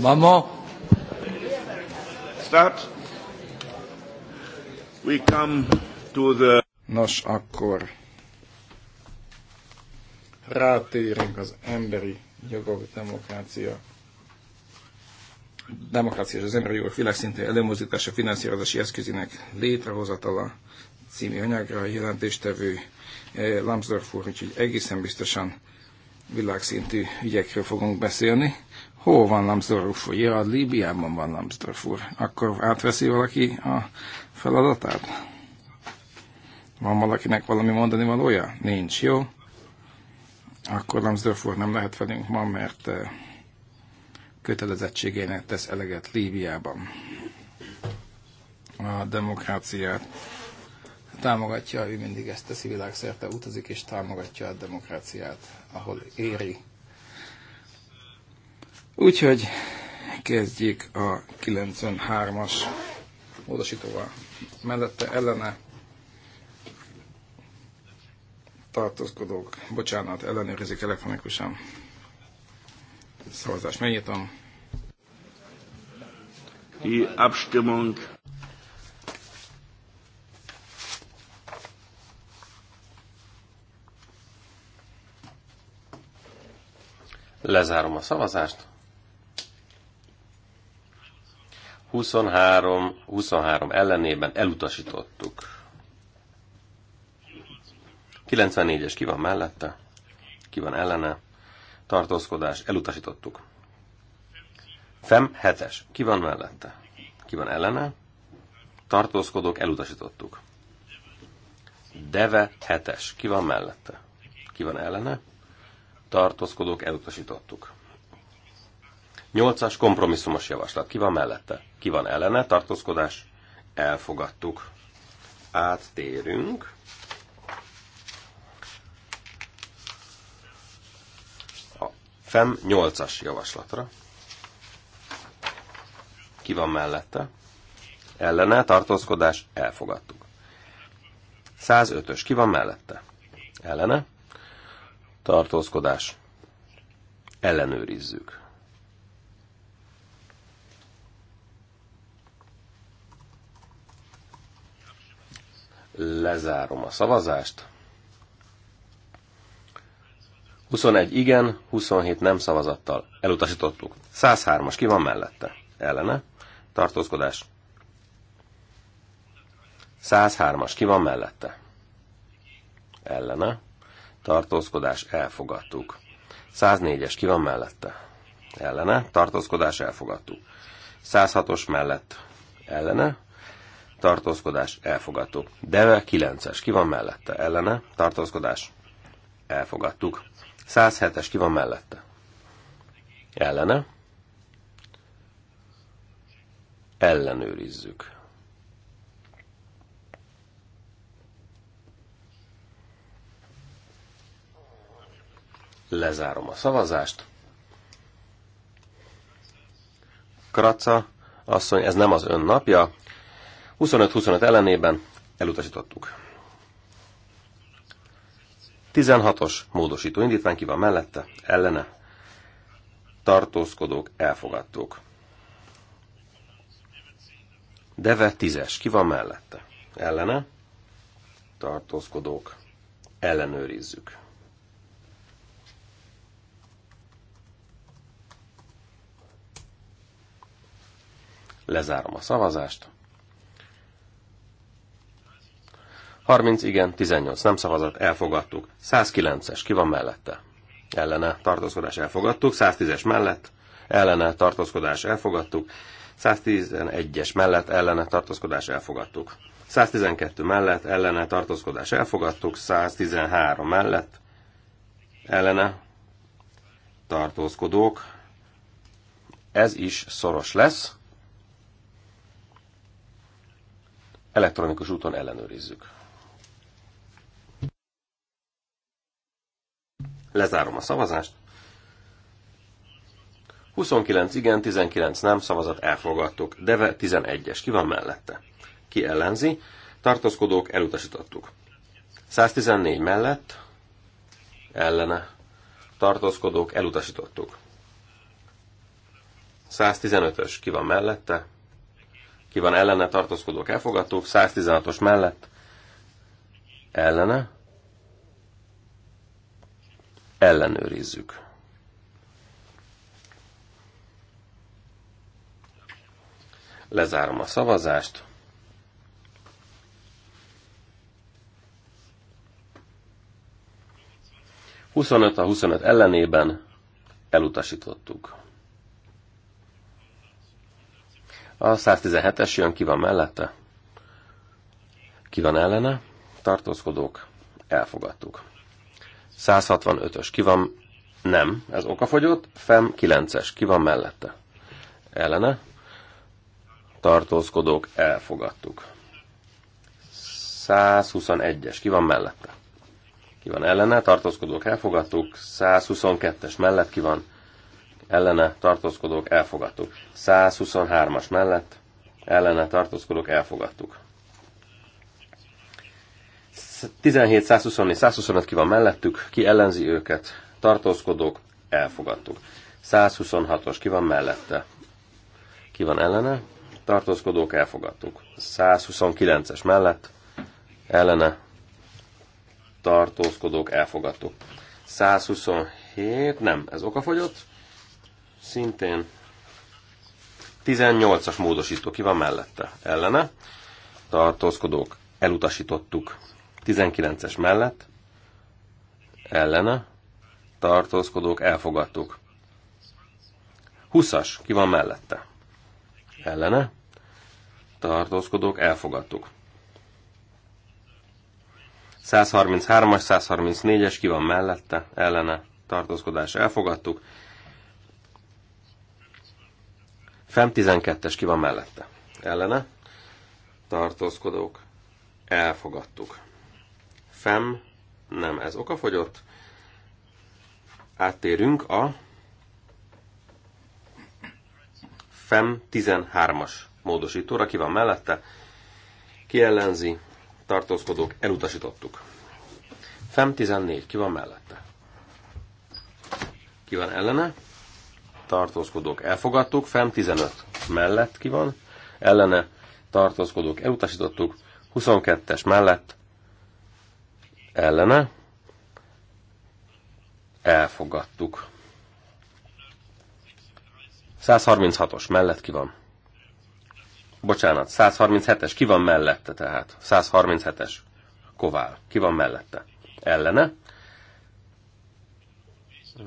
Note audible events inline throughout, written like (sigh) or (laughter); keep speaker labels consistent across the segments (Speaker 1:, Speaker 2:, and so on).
Speaker 1: Maman. Start. We come to the... Nos, akkor rátérünk az emberi jogok, demokrácia, demokrácia és az emberi jogok világszintű előmozdítása finanszírozási eszközének létrehozatala című anyagra a jelentéstevő eh, Lambsdorff úr, úgyhogy egészen biztosan világszintű ügyekről fogunk beszélni. Hol van Lambsdorff úr? Ja, Líbiában van Lambsdorff úr. Akkor átveszi valaki a feladatát? Van valakinek valami mondani valója? Nincs, jó? Akkor Lambsdorff úr nem lehet velünk ma, mert eh, kötelezettségének tesz eleget Líbiában. A demokráciát támogatja, ő mindig ezt teszi világszerte, utazik és támogatja a demokráciát, ahol éri Úgyhogy kezdjük a 93-as módosítóval. Mellette ellene tartózkodók, bocsánat, ellenőrizik elektronikusan. Szavazás, megnyitom.
Speaker 2: Die Abstimmung.
Speaker 3: Lezárom a szavazást. 23, 23 ellenében elutasítottuk. 94-es ki van mellette, ki van ellene, tartózkodás, elutasítottuk. FEM 7-es, ki van mellette, ki van ellene, tartózkodók, elutasítottuk. DEVE 7-es, ki van mellette, ki van ellene, tartózkodók, elutasítottuk. Nyolcas kompromisszumos javaslat. Ki van mellette? Ki van ellene? Tartózkodás? Elfogadtuk. Áttérünk. A FEM 8-as javaslatra. Ki van mellette? Ellene? Tartózkodás? Elfogadtuk. 105-ös. Ki van mellette? Ellene? Tartózkodás? Ellenőrizzük. Lezárom a szavazást. 21 igen, 27 nem szavazattal elutasítottuk. 103-as ki van mellette? Ellene. Tartózkodás. 103-as ki van mellette? Ellene. Tartózkodás elfogadtuk. 104-es ki van mellette? Ellene. Tartózkodás elfogadtuk. 106-os mellett ellene tartózkodás, elfogadtuk. Deve 9-es, ki van mellette? Ellene, tartózkodás, elfogadtuk. 107-es, ki van mellette? Ellene. Ellenőrizzük. Lezárom a szavazást. Kraca, asszony, ez nem az ön napja, 25-25 ellenében elutasítottuk. 16-os módosító indítvány ki van mellette, ellene. Tartózkodók elfogadtuk. Deve 10-es ki van mellette, ellene. Tartózkodók ellenőrizzük. Lezárom a szavazást. 30 igen, 18 nem szavazott, elfogadtuk. 109-es, ki van mellette? Ellene tartózkodás elfogadtuk. 110-es mellett, ellene tartózkodás elfogadtuk. 111-es mellett, ellene tartózkodás elfogadtuk. 112 mellett, ellene tartózkodás elfogadtuk. 113 mellett, ellene tartózkodók. Ez is szoros lesz. Elektronikus úton ellenőrizzük. Lezárom a szavazást. 29 igen, 19 nem szavazat elfogadtuk. Deve 11-es. Ki van mellette? Ki ellenzi? Tartózkodók elutasítottuk. 114 mellett ellene. Tartózkodók elutasítottuk. 115-ös. Ki van mellette? Ki van ellene? Tartózkodók elfogadtuk. 116-os mellett ellene ellenőrizzük. Lezárom a szavazást. Huszonöt a 25 ellenében elutasítottuk. A 117-es jön, ki van mellette? Ki van ellene? Tartózkodók, elfogadtuk. 165-ös. Ki van? Nem. Ez okafogyott. Fem 9-es. Ki van mellette? Ellene. Tartózkodók. Elfogadtuk. 121-es. Ki van mellette? Ki van ellene? Tartózkodók. Elfogadtuk. 122-es. Mellett ki van? Ellene. Tartózkodók. Elfogadtuk. 123-as mellett. Ellene. Tartózkodók. Elfogadtuk. 17, 124, 125 ki van mellettük, ki ellenzi őket, tartózkodók, elfogadtuk. 126-os ki van mellette, ki van ellene, tartózkodók, elfogadtuk. 129-es mellett, ellene, tartózkodók, elfogadtuk. 127, nem, ez okafogyott, szintén 18-as módosító ki van mellette, ellene, tartózkodók, elutasítottuk. 19-es mellett ellene tartózkodók elfogadtuk. 20-as, ki van mellette? Ellene tartózkodók elfogadtuk. 133-as, 134-es, ki van mellette, ellene, tartózkodás, elfogadtuk. Fem 12-es, ki van mellette, ellene, tartózkodók, elfogadtuk fem, nem ez okafogyott. Áttérünk a fem 13-as módosítóra, ki van mellette, ki ellenzi, tartózkodók, elutasítottuk. Fem 14, ki van mellette? Ki van ellene? Tartózkodók, elfogadtuk. Fem 15, mellett ki van? Ellene, tartózkodók, elutasítottuk. 22-es mellett ellene elfogadtuk. 136-os mellett ki van? Bocsánat, 137-es, ki van mellette tehát? 137-es, Kovál, ki van mellette? Ellene.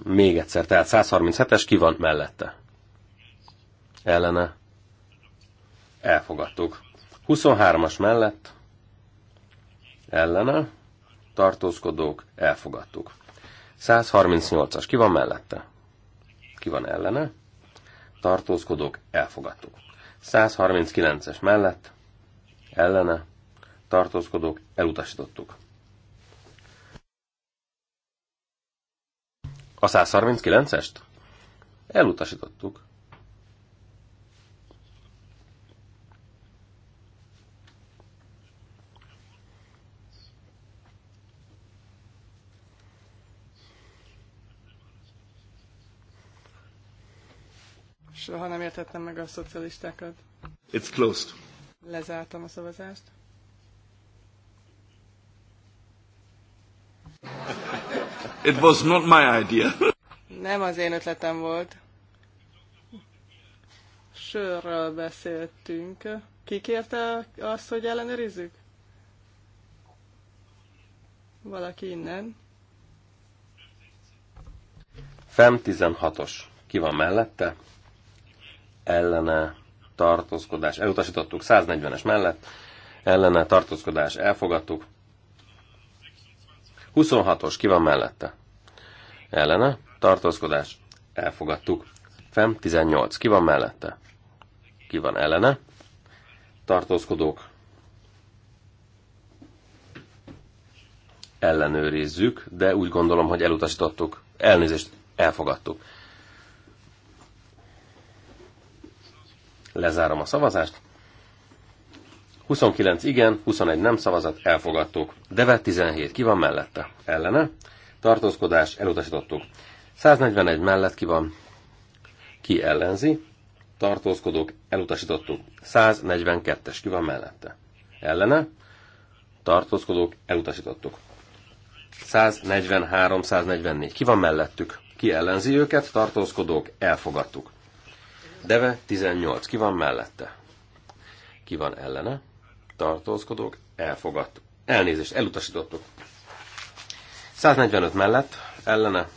Speaker 3: Még egyszer, tehát 137-es, ki van mellette? Ellene. Elfogadtuk. 23-as mellett. Ellene tartózkodók, elfogadtuk. 138-as, ki van mellette? Ki van ellene? Tartózkodók, elfogadtuk. 139-es mellett, ellene, tartózkodók, elutasítottuk. A 139-est? Elutasítottuk.
Speaker 4: Soha nem értettem meg a szocialistákat. It's closed. Lezártam a szavazást.
Speaker 2: It was not my idea.
Speaker 4: Nem az én ötletem volt. Sörről beszéltünk. Ki kérte azt, hogy ellenőrizzük? Valaki innen.
Speaker 3: FEM 16-os. Ki van mellette? ellene tartózkodás elutasítottuk, 140-es mellett ellene tartózkodás elfogadtuk, 26-os ki van mellette? Ellene tartózkodás elfogadtuk, fem 18 ki van mellette? Ki van ellene? Tartózkodók ellenőrizzük, de úgy gondolom, hogy elutasítottuk, elnézést elfogadtuk. Lezárom a szavazást. 29 igen, 21 nem szavazat, elfogadtuk. Deve 17, ki van mellette? Ellene. Tartózkodás, elutasítottuk. 141 mellett ki van? Ki ellenzi? Tartózkodók, elutasítottuk. 142-es, ki van mellette? Ellene. Tartózkodók, elutasítottuk. 143, 144, ki van mellettük? Ki ellenzi őket? Tartózkodók, elfogadtuk. Deve 18. Ki van mellette? Ki van ellene? Tartózkodók. elfogadt. Elnézést, elutasítottuk. 145 mellett, ellene.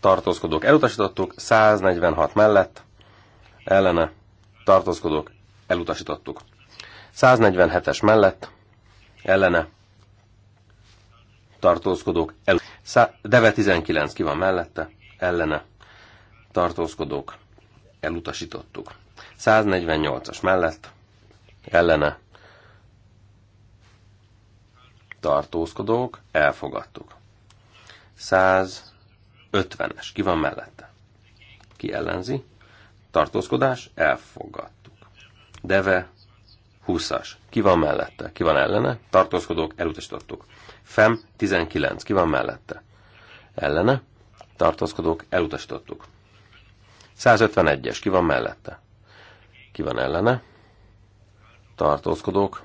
Speaker 3: Tartózkodók. Elutasítottuk. 146 mellett, ellene. Tartózkodók. Elutasítottuk. 147-es mellett, ellene. Tartózkodók. El... Deve 19. Ki van mellette? Ellene. Tartózkodók elutasítottuk. 148-as mellett ellene tartózkodók, elfogadtuk. 150-es, ki van mellette? Ki ellenzi? Tartózkodás, elfogadtuk. Deve, 20-as, ki van mellette? Ki van ellene? Tartózkodók, elutasítottuk. Fem, 19, ki van mellette? Ellene? Tartózkodók, elutasítottuk. 151-es, ki van mellette? Ki van ellene? Tartózkodók.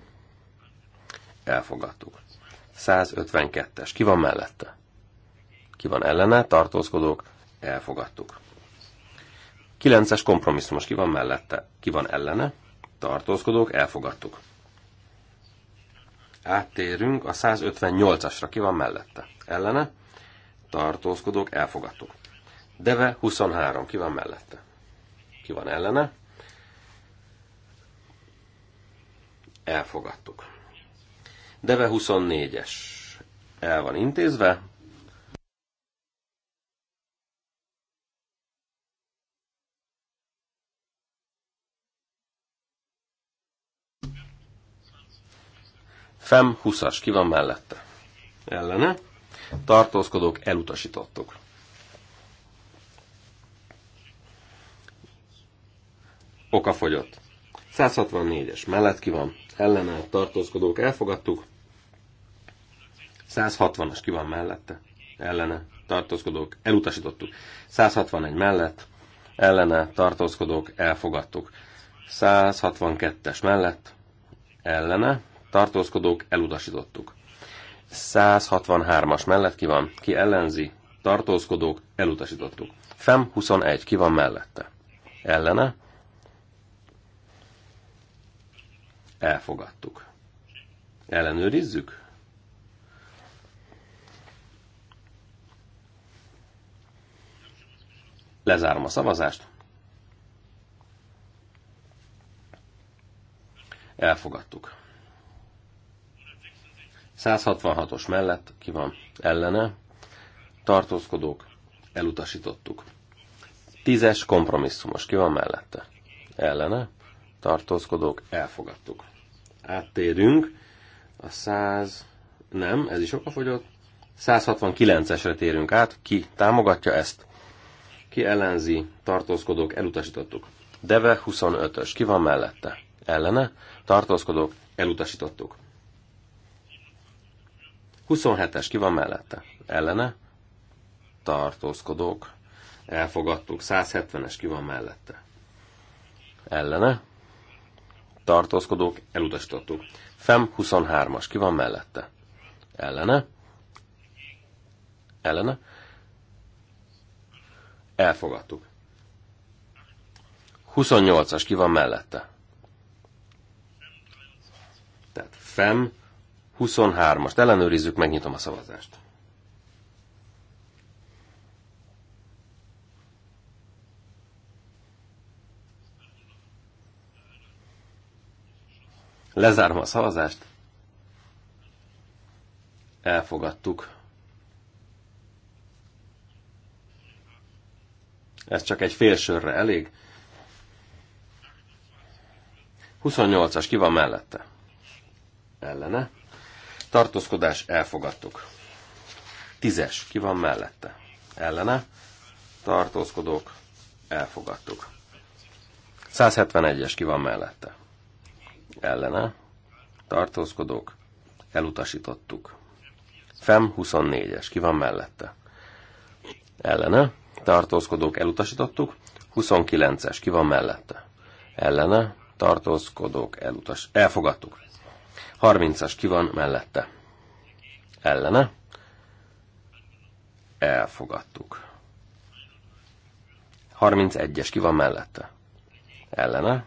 Speaker 3: Elfogadtuk. 152-es, ki van mellette? Ki van ellene? Tartózkodók. Elfogadtuk. 9-es kompromisszumos, ki van mellette? Ki van ellene? Tartózkodók. Elfogadtuk. Áttérünk a 158-asra, ki van mellette? Ellene? Tartózkodók. Elfogadtuk. Deve 23, ki van mellette? Ki van ellene? Elfogadtuk. Deve 24-es el van intézve. Fem 20-as, ki van mellette? Ellene. Tartózkodók elutasítottuk. okafogyott. 164-es mellett ki van, ellene tartózkodók elfogadtuk. 160-as ki van mellette, ellene tartózkodók elutasítottuk. 161 mellett, ellene tartózkodók elfogadtuk. 162-es mellett, ellene tartózkodók elutasítottuk. 163-as mellett ki van, ki ellenzi, tartózkodók elutasítottuk. FEM 21 ki van mellette, ellene Elfogadtuk. Ellenőrizzük? Lezárom a szavazást. Elfogadtuk. 166-os mellett ki van ellene. Tartózkodók, elutasítottuk. Tízes kompromisszumos, ki van mellette? Ellene, tartózkodók, elfogadtuk áttérünk a 100, nem, ez is fogyott. 169-esre térünk át, ki támogatja ezt, ki ellenzi, tartózkodók, elutasítottuk. Deve 25-ös, ki van mellette? Ellene, tartózkodók, elutasítottuk. 27-es, ki van mellette? Ellene, tartózkodók, elfogadtuk. 170-es, ki van mellette? Ellene, tartózkodók, elutasítottuk. FEM 23-as, ki van mellette? Ellene. Ellene. Elfogadtuk. 28-as, ki van mellette? Tehát FEM 23 as Ellenőrizzük, megnyitom a szavazást. Lezárom a szavazást. Elfogadtuk. Ez csak egy fél sörre elég. 28-as, ki van mellette? Ellene. Tartózkodás, elfogadtuk. 10-es, ki van mellette? Ellene. Tartózkodók, elfogadtuk. 171-es, ki van mellette? ellene, tartózkodók, elutasítottuk. FEM 24-es, ki van mellette? Ellene, tartózkodók, elutasítottuk. 29-es, ki van mellette? Ellene, tartózkodók, elutas, elfogadtuk. 30-as, ki van mellette? Ellene, elfogadtuk. 31-es, ki van mellette? Ellene,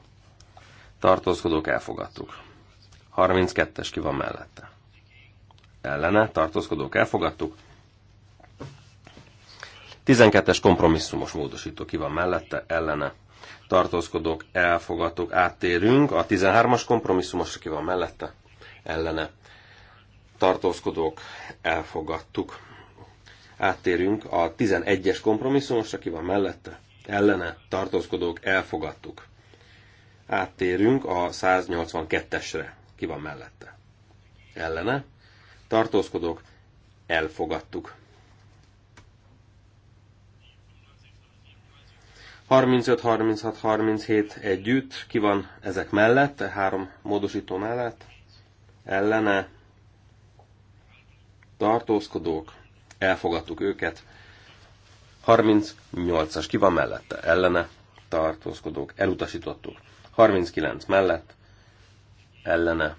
Speaker 3: tartózkodók elfogadtuk. 32-es ki van mellette. Ellene, tartózkodók elfogadtuk. 12-es kompromisszumos módosító ki van mellette, ellene, tartózkodók elfogadtuk, áttérünk. A 13-as kompromisszumos ki van mellette, ellene, tartózkodók elfogadtuk. Áttérünk a 11-es kompromisszumos ki van mellette, ellene tartózkodók elfogadtuk áttérünk a 182-esre. Ki van mellette? Ellene. Tartózkodok. elfogadtuk. 35, 36, 37 együtt, ki van ezek mellett, három módosító mellett, ellene, tartózkodók, elfogadtuk őket. 38-as, ki van mellette, ellene, tartózkodók, elutasítottuk. 39 mellett ellene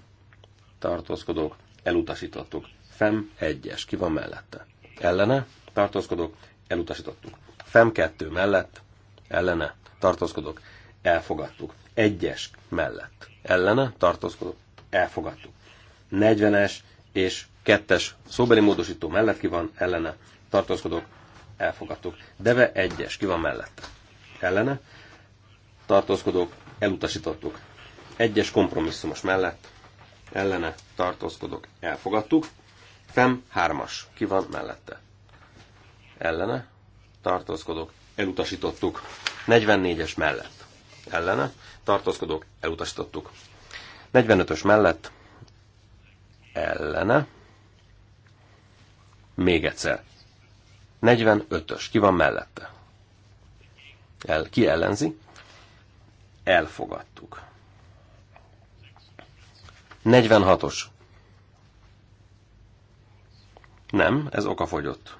Speaker 3: tartózkodók elutasítottuk. FEM 1-es, ki van mellette? Ellene tartózkodók elutasítottuk. FEM 2 mellett ellene tartózkodók elfogadtuk. 1-es mellett ellene tartózkodók elfogadtuk. 40-es és 2-es szóbeli módosító mellett ki van ellene tartózkodók elfogadtuk. Deve 1-es, ki van mellette? Ellene tartózkodók elutasítottuk. Egyes kompromisszumos mellett ellene tartózkodok, elfogadtuk. Fem hármas, ki van mellette? Ellene tartózkodok, elutasítottuk. 44-es mellett ellene tartózkodok, elutasítottuk. 45-ös mellett ellene. Még egyszer. 45-ös. Ki van mellette? El, ki ellenzi? elfogadtuk. 46-os. Nem, ez okafogyott.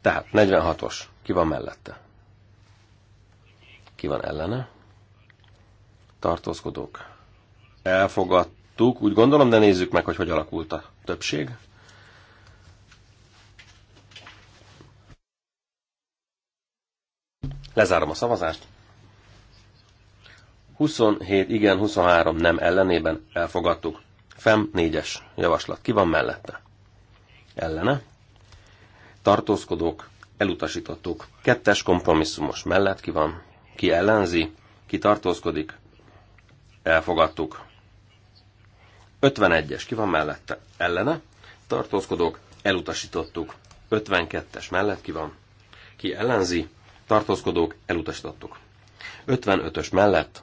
Speaker 3: Tehát 46-os. Ki van mellette? Ki van ellene? Tartózkodók. Elfogadtuk, úgy gondolom, de nézzük meg, hogy hogy alakult a többség. Lezárom a szavazást. 27 igen, 23 nem ellenében elfogadtuk. FEM 4-es javaslat. Ki van mellette? Ellene. Tartózkodók, elutasítottuk. Kettes kompromisszumos mellett ki van? Ki ellenzi? Ki tartózkodik? Elfogadtuk. 51-es ki van mellette? Ellene. Tartózkodók, elutasítottuk. 52-es mellett ki van? Ki ellenzi? tartózkodók elutasítottuk. 55-ös mellett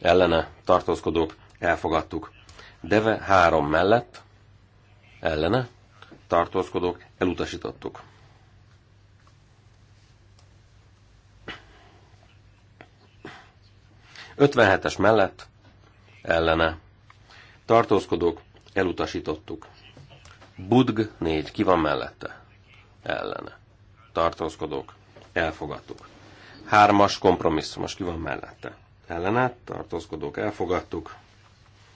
Speaker 3: ellene tartózkodók elfogadtuk. Deve 3 mellett ellene tartózkodók elutasítottuk. Ötvenhetes mellett ellene tartózkodók elutasítottuk. Budg 4 ki van mellette? Ellene tartózkodók elfogadtuk. Hármas most ki van mellette. Ellenát tartózkodók elfogadtuk.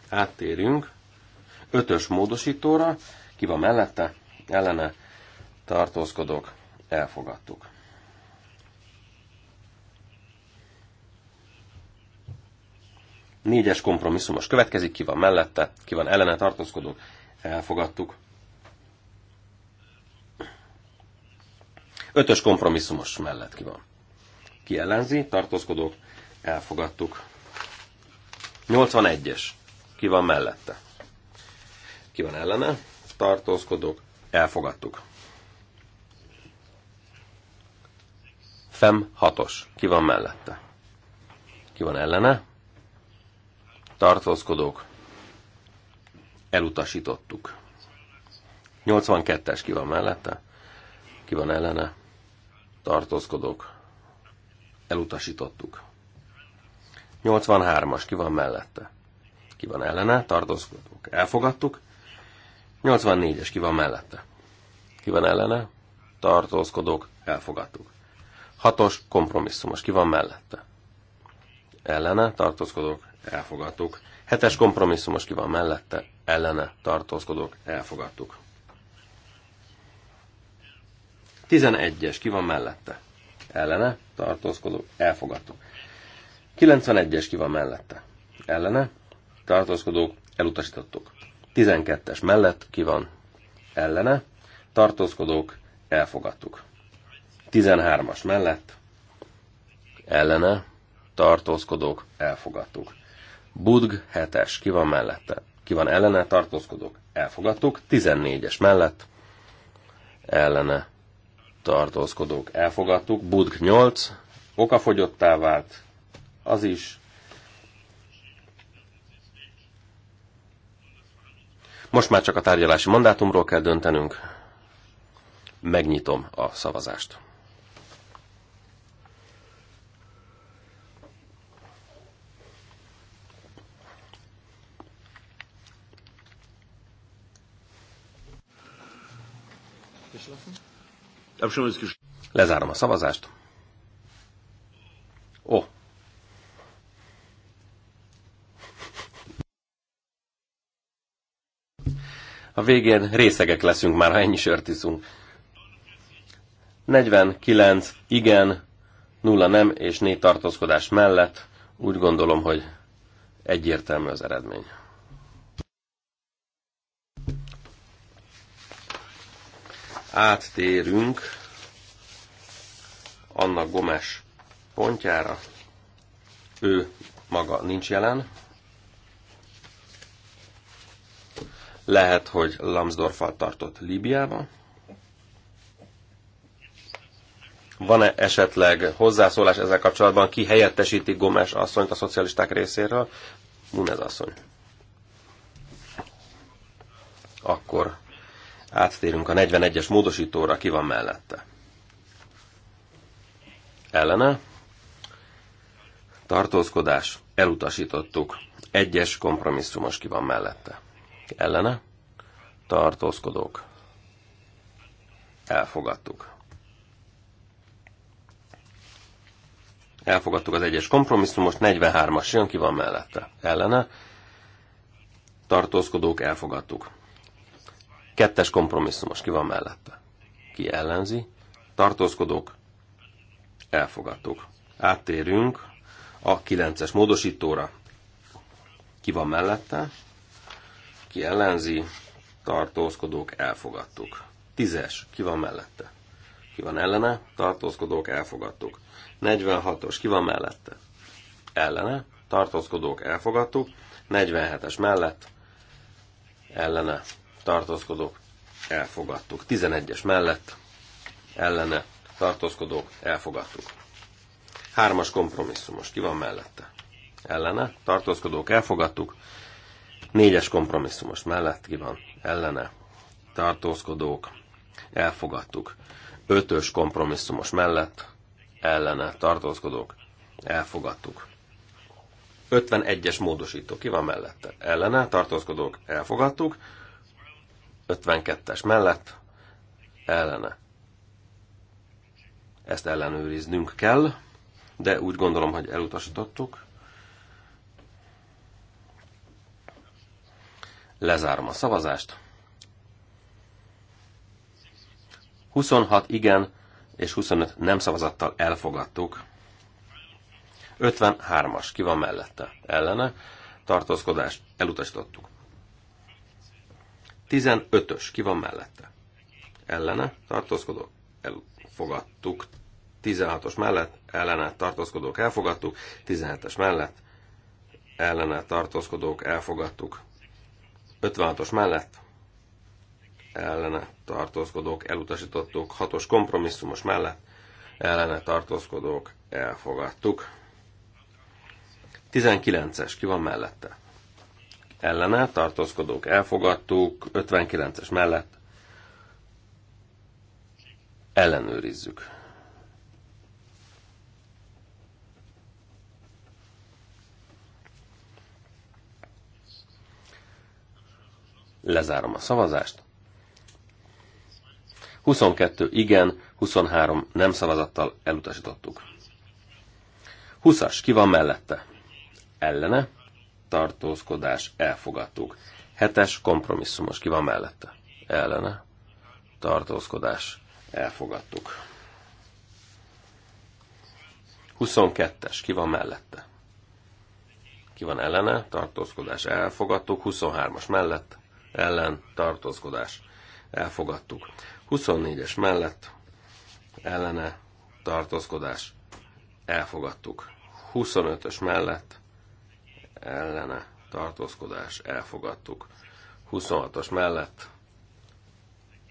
Speaker 3: Áttérünk ötös módosítóra, ki van mellette, ellene tartózkodók elfogadtuk. Négyes kompromisszumos következik, ki van mellette, ki van ellene tartózkodók, elfogadtuk. Ötös kompromisszumos mellett ki van. Ki ellenzi, tartózkodók, elfogadtuk. 81-es, ki van mellette? Ki van ellene? Tartózkodók, elfogadtuk. Fem 6-os, ki van mellette? Ki van ellene? Tartózkodók, elutasítottuk. 82-es ki van mellette, ki van ellene, tartózkodók, elutasítottuk. 83-as, ki van mellette? Ki van ellene, tartózkodók, elfogadtuk. 84-es, ki van mellette? Ki van ellene, tartózkodók, elfogadtuk. 6-os, kompromisszumos, ki van mellette? Ellene, tartózkodók,
Speaker 4: elfogadtuk.
Speaker 3: 7-es kompromisszumos ki van mellette, ellene tartózkodók, elfogadtuk. 11-es, ki van mellette? Ellene, tartózkodó, elfogadtuk. 91-es, ki van mellette? Ellene, tartózkodó, elutasítottuk. 12-es mellett, ki van? Ellene, tartózkodók, elfogadtuk. 13-as mellett, ellene, tartózkodók, elfogadtuk. Budg 7-es, ki van mellette? Ki van ellene, tartózkodók, elfogadtuk. 14-es mellett, ellene, tartózkodók elfogadtuk, Budg 8, okafogyottá vált, az is. Most már csak a tárgyalási mandátumról kell döntenünk. Megnyitom a szavazást. Lezárom a szavazást. Ó. Oh. A végén részegek leszünk már, ha ennyi sört iszunk. 49 igen, nulla nem és négy tartózkodás mellett úgy gondolom, hogy egyértelmű az eredmény. áttérünk annak Gomes pontjára. Ő maga nincs jelen. Lehet, hogy Lamsdorfal tartott Líbiában. Van-e esetleg hozzászólás ezzel kapcsolatban? Ki helyettesíti Gomes asszonyt a szocialisták részéről? Munez asszony. Akkor Áttérünk a 41-es módosítóra, ki van mellette. Ellene. Tartózkodás. Elutasítottuk. Egyes kompromisszumos ki van mellette. Ellene. Tartózkodók. Elfogadtuk. Elfogadtuk az egyes kompromisszumos, 43-as jön, ki van mellette. Ellene. Tartózkodók elfogadtuk. Kettes kompromisszumos ki van mellette. Ki ellenzi? Tartózkodók? Elfogadtuk. Áttérünk a kilences módosítóra. Ki van mellette? Ki ellenzi? Tartózkodók? Elfogadtuk. Tízes, Ki van mellette? Ki van ellene? Tartózkodók? Elfogadtuk. 46-os. Ki van mellette? Ellene? Tartózkodók? Elfogadtuk. 47-es mellett? Ellene? tartózkodók, elfogadtuk. 11-es mellett, ellene, tartózkodók, elfogadtuk. Hármas kompromisszumos, ki van mellette? Ellene, tartózkodók, elfogadtuk. Négyes kompromisszumos, mellett ki van? Ellene, tartózkodók, elfogadtuk. Ötös kompromisszumos mellett, ellene, tartózkodók, elfogadtuk. 51-es módosító, ki van mellette? Ellene, tartózkodók, elfogadtuk. 52-es mellett ellene. Ezt ellenőriznünk kell, de úgy gondolom, hogy elutasítottuk. Lezárom a szavazást. 26 igen és 25 nem szavazattal elfogadtuk. 53-as, ki van mellette? Ellene. Tartózkodást elutasítottuk. 15-ös, ki van mellette? Ellene, tartózkodók, elfogadtuk. 16-os mellett, ellene, tartózkodók, elfogadtuk. 17-es mellett, ellene, tartózkodók, elfogadtuk. 56-os mellett, ellene, tartózkodók, elutasítottuk. 6-os kompromisszumos mellett, ellene, tartózkodók, elfogadtuk. 19-es, ki van mellette? ellene, tartózkodók elfogadtuk, 59-es mellett ellenőrizzük. Lezárom a szavazást. 22 igen, 23 nem szavazattal elutasítottuk. 20-as, ki van mellette? Ellene tartózkodás elfogadtuk. Hetes kompromisszumos, ki van mellette? Ellene, tartózkodás elfogadtuk. 22-es, ki van mellette? Ki van ellene? Tartózkodás elfogadtuk. 23-as mellett, ellen, tartózkodás elfogadtuk. 24-es mellett, ellene, tartózkodás elfogadtuk. 25-ös mellett, ellene tartózkodás elfogadtuk. 26-os mellett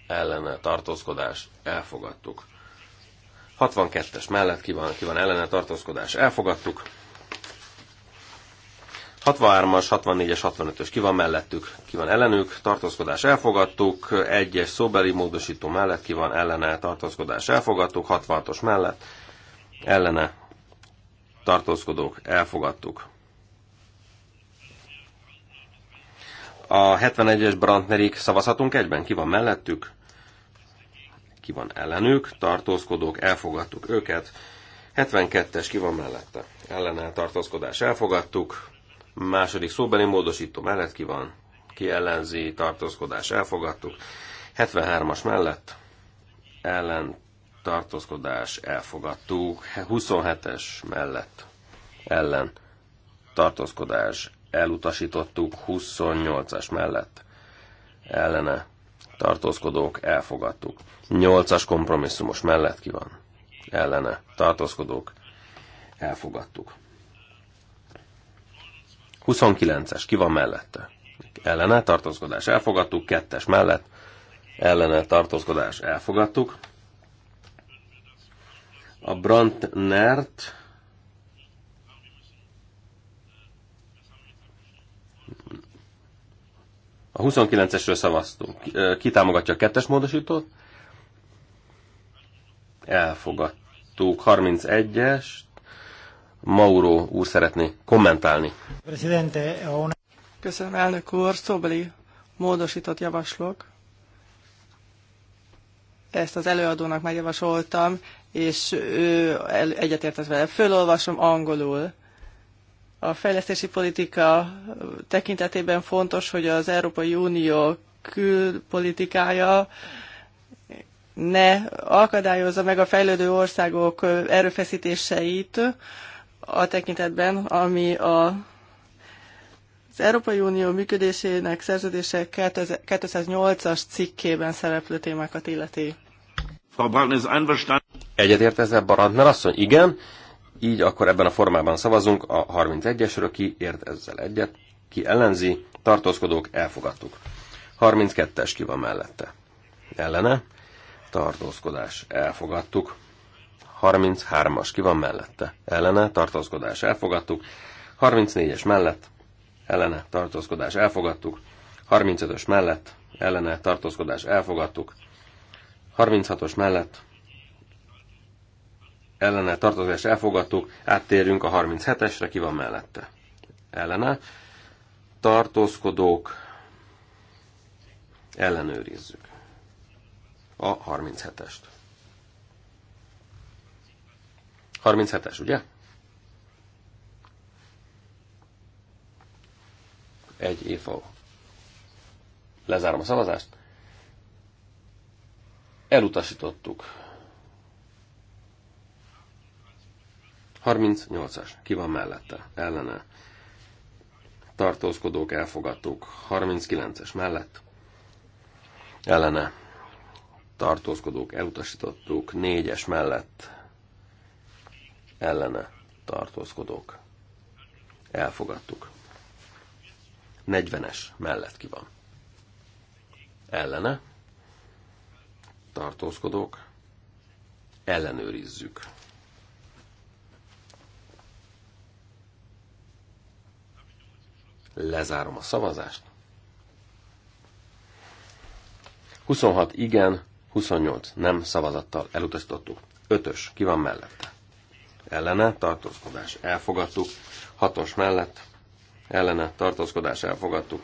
Speaker 3: ellene tartózkodás elfogadtuk. 62-es mellett ki van, ki van ellene tartózkodás elfogadtuk. 63-as, 64-es, 65-ös ki van mellettük, ki van ellenük, tartózkodás elfogadtuk, 1-es szóbeli módosító mellett ki van ellene, tartózkodás elfogadtuk, 66-os mellett ellene tartózkodók elfogadtuk. A 71-es Brantnerig szavazhatunk egyben? Ki van mellettük? Ki van ellenük? Tartózkodók, elfogadtuk őket. 72-es ki van mellette? Ellenel tartózkodás, elfogadtuk. Második szóbeli módosító mellett ki van? Ki ellenzi, tartózkodás, elfogadtuk. 73-as mellett ellen tartózkodás, elfogadtuk. 27-es mellett ellen tartózkodás, elutasítottuk 28-as mellett ellene tartózkodók elfogadtuk. 8-as kompromisszumos mellett ki van ellene tartózkodók elfogadtuk. 29-es, ki van mellette? Ellene tartózkodás elfogadtuk, 2-es mellett ellene tartózkodás elfogadtuk. A Brandnert A 29-esről szavaztunk. Ki támogatja a kettes módosítót? Elfogadtuk. 31-es. Mauro úr szeretné kommentálni.
Speaker 4: Köszönöm, elnök úr. Szobeli módosított javaslok. Ezt az előadónak megjavasoltam, és ő egyetértett vele. Fölolvasom angolul. A fejlesztési politika tekintetében fontos, hogy az Európai Unió külpolitikája ne akadályozza meg a fejlődő országok erőfeszítéseit a tekintetben, ami a, az Európai Unió működésének szerződése 2008 as cikkében szereplő témákat illeti.
Speaker 3: Egyetért ezzel Barantner asszony? Igen így akkor ebben a formában szavazunk a 31-esről, ki ért ezzel egyet, ki ellenzi, tartózkodók, elfogadtuk. 32-es ki van mellette. Ellene, tartózkodás, elfogadtuk. 33-as ki van mellette. Ellene, tartózkodás, elfogadtuk. 34-es mellett, ellene, tartózkodás, elfogadtuk. 35-ös mellett, ellene, tartózkodás, elfogadtuk. 36-os mellett, ellene tartozás elfogadtuk, áttérünk a 37-esre, ki van mellette? Ellene. Tartózkodók ellenőrizzük a 37-est. 37-es, ugye? Egy évfal. Lezárom a szavazást. Elutasítottuk 38-as. Ki van mellette? Ellene. Tartózkodók elfogadtuk. 39-es mellett. Ellene. Tartózkodók elutasítottuk. 4-es mellett. Ellene. Tartózkodók. Elfogadtuk. 40-es mellett ki van. Ellene. Tartózkodók. Ellenőrizzük. Lezárom a szavazást. 26 igen, 28 nem szavazattal elutasítottuk. 5-ös, ki van mellette? Ellene, tartózkodás, elfogadtuk. 6-os mellett, ellene, tartózkodás, elfogadtuk.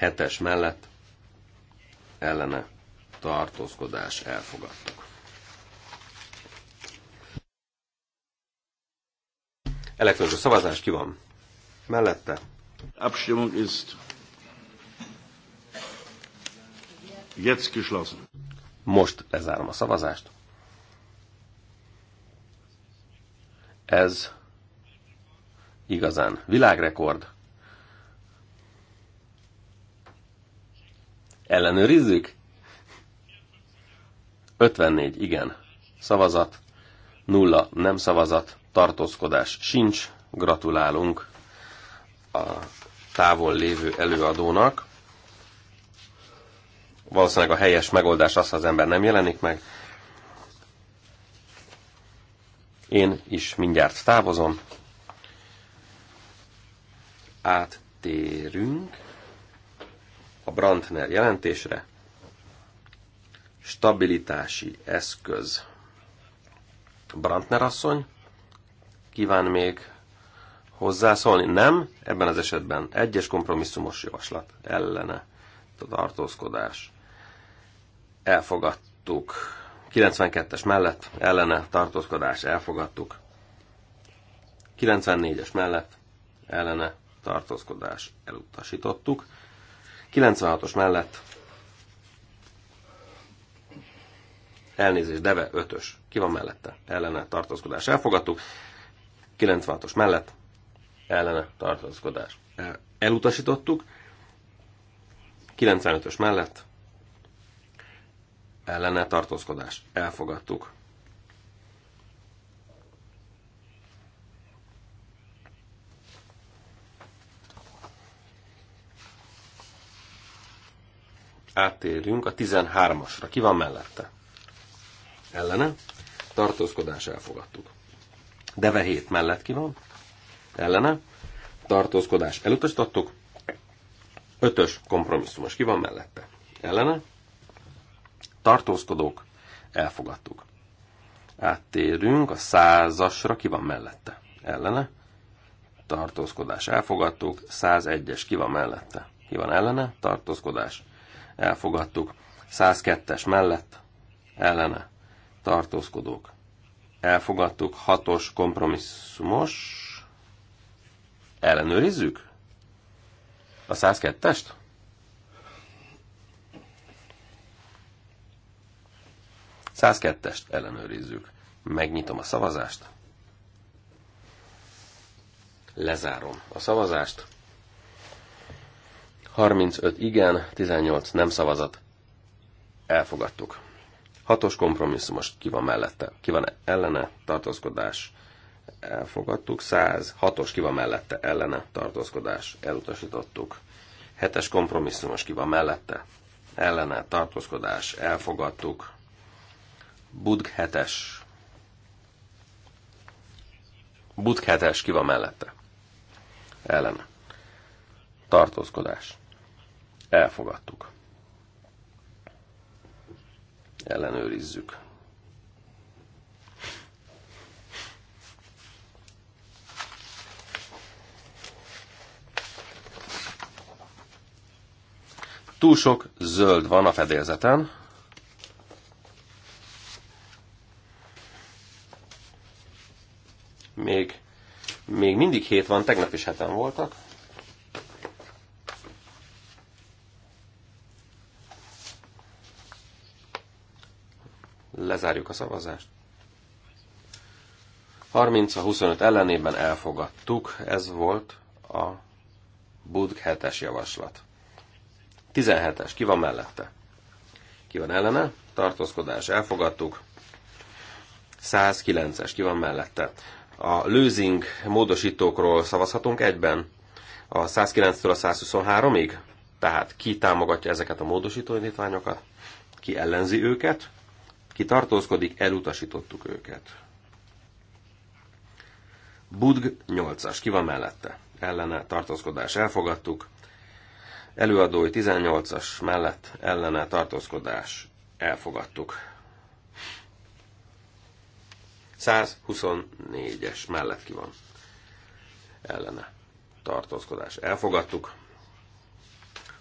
Speaker 3: 7-es mellett, ellene, tartózkodás, elfogadtuk. Elektronikus szavazás ki van? Mellette, Abstimmung ist jetzt geschlossen. Most lezárom a szavazást. Ez igazán világrekord. Ellenőrizzük? 54 igen szavazat, nulla nem szavazat, tartózkodás sincs, gratulálunk a távol lévő előadónak. Valószínűleg a helyes megoldás az, ha az ember nem jelenik meg. Én is mindjárt távozom. Áttérünk a Brandner jelentésre. Stabilitási eszköz. Brandner asszony kíván még hozzászólni? Nem, ebben az esetben egyes kompromisszumos javaslat ellene tartózkodás. Elfogadtuk. 92-es mellett ellene tartózkodás elfogadtuk. 94-es mellett ellene tartózkodás elutasítottuk. 96-os mellett elnézés, deve 5-ös. Ki van mellette? Ellene tartózkodás elfogadtuk. 96-os mellett ellene tartózkodás. Elutasítottuk. 95-ös mellett ellene tartózkodás. Elfogadtuk. áttérjünk a 13-asra. Ki van mellette? Ellene. Tartózkodás elfogadtuk. Deve 7 mellett ki van? ellene, tartózkodás elutasítottuk, ötös kompromisszumos ki van mellette, ellene, tartózkodók elfogadtuk. Áttérünk a százasra, ki van mellette, ellene, tartózkodás elfogadtuk, 101-es ki van mellette, ki van ellene, tartózkodás elfogadtuk, 102-es mellett, ellene, tartózkodók elfogadtuk, 6-os kompromisszumos, Ellenőrizzük? A 102-est? Százkettest ellenőrizzük. Megnyitom a szavazást. Lezárom a szavazást. 35 igen, 18 nem szavazat. Elfogadtuk. Hatos kompromisszumos ki van mellette, ki van ellene, tartózkodás, elfogadtuk, 106-os ki van mellette, ellene tartózkodás, elutasítottuk. 7-es kompromisszumos ki van mellette, ellene tartózkodás, elfogadtuk. Budg 7-es. Budg 7-es ki van mellette, ellene tartózkodás, elfogadtuk. Ellenőrizzük. Túl sok zöld van a fedélzeten. Még, még mindig hét van, tegnap is heten voltak. Lezárjuk a szavazást. 30 a 25 ellenében elfogadtuk, ez volt a Budg 7-es javaslat. 17-es, ki van mellette? Ki van ellene? Tartózkodás, elfogadtuk. 109-es, ki van mellette? A losing módosítókról szavazhatunk egyben? A 109-től a 123-ig? Tehát ki támogatja ezeket a módosító indítványokat? Ki ellenzi őket? Ki tartózkodik? Elutasítottuk őket. Budg 8-as, ki van mellette? Ellene tartózkodás elfogadtuk előadói 18-as mellett ellene tartózkodás elfogadtuk. 124-es mellett ki van ellene tartózkodás elfogadtuk.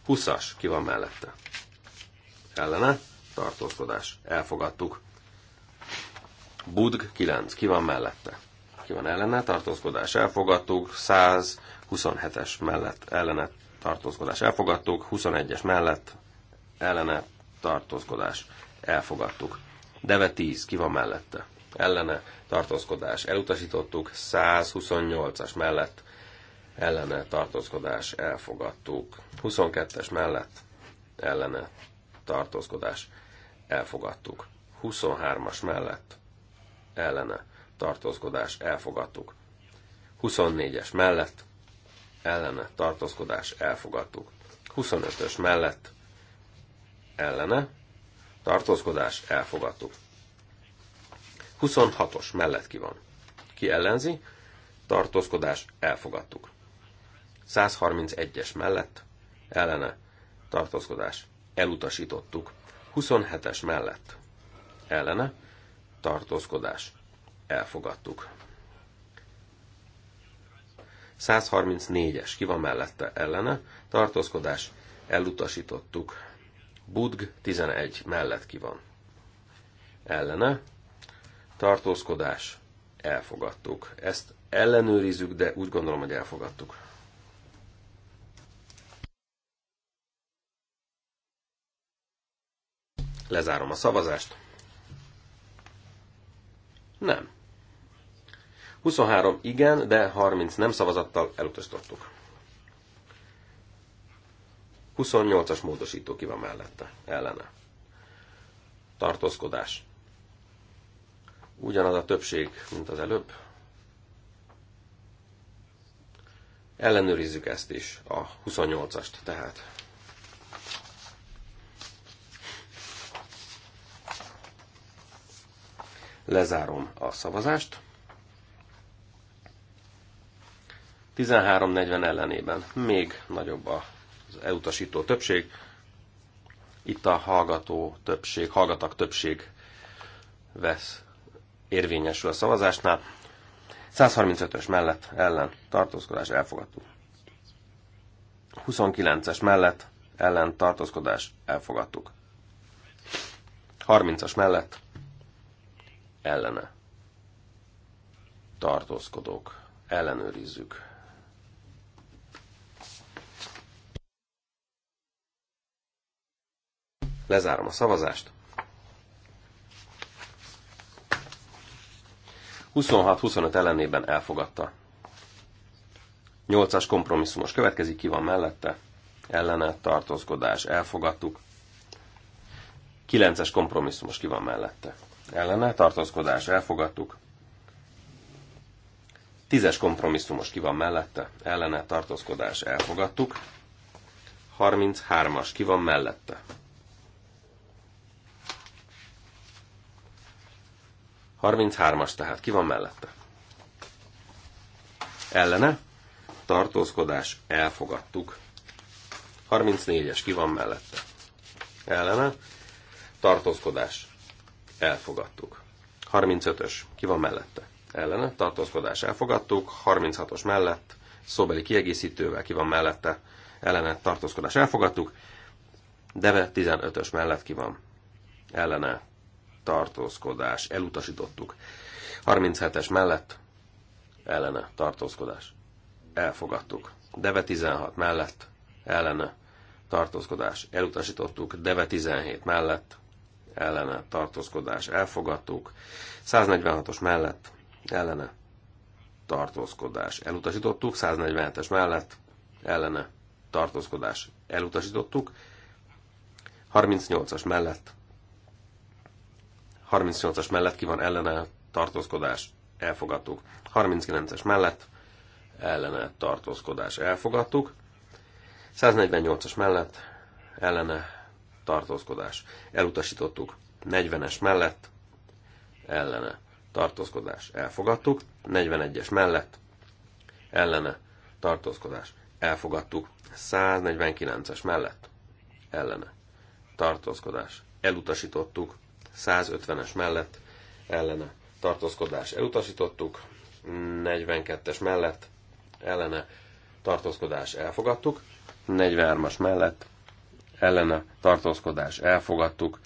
Speaker 3: 20-as ki van mellette ellene tartózkodás elfogadtuk. Budg 9 ki van mellette ki van ellene tartózkodás elfogadtuk. 127-es mellett ellene tartózkodás elfogadtuk, 21-es mellett ellene tartózkodás elfogadtuk. Deve 10, ki van mellette? Ellene tartózkodás elutasítottuk, 128-as mellett ellene tartózkodás elfogadtuk, 22-es mellett ellene tartózkodás elfogadtuk, 23-as mellett ellene tartózkodás elfogadtuk, 24-es mellett ellene tartózkodás elfogadtuk. 25-ös mellett ellene tartózkodás elfogadtuk. 26-os mellett ki van. Ki ellenzi? Tartózkodás elfogadtuk. 131-es mellett ellene tartózkodás elutasítottuk. 27-es mellett ellene tartózkodás elfogadtuk. 134-es, ki van mellette ellene, tartózkodás, elutasítottuk. Budg 11 mellett ki van ellene, tartózkodás, elfogadtuk. Ezt ellenőrizzük, de úgy gondolom, hogy
Speaker 1: elfogadtuk.
Speaker 3: Lezárom a szavazást. Nem. 23 igen, de 30 nem szavazattal elutasítottuk. 28-as módosító ki van mellette, ellene. Tartózkodás. Ugyanaz a többség, mint az előbb. Ellenőrizzük ezt is, a 28-ast tehát. Lezárom a szavazást. 1340 ellenében még nagyobb az elutasító többség. Itt a hallgató többség, hallgatak többség vesz érvényesül a szavazásnál. 135-ös mellett ellen tartózkodás elfogadó. 29-es mellett ellen tartózkodás elfogadtuk. 30-as mellett ellene tartózkodók ellenőrizzük. Lezárom a szavazást. 26-25 ellenében elfogadta. 8-as kompromisszumos következik, ki van mellette? Ellene, tartózkodás, elfogadtuk. 9-es kompromisszumos ki van mellette? Ellene, tartózkodás, elfogadtuk. 10-es kompromisszumos ki van mellette? Ellene, tartózkodás, elfogadtuk. 33-as ki van mellette? 33-as tehát, ki van mellette? Ellene, tartózkodás, elfogadtuk. 34-es, ki van mellette? Ellene, tartózkodás, elfogadtuk. 35-ös, ki van mellette? Ellene, tartózkodás, elfogadtuk. 36-os mellett, szóbeli kiegészítővel, ki van mellette? Ellene, tartózkodás, elfogadtuk. Deve 15-ös mellett ki van? Ellene, tartózkodás, elutasítottuk. 37-es mellett ellene tartózkodás, elfogadtuk. Deve 16 mellett ellene tartózkodás, elutasítottuk. Deve 17 mellett ellene tartózkodás, elfogadtuk. 146-os mellett ellene tartózkodás, elutasítottuk. 147-es mellett ellene tartózkodás, elutasítottuk. 38-as mellett 38-as mellett ki van ellene tartózkodás, elfogadtuk. 39-es mellett ellene tartózkodás, elfogadtuk. 148-as mellett ellene tartózkodás, elutasítottuk. 40-es mellett ellene tartózkodás, elfogadtuk. 41-es mellett ellene tartózkodás, elfogadtuk. 149-es mellett ellene tartózkodás, elutasítottuk. 150-es mellett ellene tartózkodás elutasítottuk, 42-es mellett ellene tartózkodás elfogadtuk, 43-as mellett ellene tartózkodás elfogadtuk,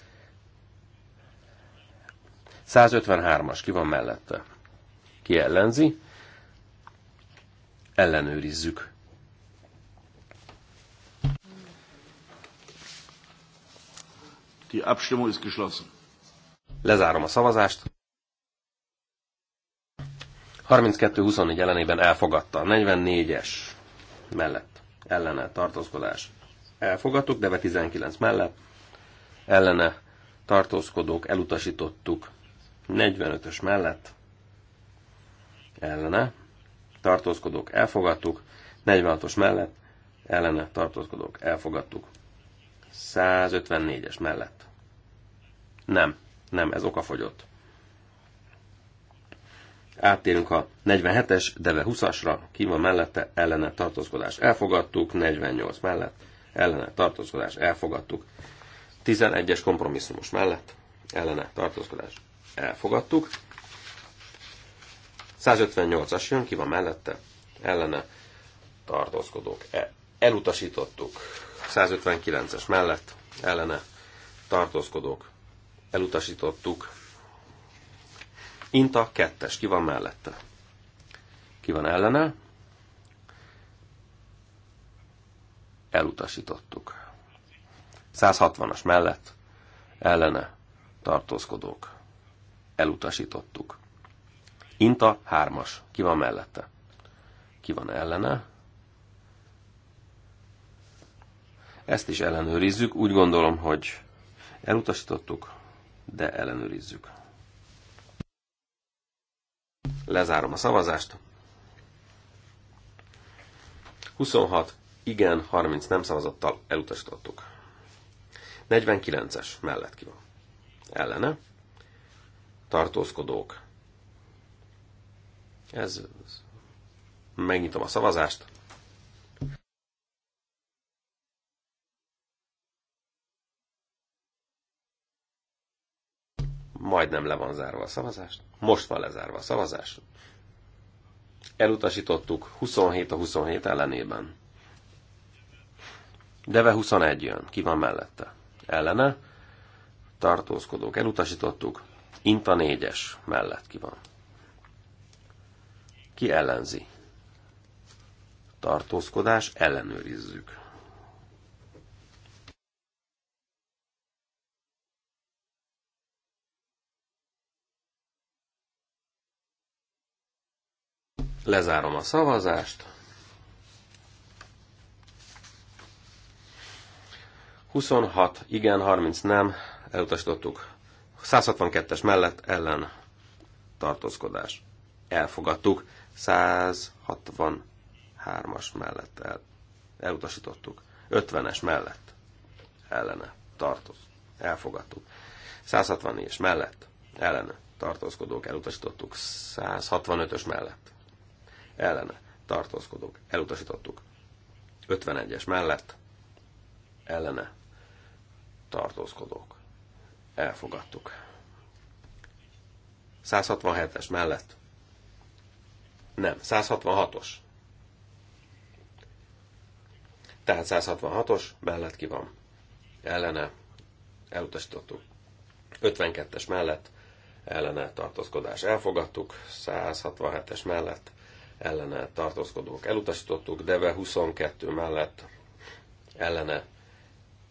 Speaker 3: 153-as ki van mellette? Ki ellenzi? Ellenőrizzük. Die Abstimmung ist geschlossen. Lezárom a szavazást. 32-24 ellenében elfogadta. 44-es mellett ellene tartózkodás. Elfogadtuk, de 19 mellett ellene tartózkodók elutasítottuk. 45-ös mellett ellene tartózkodók elfogadtuk. 46-os mellett ellene tartózkodók elfogadtuk. 154-es mellett. Nem. Nem, ez okafogyott. Áttérünk a 47-es, deve 20-asra, ki van mellette, ellene tartózkodás elfogadtuk, 48 mellett, ellene tartózkodás elfogadtuk, 11-es kompromisszumos mellett, ellene tartózkodás elfogadtuk, 158-as jön, ki van mellette, ellene tartózkodók e, elutasítottuk, 159-es mellett, ellene tartózkodók elutasítottuk. Inta kettes, ki van mellette? Ki van ellene? Elutasítottuk. 160-as mellett ellene tartózkodók. Elutasítottuk. Inta hármas. Ki van mellette? Ki van ellene? Ezt is ellenőrizzük. Úgy gondolom, hogy elutasítottuk de ellenőrizzük. Lezárom a szavazást. 26 igen, 30 nem szavazattal elutasítottuk. 49-es mellett ki van. Ellene. Tartózkodók. Ez. Megnyitom a szavazást. Majdnem le van zárva a szavazást. Most van lezárva a szavazás. Elutasítottuk 27 a 27 ellenében. Deve 21 jön. Ki van mellette? Ellene. Tartózkodók. Elutasítottuk. Inta 4-es mellett ki van. Ki ellenzi? Tartózkodás. Ellenőrizzük. Lezárom a szavazást. 26 igen, 30 nem, elutasítottuk. 162-es mellett ellen tartózkodás. Elfogadtuk. 163-as mellett el, elutasítottuk. 50-es mellett ellene tartoz. Elfogadtuk. 164-es mellett ellene tartózkodók elutasítottuk. 165-ös mellett ellene tartózkodók elutasítottuk. 51-es mellett ellene tartózkodók elfogadtuk. 167-es mellett nem, 166-os. Tehát 166-os mellett ki van. Ellene elutasítottuk. 52-es mellett ellene tartózkodás elfogadtuk, 167-es mellett ellene tartózkodók elutasítottuk, Deve 22 mellett ellene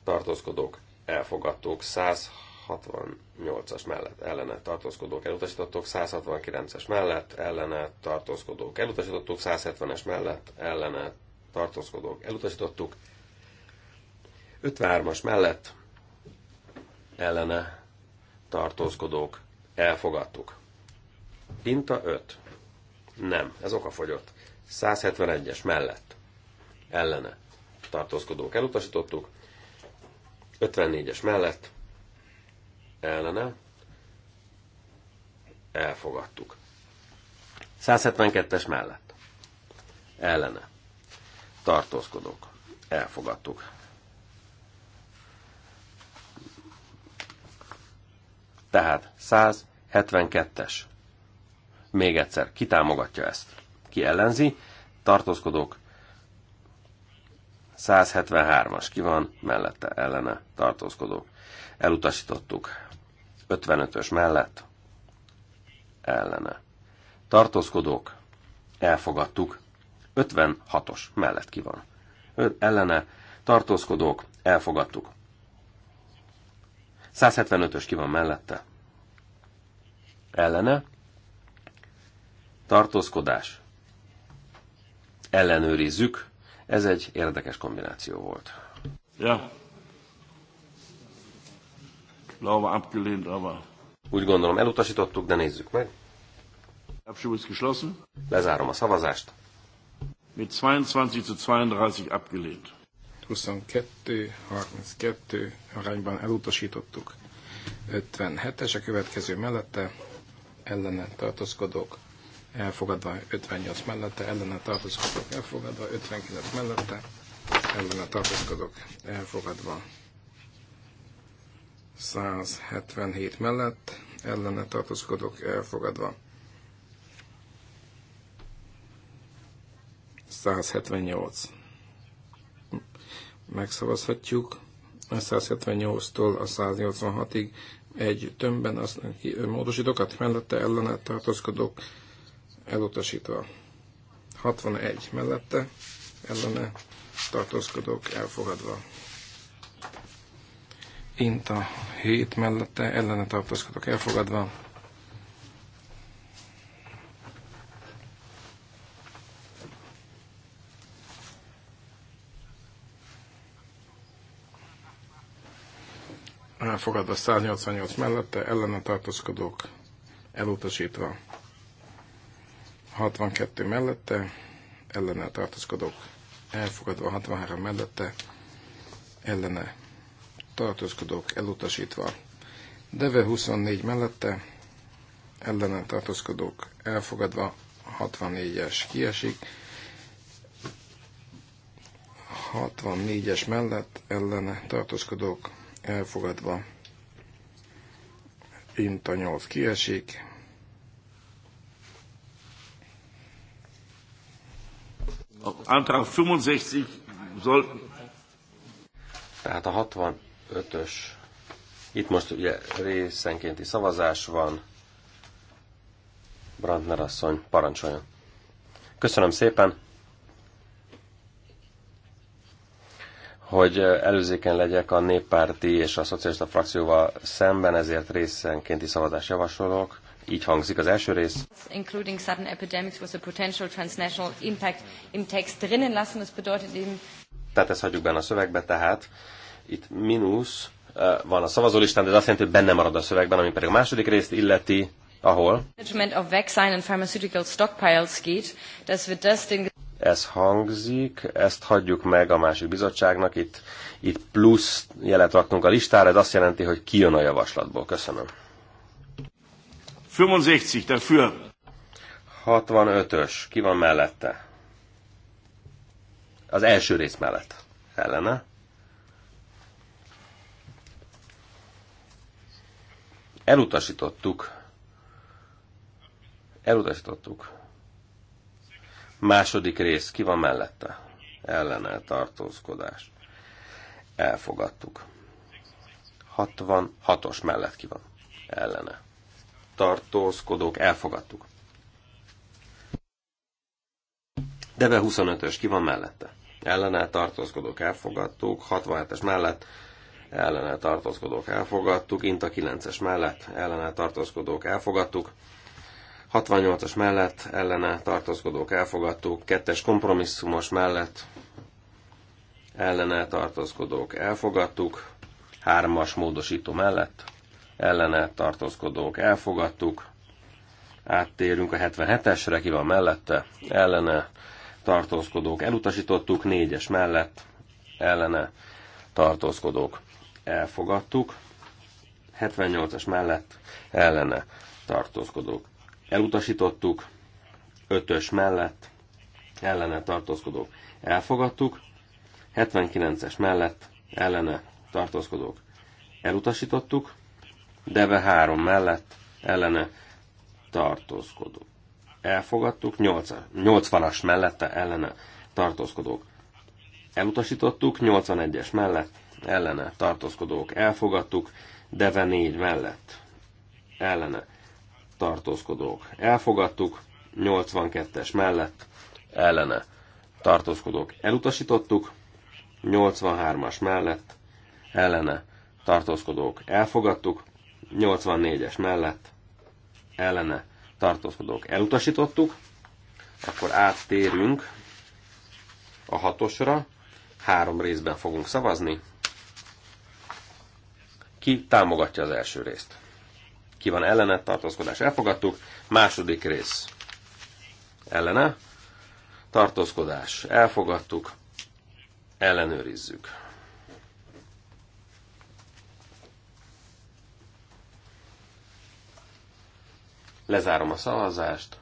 Speaker 3: tartózkodók elfogadtuk, 168-as mellett ellene tartózkodók elutasítottuk, 169-es mellett ellene tartózkodók elutasítottuk, 170-es mellett ellene tartózkodók elutasítottuk, 53-as mellett ellene tartózkodók elfogadtuk. Pinta 5 nem, ez okafogyott. 171-es mellett. Ellene. Tartózkodók elutasítottuk. 54-es mellett. Ellene. Elfogadtuk. 172-es mellett. Ellene. Tartózkodók. Elfogadtuk. Tehát 172-es még egyszer, ki támogatja ezt? Ki ellenzi? Tartózkodók 173-as ki van, mellette ellene tartózkodók. Elutasítottuk. 55-ös mellett ellene. Tartózkodók elfogadtuk. 56-os mellett ki van. Ö, ellene tartózkodók elfogadtuk. 175-ös ki van mellette. Ellene tartózkodás. Ellenőrizzük. Ez egy érdekes kombináció volt. Ja. Lava abgelehnt, aber... Úgy gondolom elutasítottuk, de nézzük meg. geschlossen. Lezárom a szavazást. Mit
Speaker 1: 22 zu 32 abgelehnt. 22-32 arányban elutasítottuk. 57-es a következő mellette ellene tartózkodók elfogadva 58 mellette, ellene tartozkodok elfogadva 59 mellette, ellene tartozkodok elfogadva 177 mellett, ellene tartozkodok elfogadva 178. Megszavazhatjuk a 178-tól a 186-ig egy tömbben azt módosítokat mellette ellene tartozkodok elutasítva. 61 mellette, ellene tartózkodók elfogadva. Inta 7 mellette, ellene tartózkodók elfogadva. Elfogadva 188 mellette, ellene tartózkodók elutasítva. 62 mellette, ellene tartózkodók elfogadva, 63 mellette, ellene tartózkodók elutasítva. Deve 24 mellette, ellene tartózkodók elfogadva, 64-es kiesik, 64-es mellett ellene tartózkodók elfogadva, Inta 8 kiesik,
Speaker 3: Antrag 65 soll... Tehát a 65-ös, itt most ugye részenkénti szavazás van, Brandner asszony, parancsoljon. Köszönöm szépen, hogy előzéken legyek a néppárti és a szocialista frakcióval szemben, ezért részenkénti szavazást javasolok. Így hangzik az első rész.
Speaker 2: Including sudden epidemics with a potential transnational impact in Text drinnen lassen, das bedeutet eben...
Speaker 3: Tehát ezt hagyjuk benne a szövegbe, tehát itt mínusz eh, van a szavazólistán, de ez azt jelenti, hogy benne marad a szövegben, ami pedig a második részt illeti, ahol...
Speaker 2: Management of vaccine and pharmaceutical stockpiles geht, das wird das Ding...
Speaker 3: ez hangzik, ezt hagyjuk meg a másik bizottságnak, itt, itt plusz jelet raktunk a listára, ez azt jelenti, hogy kijön a javaslatból. Köszönöm. 65 dafür. 65-ös. Ki van mellette? Az első rész mellett. Ellene. Elutasítottuk. Elutasítottuk. Második rész. Ki van mellette? Ellene tartózkodás. Elfogadtuk. 66-os mellett ki van. Ellene tartózkodók elfogadtuk. Deve 25-ös, ki van mellette? Ellenáll tartózkodók elfogadtuk, 67-es mellett ellenáll tartózkodók elfogadtuk, Inta 9-es mellett ellenáll tartózkodók elfogadtuk, 68-as mellett ellene tartózkodók elfogadtuk, 2-es kompromisszumos mellett ellene tartózkodók elfogadtuk, 3-as módosító mellett ellene tartózkodók elfogadtuk. Áttérünk a 77-esre, ki van mellette, ellene tartózkodók elutasítottuk, 4-es mellett ellene tartózkodók elfogadtuk, 78-as mellett ellene tartózkodók elutasítottuk, 5-ös mellett ellene tartózkodók elfogadtuk, 79-es mellett ellene tartózkodók elutasítottuk, Deve három mellett ellene tartózkodók. Elfogadtuk. 80-as mellette ellene tartózkodók. Elutasítottuk. 81-es mellett ellene tartózkodók. Elfogadtuk. Deve négy mellett ellene tartózkodók. Elfogadtuk. 82-es mellett ellene tartózkodók. Elutasítottuk. 83-as mellett ellene tartózkodók. Elfogadtuk. 84-es mellett ellene tartózkodók elutasítottuk, akkor áttérünk a hatosra, három részben fogunk szavazni. Ki támogatja az első részt? Ki van ellene, tartózkodás elfogadtuk. Második rész ellene, tartózkodás elfogadtuk, ellenőrizzük. Lezárom a szavazást.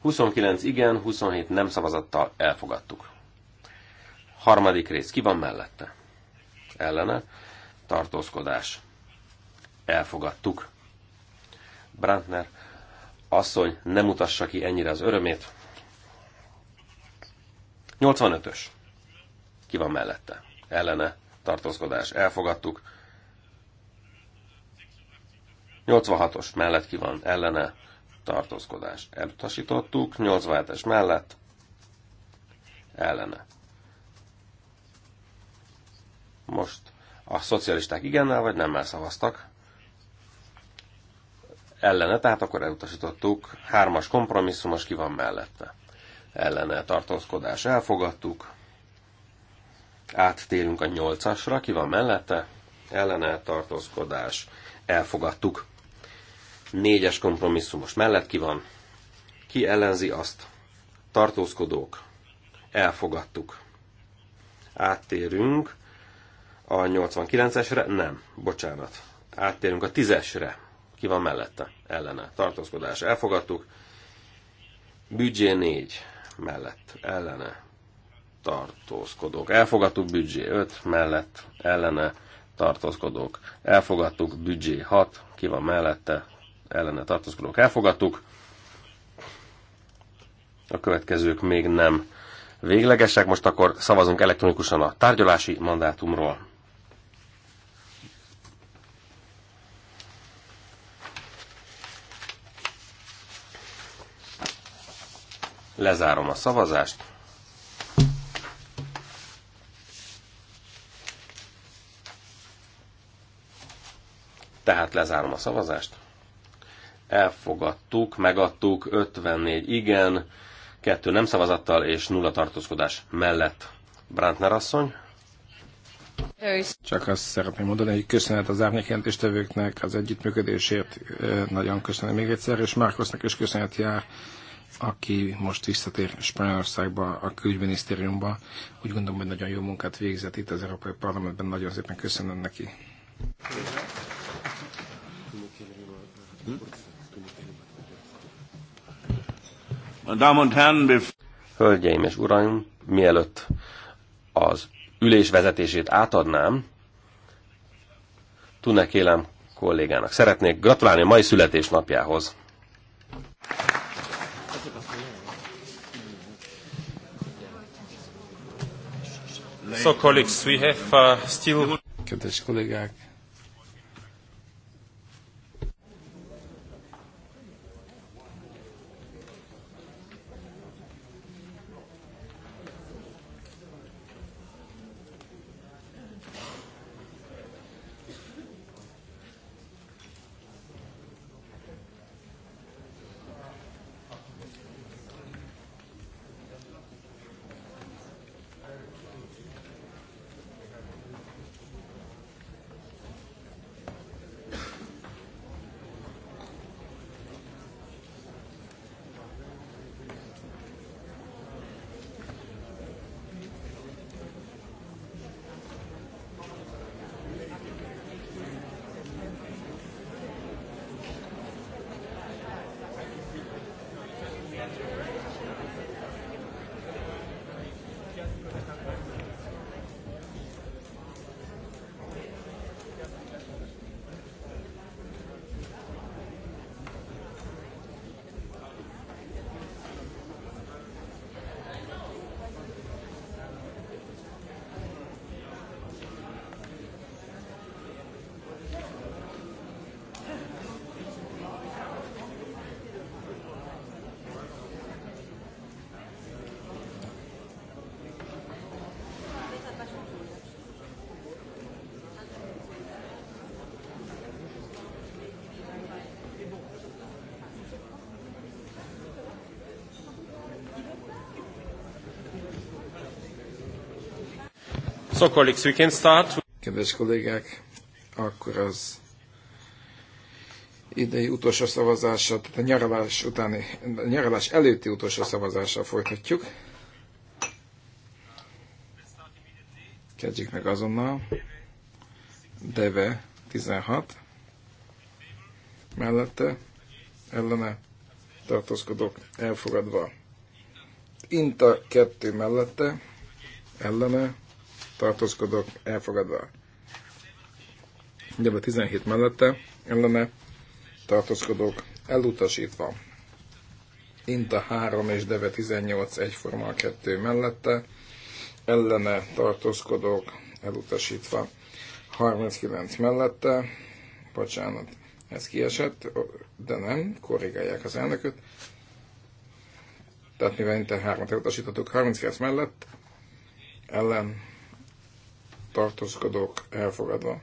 Speaker 3: 29 igen, 27 nem szavazattal elfogadtuk. Harmadik rész, ki van mellette? Ellene, tartózkodás. Elfogadtuk. Brandner, asszony, nem mutassa ki ennyire az örömét. 85-ös. Ki van mellette? Ellene, tartózkodás. Elfogadtuk. 86-os mellett ki van ellene tartózkodás. Elutasítottuk. 87-es mellett ellene. Most a szocialisták igennel vagy nemmel szavaztak. Ellene, tehát akkor elutasítottuk. Hármas kompromisszumos ki van mellette. Ellene tartózkodás elfogadtuk. Áttérünk a nyolcasra, ki van mellette. Ellene tartózkodás elfogadtuk. Négyes kompromisszumos mellett ki van. Ki ellenzi azt? Tartózkodók. Elfogadtuk. Áttérünk a 89-esre. Nem, bocsánat. Áttérünk a 10-esre. Ki van mellette? Ellene. Tartózkodás. Elfogadtuk. Büdzsé 4 mellett. Ellene. Tartózkodók. Elfogadtuk büdzsé 5 mellett. Ellene tartózkodók. Elfogadtuk, büdzsé 6, ki van mellette, ellene tartózkodók elfogadtuk. A következők még nem véglegesek, most akkor szavazunk elektronikusan a tárgyalási mandátumról. Lezárom a szavazást. Tehát lezárom a szavazást elfogadtuk, megadtuk 54 igen, 2 nem szavazattal és nulla tartózkodás mellett. Brandner asszony.
Speaker 1: Csak azt szeretném mondani, hogy köszönet az árnyékjelentéstevőknek az együttműködésért, nagyon köszönöm még egyszer, és Márkosznak is köszönet jár, aki most visszatér Spanyolországba, a külügyminisztériumba. Úgy gondolom, hogy nagyon jó munkát végzett itt az Európai Parlamentben, nagyon szépen köszönöm neki. you. Hm?
Speaker 3: Hölgyeim és uraim, mielőtt az ülés vezetését átadnám, Tune élem kollégának. Szeretnék gratulálni a mai születésnapjához.
Speaker 1: we have uh, still... Kedves kollégák, So colleagues, we can start. Kedves kollégák, akkor az idei utolsó szavazása, tehát a nyaralás utáni, a nyaralás előtti utolsó szavazással folytatjuk. Kezdjük meg azonnal. Deve 16. Mellette, ellene, tartózkodók elfogadva. Inta 2 mellette, ellene, tartózkodok, elfogadva. a 17 mellette, ellene tartózkodók elutasítva. Inta 3 és Deve 18 egyforma a kettő mellette, ellene tartózkodók elutasítva. 39 mellette, bocsánat, ez kiesett, de nem, korrigálják az elnököt. Tehát mivel Inta 3-at elutasítottuk, 39 mellett, ellen tartózkodók elfogadva.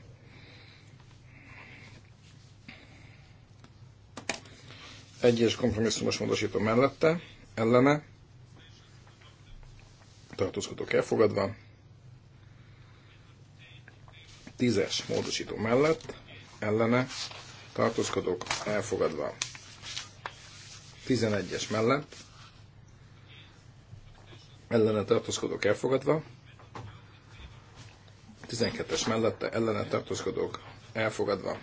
Speaker 1: Egyes kompromisszumos módosító mellette, ellene, tartózkodók elfogadva. Tízes módosító mellett, ellene, tartózkodók elfogadva. 11-es mellett, ellene tartózkodók elfogadva. 12-es mellette ellene tartózkodók elfogadva.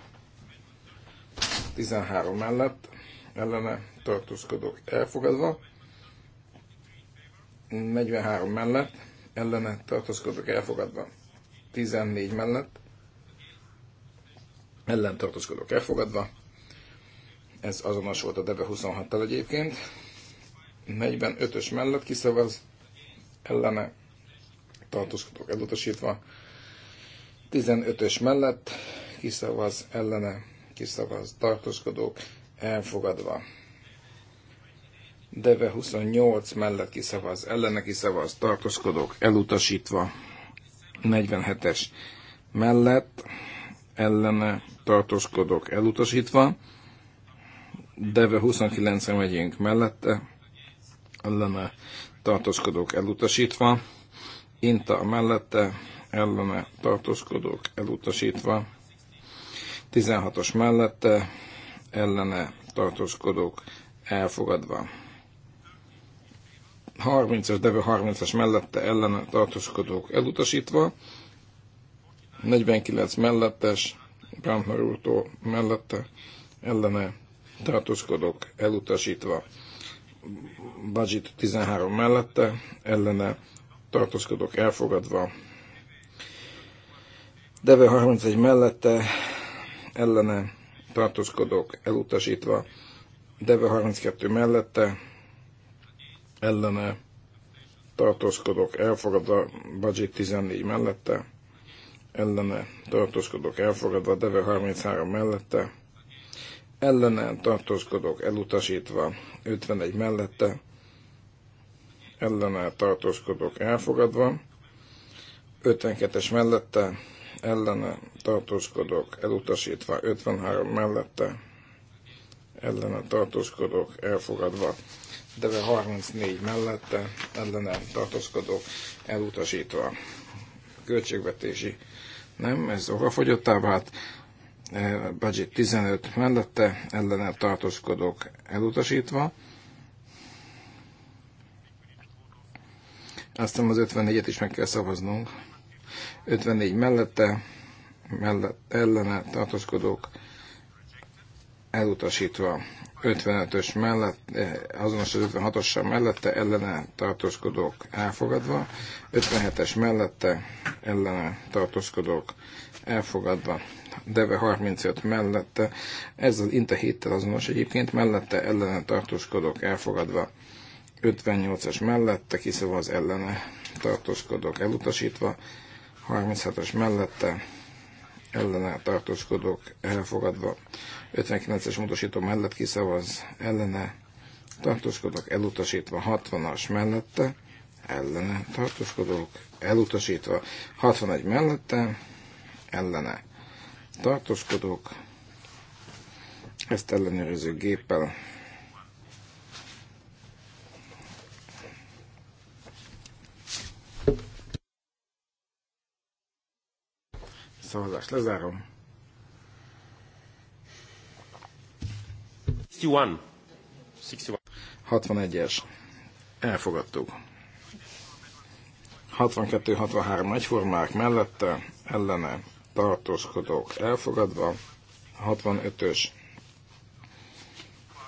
Speaker 1: 13 mellett ellene tartózkodók elfogadva. 43 mellett ellene tartózkodók elfogadva. 14 mellett ellen tartózkodók elfogadva. Ez azonos volt a Debe 26-tal egyébként. 45-ös mellett kiszavaz, ellene tartózkodók elutasítva, 15-ös mellett kiszavaz ellene, kiszavaz tartózkodók elfogadva. Deve 28 mellett kiszavaz ellene, kiszavaz tartózkodók elutasítva. 47-es mellett ellene tartózkodók elutasítva. Deve 29 megyénk mellette, ellene tartózkodók elutasítva. Inta mellette, ellene tartózkodók elutasítva, 16-os mellette ellene tartózkodók elfogadva. 30-as, devő 30-as mellette ellene tartózkodók elutasítva, 49 mellettes, Brandner úrtól mellette ellene tartózkodók elutasítva, Budget 13 mellette ellene tartózkodók elfogadva, Deve 31 mellette ellene tartózkodók elutasítva, Deve 32 mellette ellene tartózkodók elfogadva, budget 14 mellette, ellene tartózkodók elfogadva, Deve 33 mellette, ellene tartózkodók elutasítva, 51 mellette, ellene tartózkodók elfogadva, 52-es mellette, ellene tartózkodok, elutasítva, 53 mellette ellene tartózkodok, elfogadva, de 34 mellette ellene tartózkodok, elutasítva. Költségvetési nem, ez okafogyottá vált, e, budget 15 mellette ellene tartózkodok, elutasítva, Aztán az 54-et is meg kell szavaznunk. 54 mellette, mellett, ellene tartózkodók elutasítva. 55-ös mellett, eh, azonos az 56 os mellette ellene tartózkodók elfogadva, 57-es mellette ellene tartózkodók elfogadva, Deve 35 mellette, ez az Inte azonos egyébként, mellette ellene tartózkodók elfogadva, 58-as mellette az ellene tartózkodók elutasítva, 36-os mellette ellene tartózkodók elfogadva, 59-es módosító mellett kiszavaz, ellene tartózkodók elutasítva, 60-as mellette, ellene tartózkodók elutasítva, 61 mellette, ellene tartózkodók, ezt ellenőrző géppel Szavazást lezárom. 61. 61-es. Elfogadtuk. 62-63 egyformák mellette, ellene tartózkodók elfogadva. 65-ös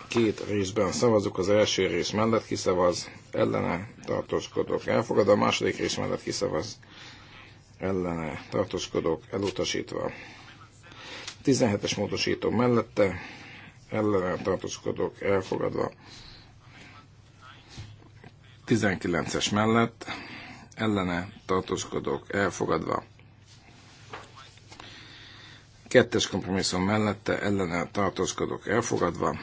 Speaker 1: két részben szavazunk, az első rész mellett kiszavaz, ellene tartózkodók elfogadva, a második rész mellett kiszavaz, ellene tartózkodók elutasítva. 17-es módosító mellette ellene tartózkodók elfogadva. 19-es mellett ellene tartózkodók elfogadva. Kettes kompromisszum mellette ellene tartózkodók elfogadva.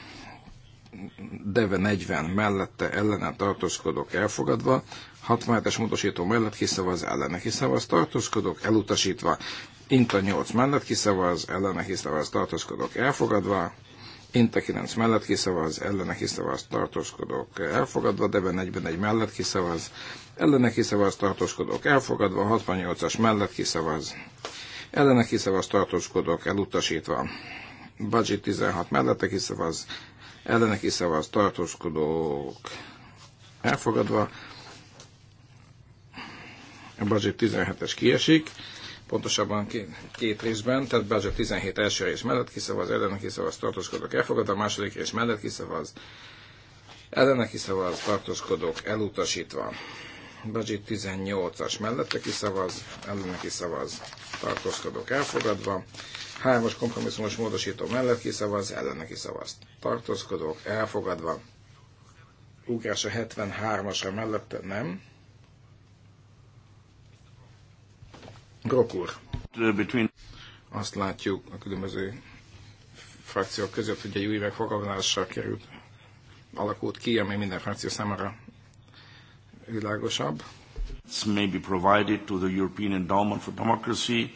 Speaker 1: Deve 40 mellette ellene tartózkodók elfogadva. 67-es módosító mellett kiszavaz, ellene kiszavaz, tartózkodok, elutasítva. Inta 8 mellett kiszavaz, ellene kiszavaz, tartózkodok, elfogadva. Inta 9 mellett kiszavaz, ellene kiszavaz, tartózkodok, elfogadva. Deve 41 mellett kiszavaz, ellene kiszavaz, tartózkodok, elfogadva. 68-as mellett kiszavaz, ellene kiszavaz, tartózkodok, elutasítva. Budget 16 mellette kiszavaz, ellene kiszavaz, tartózkodok, elfogadva, a budget 17-es kiesik, pontosabban két részben, tehát budget 17 első rész mellett kiszavaz, ellenek kiszavaz, tartózkodok, elfogad, a második rész mellett kiszavaz, ellenek kiszavaz, tartózkodok, elutasítva. Budget 18-as mellette kiszavaz, ellenek kiszavaz, tartózkodok, elfogadva. Hármas kompromisszumos módosító mellett kiszavaz, ellenek kiszavaz, tartózkodok, elfogadva. Ugrás a 73-asra mellette nem Grokur. úr. Uh, Azt látjuk a különböző frakciók között, hogy egy új megfogalmazásra került, alakult ki, ami minden frakció számára világosabb.
Speaker 2: may be provided to the European Endowment for Democracy.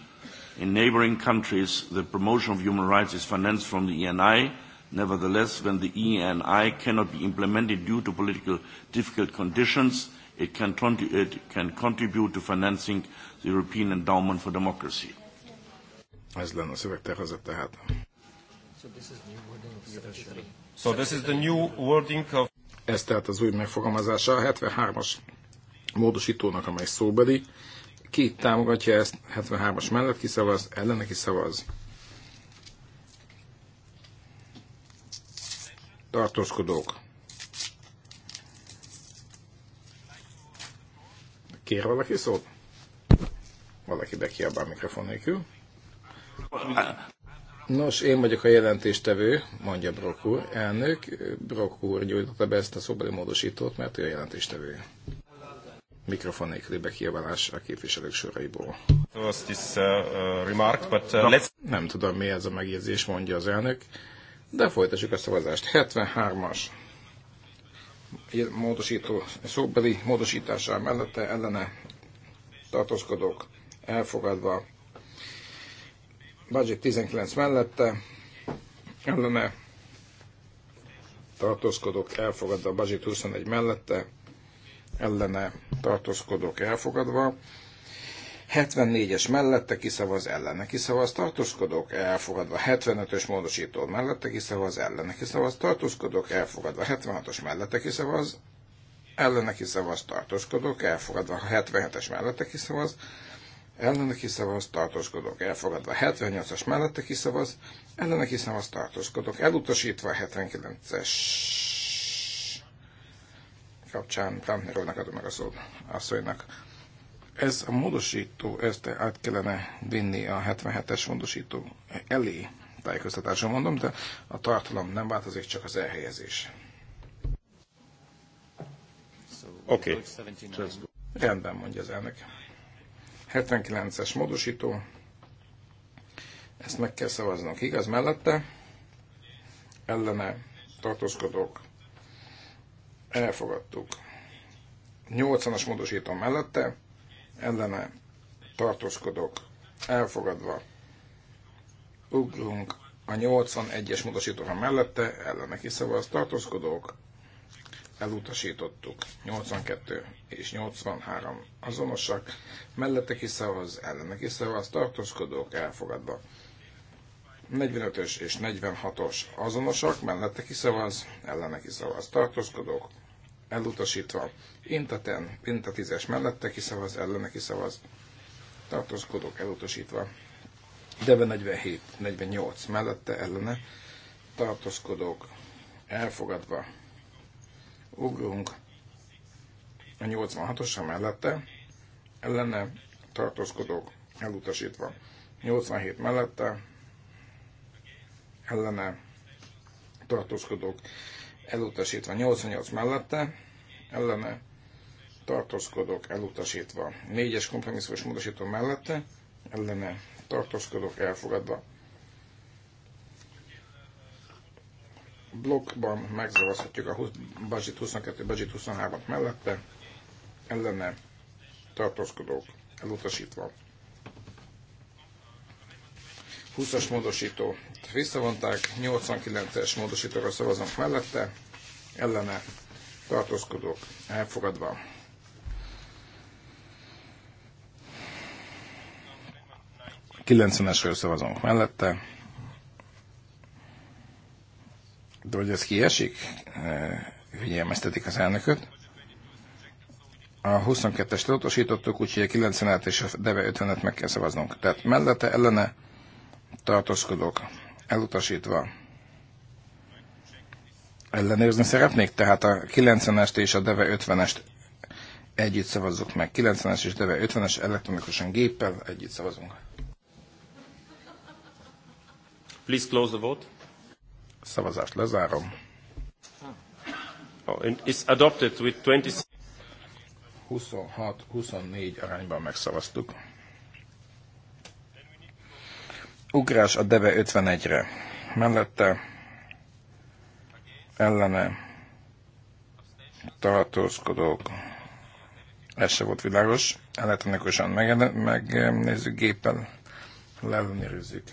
Speaker 2: In neighboring countries, the promotion of human rights is financed from the ENI. Nevertheless, when the ENI cannot be implemented due to political difficult conditions, It can, it can contribute to financing the European Endowment for
Speaker 1: Democracy. Ez lenne a szövegtervezet tehát. So this is So this is the new wording of... Ez tehát az új megfogalmazása a 73-as módosítónak, amely szóbeli. Ki támogatja ezt? 73-as mellett kiszavaz, ellene kiszavaz. Tartózkodók. Kér valaki szót? Valaki bekiabál mikrofon nélkül. Nos, én vagyok a jelentéstevő, mondja Brock úr, elnök. Brock úr gyújtotta be ezt a szóbeli módosítót, mert ő a jelentéstevő. Mikrofon nélküli bekiabálás a képviselők soraiból. Uh, uh, uh, Nem tudom, mi ez a megjegyzés, mondja az elnök, de folytassuk a szavazást. 73-as módosító, szóbeli módosítása mellette ellene tartózkodok elfogadva. Budget 19 mellette ellene tartózkodok elfogadva, Budget 21 mellette ellene tartózkodok elfogadva, 74-es mellette kiszavaz ellene, kiszavaz tartózkodok, elfogadva 75-ös módosító mellette kiszavaz ellene, kiszavaz tartózkodok, elfogadva 76-os mellette kiszavaz, ellene kiszavaz tartózkodok, elfogadva 77-es mellette kiszavaz, ellene kiszavaz, tartózkodok, elfogadva 78-as mellette kiszavaz, ellene kiszavaz, tartózkodok, elutasítva 79-es kapcsán Brandnerónak adom meg a szót asszonynak. Ez a módosító, ezt át kellene vinni a 77-es módosító elé, tájékoztatáson mondom, de a tartalom nem változik, csak az elhelyezés. Oké. Okay. Rendben mondja az elnök. 79-es módosító. Ezt meg kell szavaznunk, igaz? Mellette ellene tartózkodók elfogadtuk. 80-as módosító mellette ellene tartózkodok, elfogadva. Ugrunk a 81-es ha mellette, ellene kiszavaz tartózkodók, elutasítottuk. 82 és 83 azonosak, mellette kiszavaz, ellene kiszavaz, tartózkodók elfogadva. 45-ös és 46-os azonosak, mellette kiszavaz, ellene kiszavaz, tartózkodók elutasítva. Int a ten, int a tízes mellette kiszavaz, ellene kiszavaz, tartózkodók elutasítva. Deve 47, 48 mellette, ellene, tartózkodók elfogadva. Ugrunk a 86 os mellette, ellene tartózkodók elutasítva. 87 mellette, ellene tartózkodók elutasítva 88 mellette, ellene tartózkodok elutasítva 4-es kompromisszumos módosító mellette, ellene tartózkodok elfogadva. Blokkban megzavazhatjuk a 20, budget 22, budget 23 mellette, ellene tartózkodók elutasítva. 20-as módosító visszavonták, 89-es módosítóra szavazunk mellette, ellene tartózkodók elfogadva. Kilencvenesről szavazunk mellette. De hogy ez kiesik, e, figyelmeztetik az elnököt. A 22-est utasítottuk, úgyhogy a 90-et és a Deve 50-et meg kell szavaznunk. Tehát mellette, ellene tartózkodók elutasítva. Ellenőrizni szeretnék, tehát a 90-est és a DEVE 50-est együtt szavazzuk meg. 90-es és DEVE 50-es elektronikusan géppel együtt szavazunk.
Speaker 5: Please close the vote.
Speaker 1: Szavazást lezárom. Oh, and it's adopted with 20... 26-24 arányban megszavaztuk. Ugrás a Deve 51-re. Mellette ellene tartózkodók. Ez se volt világos. Elektronikusan megnézzük géppel, leellenőrizzük.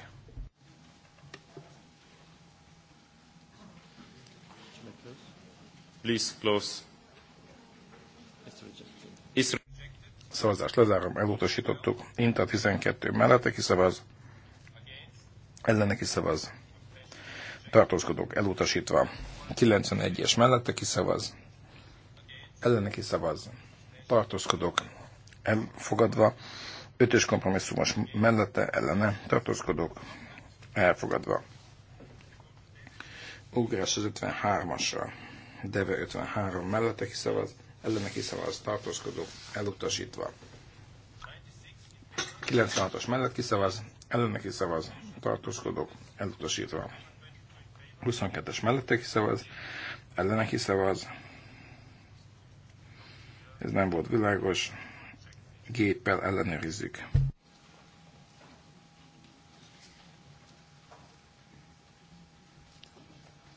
Speaker 1: Please close. Szavazást lezárom, elutasítottuk. Inta 12 mellette kiszavaz ellenek is szavaz. Tartózkodók elutasítva. 91-es mellette kiszavaz. is szavaz. Tartózkodók elfogadva. 5-ös kompromisszumos mellette ellene. Tartózkodók elfogadva. Ugrás az 53-asra. Deve 53 mellette kiszavaz. is szavaz. Tartózkodók elutasítva. 96-os mellett kiszavaz. is kiszavaz tartózkodók elutasítva. 22-es mellette kiszavaz, ellene kiszavaz. Ez nem volt világos. Géppel ellenőrizzük.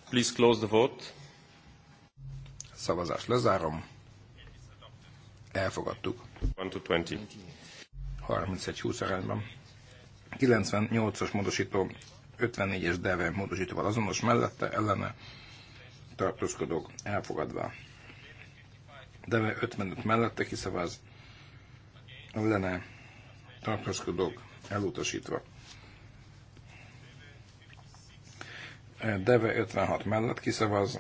Speaker 1: Please close the vote. Szavazást lezárom. Elfogadtuk. 1 to 20. 31-20 arányban. 98-as módosító 54-es DEVE módosítóval azonos mellette ellene tartózkodók elfogadva. DEVE 55 mellette kiszavaz ellene tartózkodók elutasítva. Deve 56 mellett kiszavaz,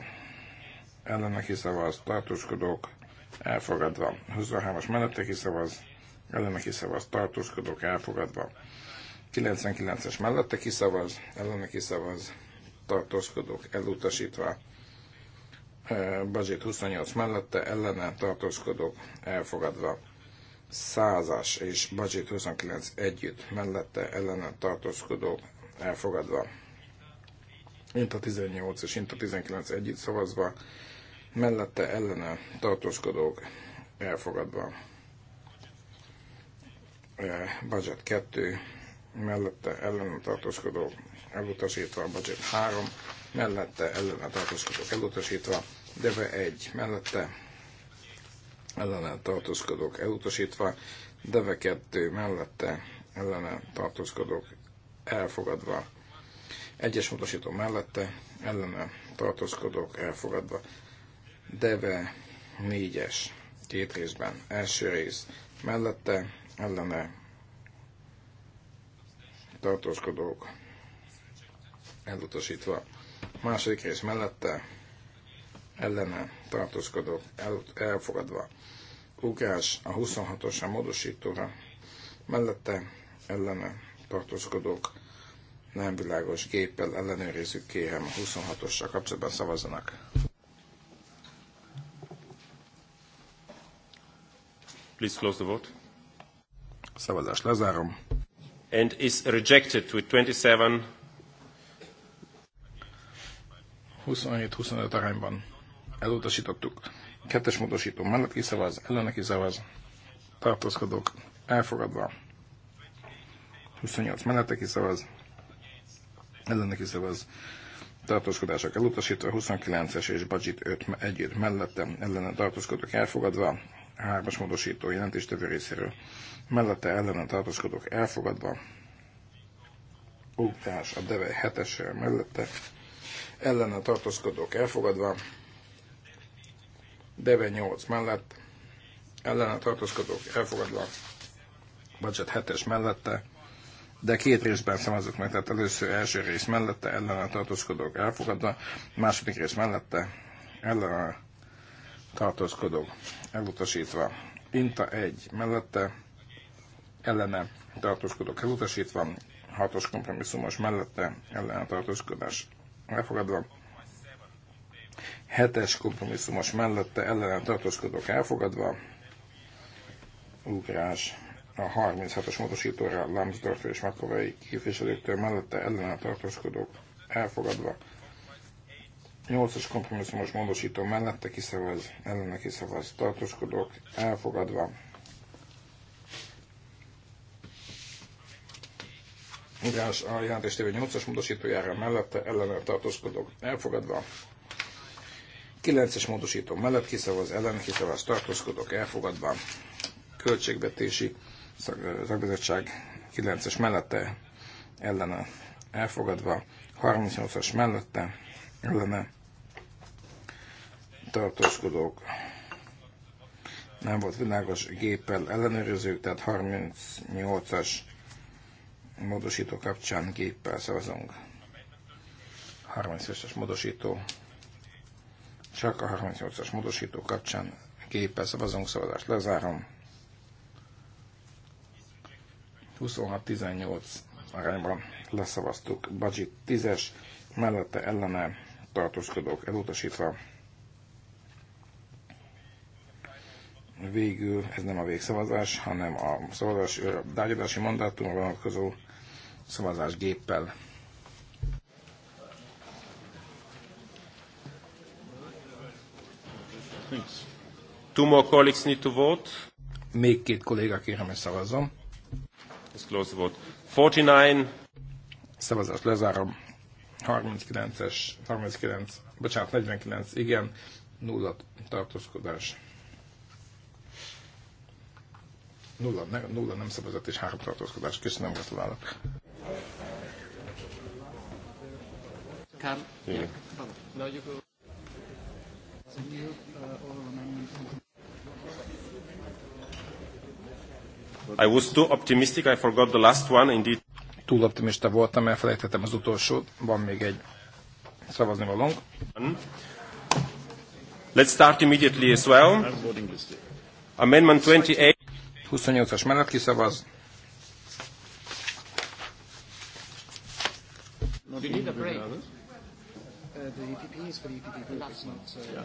Speaker 1: ellene kiszavaz, tartózkodók, elfogadva. 23-as mellette kiszavaz, ellene kiszavaz, tartózkodók, elfogadva. 99-es mellette kiszavaz, ellene kiszavaz, tartózkodók elutasítva. E, budget 28 mellette, ellene tartózkodók elfogadva. százas és Budget 29 együtt mellette, ellene tartózkodók elfogadva. Int a 18 és Int a 19 együtt szavazva, mellette ellene tartózkodók elfogadva. E, budget 2 mellette ellen tartózkodó elutasítva, budget 3, mellette ellen tartózkodó elutasítva, deve 1, mellette ellen tartózkodók elutasítva, deve 2, mellette ellen tartózkodók elfogadva, egyes módosító mellette ellen tartózkodók elfogadva, deve 4-es, két részben, első rész mellette ellene tartózkodók elutasítva. Második rész mellette ellene tartózkodók el, elfogadva. Ugrás a 26-os a módosítóra mellette ellene tartózkodók nem világos géppel ellenőrizzük kérem a 26-ossal kapcsolatban szavazzanak.
Speaker 5: Please close the vote. Szavazást lezárom and is rejected with 27
Speaker 1: 27-25 arányban elutasítottuk. Kettes módosító mellett kiszavaz, ellene kiszavaz, tartózkodók elfogadva. 28 mellette kiszavaz, ellene kiszavaz, tartózkodások elutasítva, 29-es és budget 5 együtt mellette, ellene tartózkodók elfogadva, Hármas módosító jelentéstevő részéről. Mellette ellene tartózkodók elfogadva. Ugrás a deve hetesre mellette. Ellene tartózkodók elfogadva. Deve 8 mellett. Ellene tartózkodók elfogadva. Budget 7-es mellette de két részben szavazok meg, tehát először első rész mellette, ellene tartózkodók elfogadva, második rész mellette, ellene tartózkodó, elutasítva. Inta 1 mellette, ellene tartózkodók elutasítva, 6-os kompromisszumos mellette, ellene tartózkodás elfogadva, 7-es kompromisszumos mellette, ellene tartózkodók elfogadva, ugrás a 36-os módosítóra Lambsdorff és Makovai képviselőktől mellette ellene tartózkodók elfogadva, 8-as kompromisszumos módosító mellette kiszavaz, ellene kiszavaz, tartoskodok, elfogadva. Ugyanis a jelentéstévő 8-as módosítójára mellette ellene tartoskodok, elfogadva. 9-es módosító mellett kiszavaz, ellen kiszavaz, tartózkodók elfogadva. Költségvetési szak, szakbizottság 9-es mellette ellene elfogadva. 38-as mellette ellene tartózkodók. Nem volt világos géppel ellenőrző, tehát 38-as módosító kapcsán géppel szavazunk. 38 as módosító, csak a 38-as módosító kapcsán géppel szavazunk, szavazást lezárom. 26-18 arányban leszavaztuk. Budget 10-es, mellette ellene tartózkodok elutasítva. Végül ez nem a végszavazás, hanem a szavazás, tárgyalási mandátumra vonatkozó szavazás géppel.
Speaker 5: Two more colleagues
Speaker 1: need to vote. Még két kolléga kérem, hogy szavazzon. Let's close vote. 49. Szavazást lezárom. 39-es, 39, bocsánat, 49, igen, nulla tartózkodás. Nulla, ne, nulla nem szavazat és három tartózkodás. Köszönöm, gratulálok.
Speaker 5: I was too optimistic, I forgot the last one,
Speaker 1: indeed túl optimista voltam, elfelejthetem az utolsót, van még egy szavazni valónk.
Speaker 5: Let's start immediately as well.
Speaker 1: Amendment 28. 28-as mellett kiszavaz.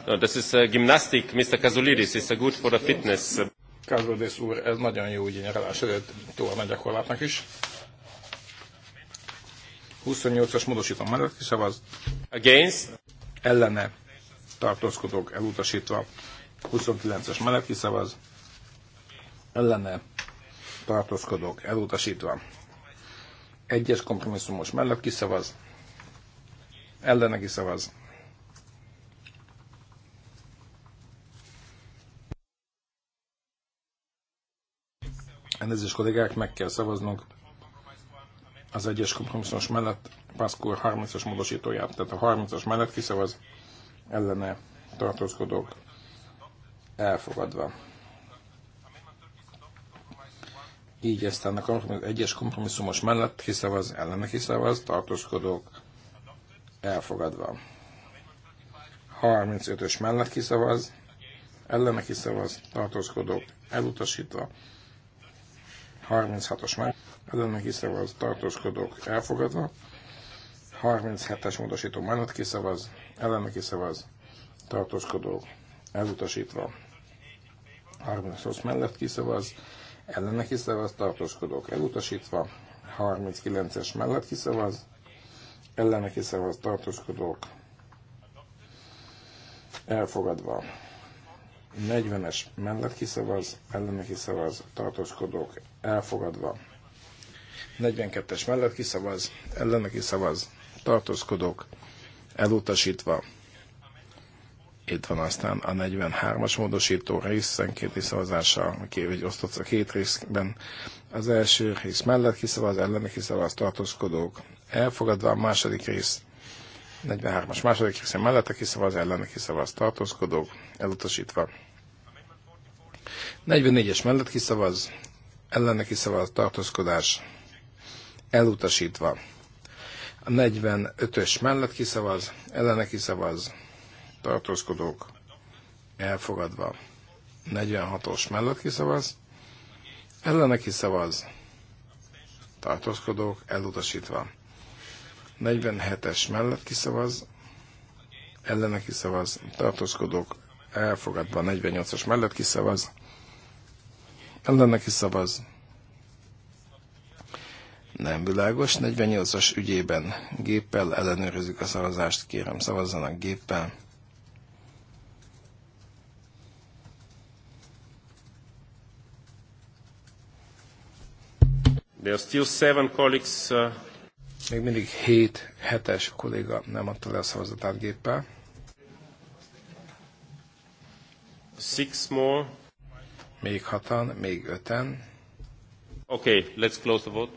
Speaker 5: No, this is a uh, gymnastic, Mr. Kazulidis, it's a uh, good for the fitness.
Speaker 1: Kazulidis úr, ez nagyon jó, ugye nyaralás előtt, jól a gyakorlatnak is. 28-as módosító mellett kiszavaz. Against. Ellene tartózkodók elutasítva. 29-es mellett kiszavaz. Ellene tartózkodók elutasítva. Egyes kompromisszumos mellett kiszavaz. Ellene kiszavaz. Elnézést kollégák, meg kell szavaznunk az egyes kompromisszumos mellett Pászkúr 30-as módosítóját, tehát a 30-as mellett kiszavaz ellene tartózkodók elfogadva. Így aztán a kompromiss- egyes kompromisszumos mellett kiszavaz, ellene kiszavaz, tartózkodók elfogadva. 35-ös mellett kiszavaz, ellene kiszavaz, tartózkodók elutasítva. 36-os mellett is hát kiszavaz, tartózkodók elfogadva, 37-es módosító majd kiszavaz, ellen kiszavaz, tartózkodók elutasítva, 38 mellett kiszavaz, ellene kiszavaz, tartózkodók elutasítva, 39-es mellett kiszavaz, ellene kiszavaz, tartózkodók elfogadva. 40-es mellett kiszavaz, ellene kiszavaz, tartózkodók elfogadva. 42-es mellett kiszavaz, ellene kiszavaz, tartózkodók elutasítva. Itt van aztán a 43-as módosító részenkénti szavazása, egy osztott a két részben. Az első rész mellett kiszavaz, ellene kiszavaz, tartózkodók elfogadva, a második rész 43-as második része mellette kiszavaz, ellene kiszavaz, tartózkodók elutasítva. 44-es mellett kiszavaz, ellene kiszavaz, tartózkodás elutasítva. A 45-ös mellett kiszavaz, ellene kiszavaz, tartózkodók elfogadva. 46-os mellett kiszavaz, ellene kiszavaz, tartózkodók elutasítva. 47-es mellett kiszavaz, ellene kiszavaz, tartózkodók elfogadva. 48-as mellett kiszavaz, ellene kiszavaz, nem világos. 48-as ügyében géppel ellenőrizzük a szavazást, kérem szavazzanak géppel.
Speaker 5: There are still seven colleagues. Uh...
Speaker 1: Még mindig 7 hetes kolléga nem adta le a szavazatát géppel.
Speaker 5: Six more.
Speaker 1: Még hatan, még öten.
Speaker 5: Okay, let's close the vote.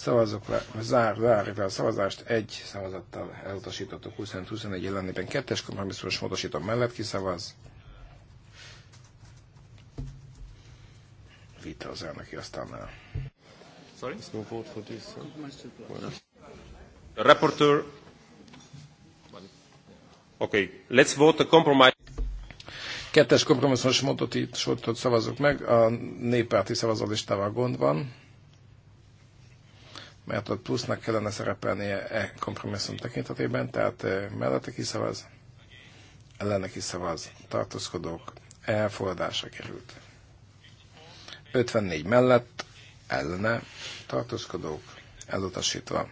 Speaker 1: Szavazok le, zár, le a szavazást, egy szavazattal elutasítottuk 20-21 ellenében, kettes kompromisszumos módosítom mellett kiszavaz. Vita az elnöki asztalnál. Sorry? Let's vote for this. The rapporteur.
Speaker 5: Okay, let's vote a compromise.
Speaker 1: Kettes kompromisszumos módosítót szavazok meg, a néppárti szavazólistával gond van mert ott plusznak kellene szerepelnie e kompromisszum tekintetében, tehát e, mellette kiszavaz, ellene kiszavaz, tartózkodók, elfogadásra került. 54 mellett, ellene, tartózkodók, elutasítva.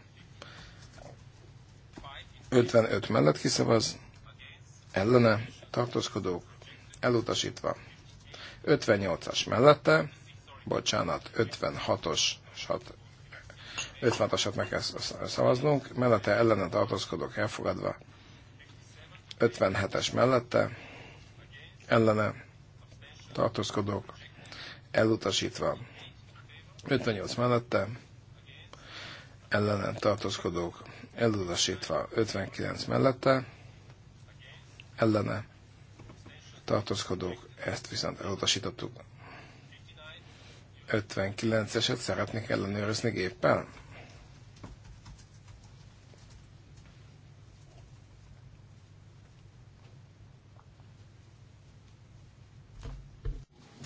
Speaker 1: 55 mellett kiszavaz, ellene, tartózkodók, elutasítva. 58-as mellette, bocsánat, 56-os 56-asat meg kell szavaznunk, mellette ellene tartózkodok elfogadva, 57-es mellette, ellene tartózkodok elutasítva, 58 mellette, ellene tartózkodok elutasítva, 59 mellette, ellene tartózkodók, ezt viszont elutasítottuk. 59-eset szeretnék ellenőrizni géppel?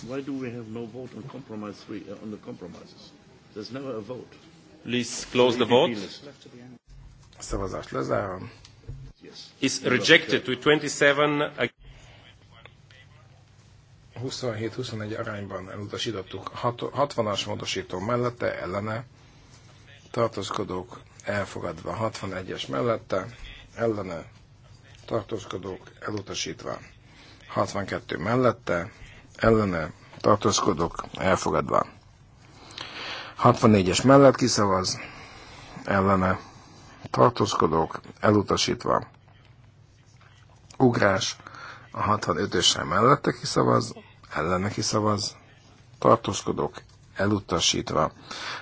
Speaker 2: Why do we have no vote on compromise three, uh, on the compromises? There's never a vote.
Speaker 5: Please close the vote. A
Speaker 1: szavazást lezárom.
Speaker 2: Is rejected
Speaker 1: with 27 27-21 arányban elutasítottuk. 60-as módosító mellette, ellene, tartózkodók elfogadva. 61-es mellette, ellene, tartózkodók elutasítva. 62 mellette, ellene tartózkodok, elfogadva. 64-es mellett kiszavaz, ellene tartózkodok, elutasítva. Ugrás, a 65-ösre mellette kiszavaz, ellene kiszavaz, tartózkodok, elutasítva.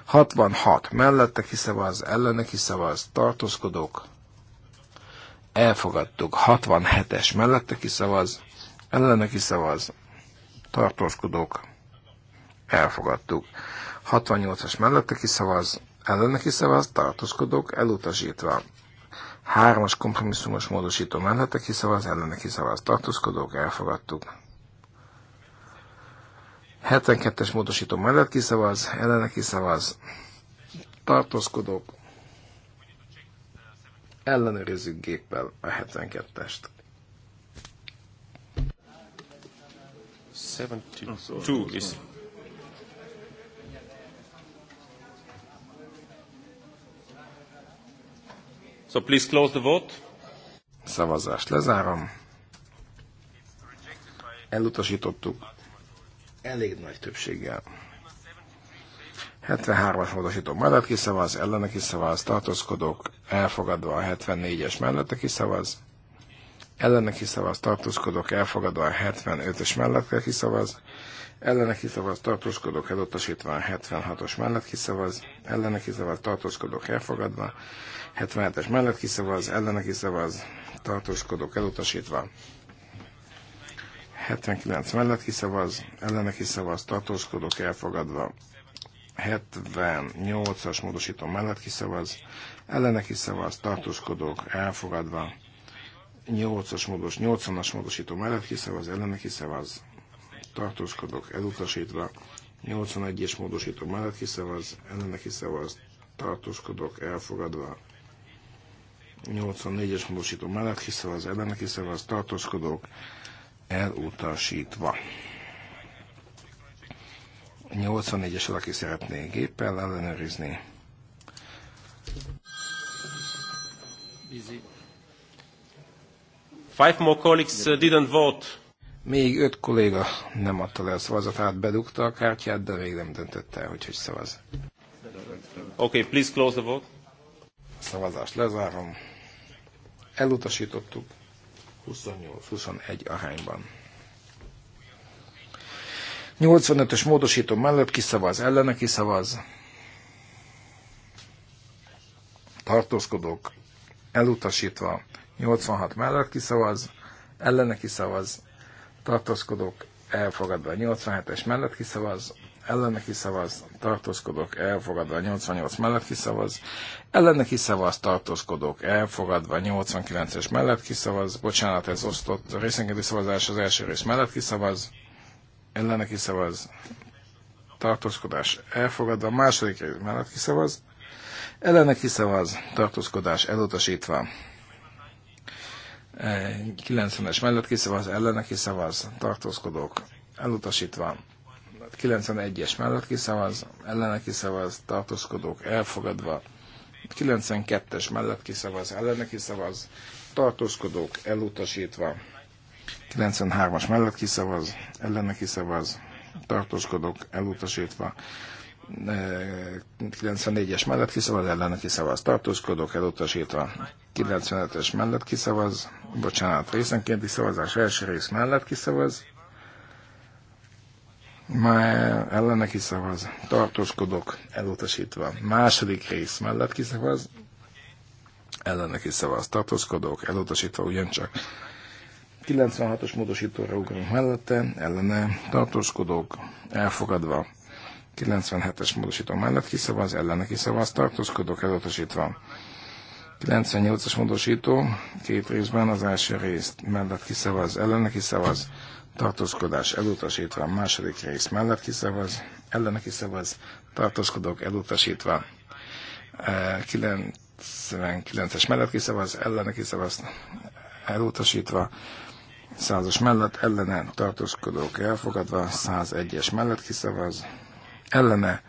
Speaker 1: 66 mellette kiszavaz, ellene kiszavaz, tartózkodok, elfogadtuk. 67-es mellette kiszavaz, ellene kiszavaz, tartózkodók, elfogadtuk. 68-as mellette kiszavaz, ellene kiszavaz, tartózkodók, elutasítva. 3-as kompromisszumos módosító mellette kiszavaz, ellene kiszavaz, tartózkodók, elfogadtuk. 72-es módosító mellett kiszavaz, ellene kiszavaz, tartózkodók, ellenőrizzük géppel a 72-est.
Speaker 5: 72 is So please close the vote.
Speaker 1: Szavazást lezárom. Elutasítottuk. Elég nagy többséggel. 73-as módosító mellett kiszavaz, ellene kiszavaz, tartózkodók, elfogadva a 74-es mellette kiszavaz, ellene kiszavaz, tartózkodok, elfogadva a 75-ös mellett kiszavaz, ellene kiszavaz, tartózkodok, elutasítva a 76-os mellett kiszavaz, ellene kiszavaz, tartózkodok, elfogadva, 77-es mellett kiszavaz, ellene kiszavaz, tartózkodok, elutasítva, 79 mellett kiszavaz, ellene kiszavaz, tartózkodok, elfogadva, 78-as módosító mellett kiszavaz, ellene kiszavaz, tartózkodok, elfogadva, 8-as módos, 80-as módosító mellett kiszavaz, ellene kiszavaz, tartózkodok, elutasítva, 81-es módosító mellett kiszavaz, ellene kiszavaz, tartózkodok, elfogadva, 84-es módosító mellett kiszavaz, ellene kiszavaz, tartózkodok, elutasítva. 84-es valaki szeretné géppel ellenőrizni.
Speaker 5: Easy. Five more colleagues uh, didn't vote.
Speaker 1: Még öt kolléga nem adta le a szavazatát, bedugta a kártyát, de még nem döntött el, hogy hogy szavaz. Okay, please close the vote. A szavazást lezárom. Elutasítottuk 28-21 arányban. 85-ös módosító mellett kiszavaz, ellene kiszavaz. Tartózkodók elutasítva 86 mellett kiszavaz, ellene kiszavaz, tartózkodók elfogadva 87-es mellett kiszavaz, ellene kiszavaz, tartózkodók elfogadva 88 mellett kiszavaz, ellene kiszavaz, tartózkodók elfogadva 89-es mellett kiszavaz, bocsánat, ez osztott részenkénti szavazás az első rész mellett kiszavaz, ellene kiszavaz, tartózkodás elfogadva, a második rész mellett kiszavaz, ellene kiszavaz, tartózkodás elutasítva, 90-es mellett kiszavaz, ellene kiszavaz, tartózkodók elutasítva. 91-es mellett kiszavaz, ellene kiszavaz, tartózkodók elfogadva. 92-es mellett kiszavaz, ellene kiszavaz, tartózkodók elutasítva. 93-as mellett kiszavaz, ellene kiszavaz, tartózkodók elutasítva. 94-es mellett kiszavaz, ellene kiszavaz, tartózkodok, elutasítva. 95 es mellett kiszavaz, bocsánat, részenkénti szavazás első rész mellett kiszavaz, már ellene kiszavaz, tartózkodok, elutasítva. Második rész mellett kiszavaz, ellene kiszavaz, tartózkodok, elutasítva ugyancsak. 96-os módosítóra ugrunk mellette, ellene tartózkodok, elfogadva. 97-es módosító mellett kiszavaz, ellene kiszavaz, tartózkodók elutasítva. 98-as módosító, két részben az első részt mellett kiszavaz, ellene kiszavaz, tartózkodás elutasítva, második rész mellett kiszavaz, ellene kiszavaz, tartózkodok, elutasítva, 99-es e, mellett kiszavaz, ellene kiszavaz, elutasítva, 100-as mellett ellene tartózkodók elfogadva, 101-es mellett kiszavaz, ellene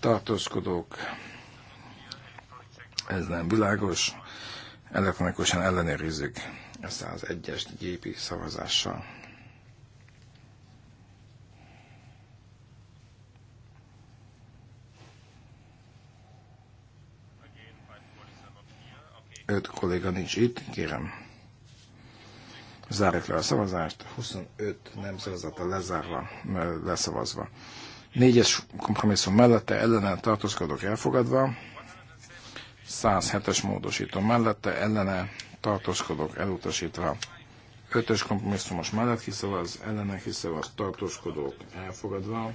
Speaker 1: tartózkodók, ez nem világos, elektronikusan ellenőrizzük ezt az egyes gépi szavazással. Öt kolléga nincs itt, kérem. Zárjuk le a szavazást, 25 nem szavazata lezárva, leszavazva. Négyes kompromisszum mellette ellene tartózkodok elfogadva. 107-es módosító mellette ellene tartózkodok elutasítva. 5-ös kompromisszumos mellett kiszavaz, ellene kiszavaz, tartózkodók elfogadva.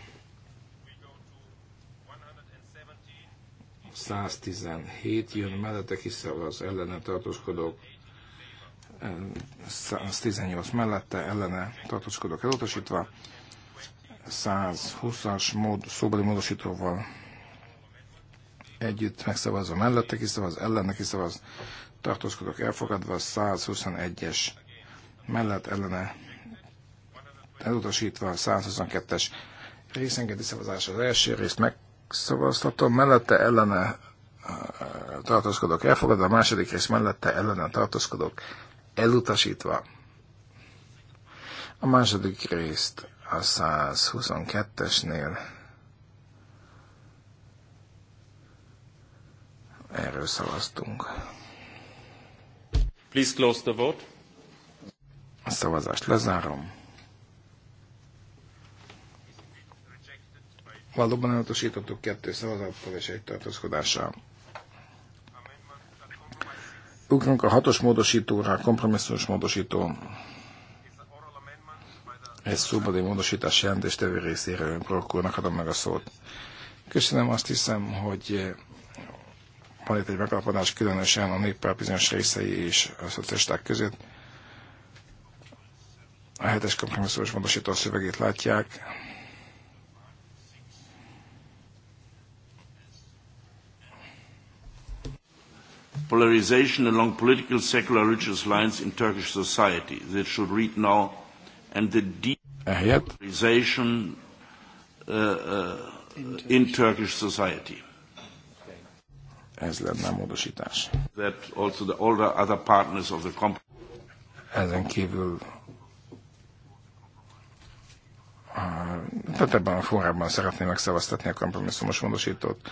Speaker 1: 117 jön mellette kiszavaz, ellene tartózkodók 118 mellette, ellene tartózkodók elutasítva, 120-as mód, szóbeli módosítóval együtt megszavazva mellette kiszavaz, ellene kiszavaz, tartózkodok elfogadva, 121-es mellett ellene elutasítva, 122-es részengedi szavazás az első részt megszavazhatom, mellette ellene tartózkodok elfogadva, a második rész mellette ellene tartózkodok elutasítva. A második részt a 122-esnél. Erről szavaztunk.
Speaker 5: Please close the vote.
Speaker 1: A szavazást lezárom. Valóban elutasítottuk kettő szavazattal és egy tartózkodással. Ugrunk a hatos módosítóra, kompromisszós módosító egy szóbadi módosítás jelentéstevő részéről Brokkónak adom meg a szót. Köszönöm, azt hiszem, hogy eh, van itt egy megalapodás, különösen a néppel bizonyos részei és a szocialisták között. A hetes kompromisszumos módosító szövegét látják.
Speaker 2: Polarization along political secular religious lines in Turkish society. That should read now and the decentralization uh, uh, in Turkish society.
Speaker 1: Ez lenne a módosítás.
Speaker 2: That also the older other partners of the company.
Speaker 1: Ezen kívül uh, tehát ebben a formában szeretném megszavaztatni a kompromisszumos módosítót.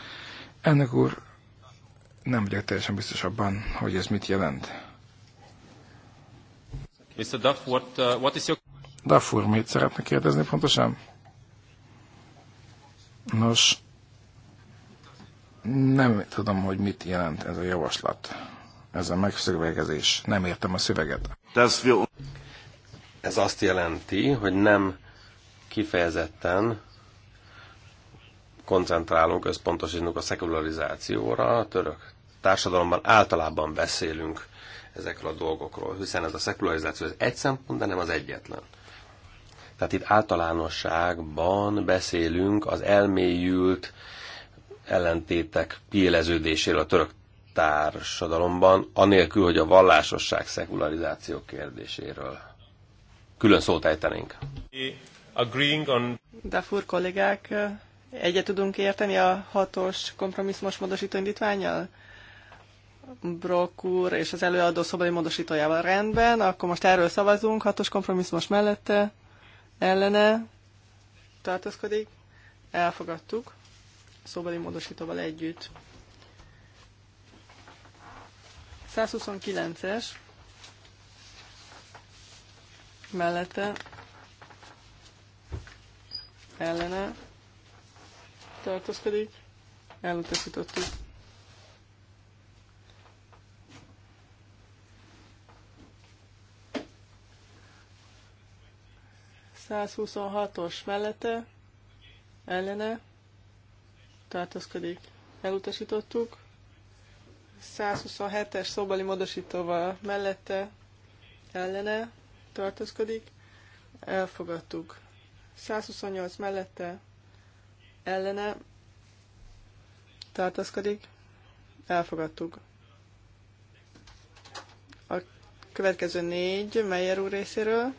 Speaker 1: Ennek úr, nem vagyok teljesen biztos abban, hogy ez mit jelent.
Speaker 5: Mr. Duff, what, uh, what is your...
Speaker 1: Dafur mit szeretne kérdezni pontosan? Nos, nem tudom, hogy mit jelent ez a javaslat, ez a megszövegezés. Nem értem a szöveget.
Speaker 3: Ez azt jelenti, hogy nem kifejezetten koncentrálunk, összpontosítunk a szekularizációra, a török társadalomban általában beszélünk ezekről a dolgokról, hiszen ez a szekularizáció az egy szempont, de nem az egyetlen. Tehát itt általánosságban beszélünk az elmélyült ellentétek kiéleződéséről a török társadalomban, anélkül, hogy a vallásosság szekularizáció kérdéséről külön szót
Speaker 5: ejtenénk.
Speaker 4: De fur kollégák, egyet tudunk érteni a hatos kompromisszmos módosító indítványjal? Brock úr és az előadó szobai módosítójával rendben, akkor most erről szavazunk, hatos kompromisszmos mellette, ellene tartózkodik, elfogadtuk szóbeli módosítóval együtt. 129-es mellette ellene tartózkodik, elutasítottuk. 126-os mellette ellene tartózkodik. Elutasítottuk. 127-es szobali módosítóval mellette ellene tartózkodik. Elfogadtuk. 128 mellette ellene tartózkodik. Elfogadtuk. A következő négy Meyer úr részéről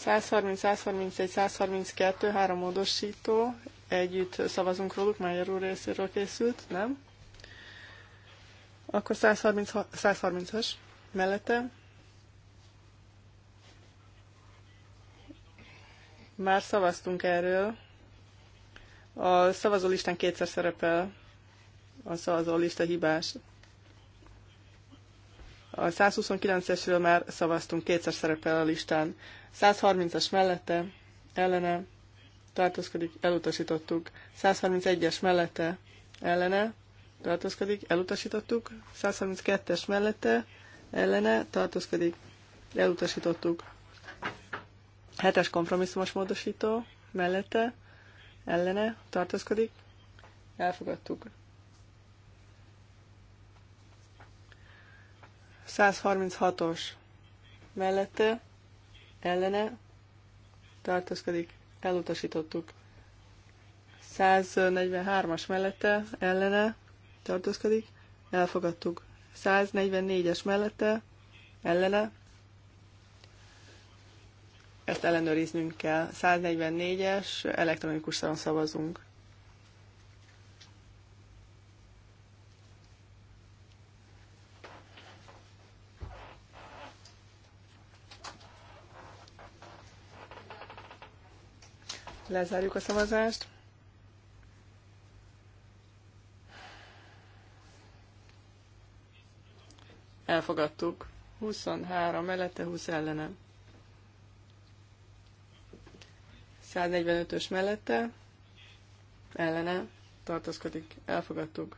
Speaker 4: 130, 131, 132, három módosító, együtt szavazunk róluk, Májer úr részéről készült, nem? Akkor 130, 130-as mellette. Már szavaztunk erről. A szavazólistán kétszer szerepel a szavazólista hibás. A 129-esről már szavaztunk, kétszer szerepel a listán. 130-as mellette ellene tartózkodik, elutasítottuk. 131-es mellette ellene tartózkodik, elutasítottuk. 132-es mellette ellene tartózkodik, elutasítottuk. 7-es kompromisszumos módosító mellette ellene tartózkodik, elfogadtuk. 136-os mellette ellene tartózkodik, elutasítottuk. 143-as mellette ellene tartózkodik, elfogadtuk. 144-es mellette ellene, ezt ellenőriznünk kell. 144-es, elektronikus szavazunk. Lezárjuk a szavazást. Elfogadtuk. 23 mellette, 20 ellene. 145-ös mellette, ellene, tartozkodik, elfogadtuk.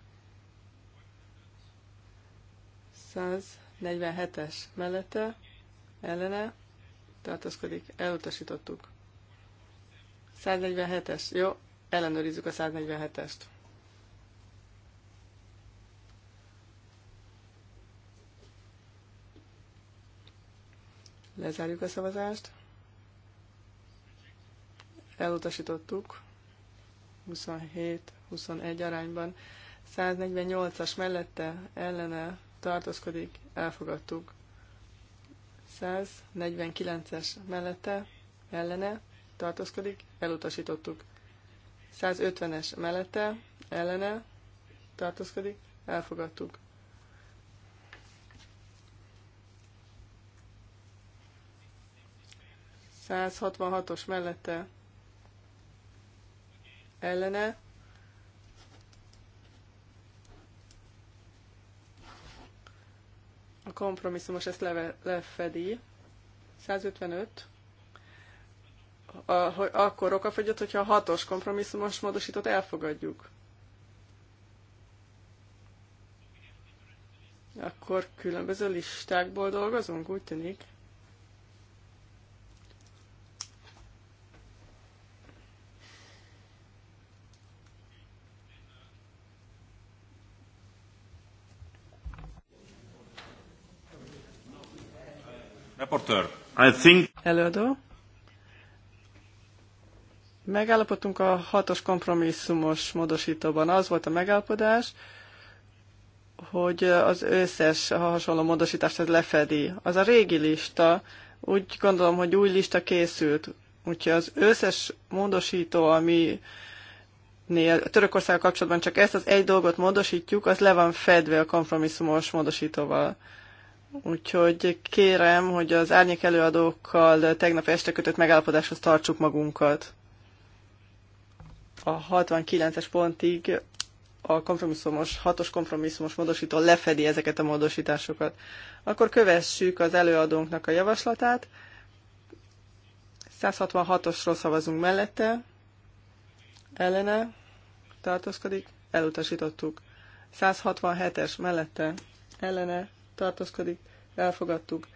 Speaker 4: 147-es mellette, ellene, tartozkodik, elutasítottuk. 147-es. Jó, ellenőrizzük a 147-est. Lezárjuk a szavazást. Elutasítottuk. 27-21 arányban. 148-as mellette ellene tartózkodik, elfogadtuk. 149-es mellette ellene tartózkodik, elutasítottuk. 150-es mellette, ellene tartózkodik, elfogadtuk. os mellette ellene a kompromisszumos ezt leve, lefedi. 155 a, akkor okafogyott, hogyha a hatos kompromisszumos módosítót elfogadjuk. Akkor különböző listákból dolgozunk, úgy tűnik.
Speaker 5: Reporter. I think...
Speaker 4: Előadó. Megállapodtunk a hatos kompromisszumos módosítóban. Az volt a megállapodás, hogy az összes hasonló módosítást ez lefedi. Az a régi lista, úgy gondolom, hogy új lista készült, úgyhogy az összes módosító, ami a Törökország kapcsolatban csak ezt az egy dolgot módosítjuk, az le van fedve a kompromisszumos módosítóval. Úgyhogy kérem, hogy az árnyék előadókkal tegnap este kötött megállapodáshoz tartsuk magunkat a 69-es pontig a kompromisszumos, hatos kompromisszumos módosító lefedi ezeket a módosításokat. Akkor kövessük az előadónknak a javaslatát. 166-osról szavazunk mellette, ellene tartózkodik, elutasítottuk. 167-es mellette, ellene tartózkodik, elfogadtuk.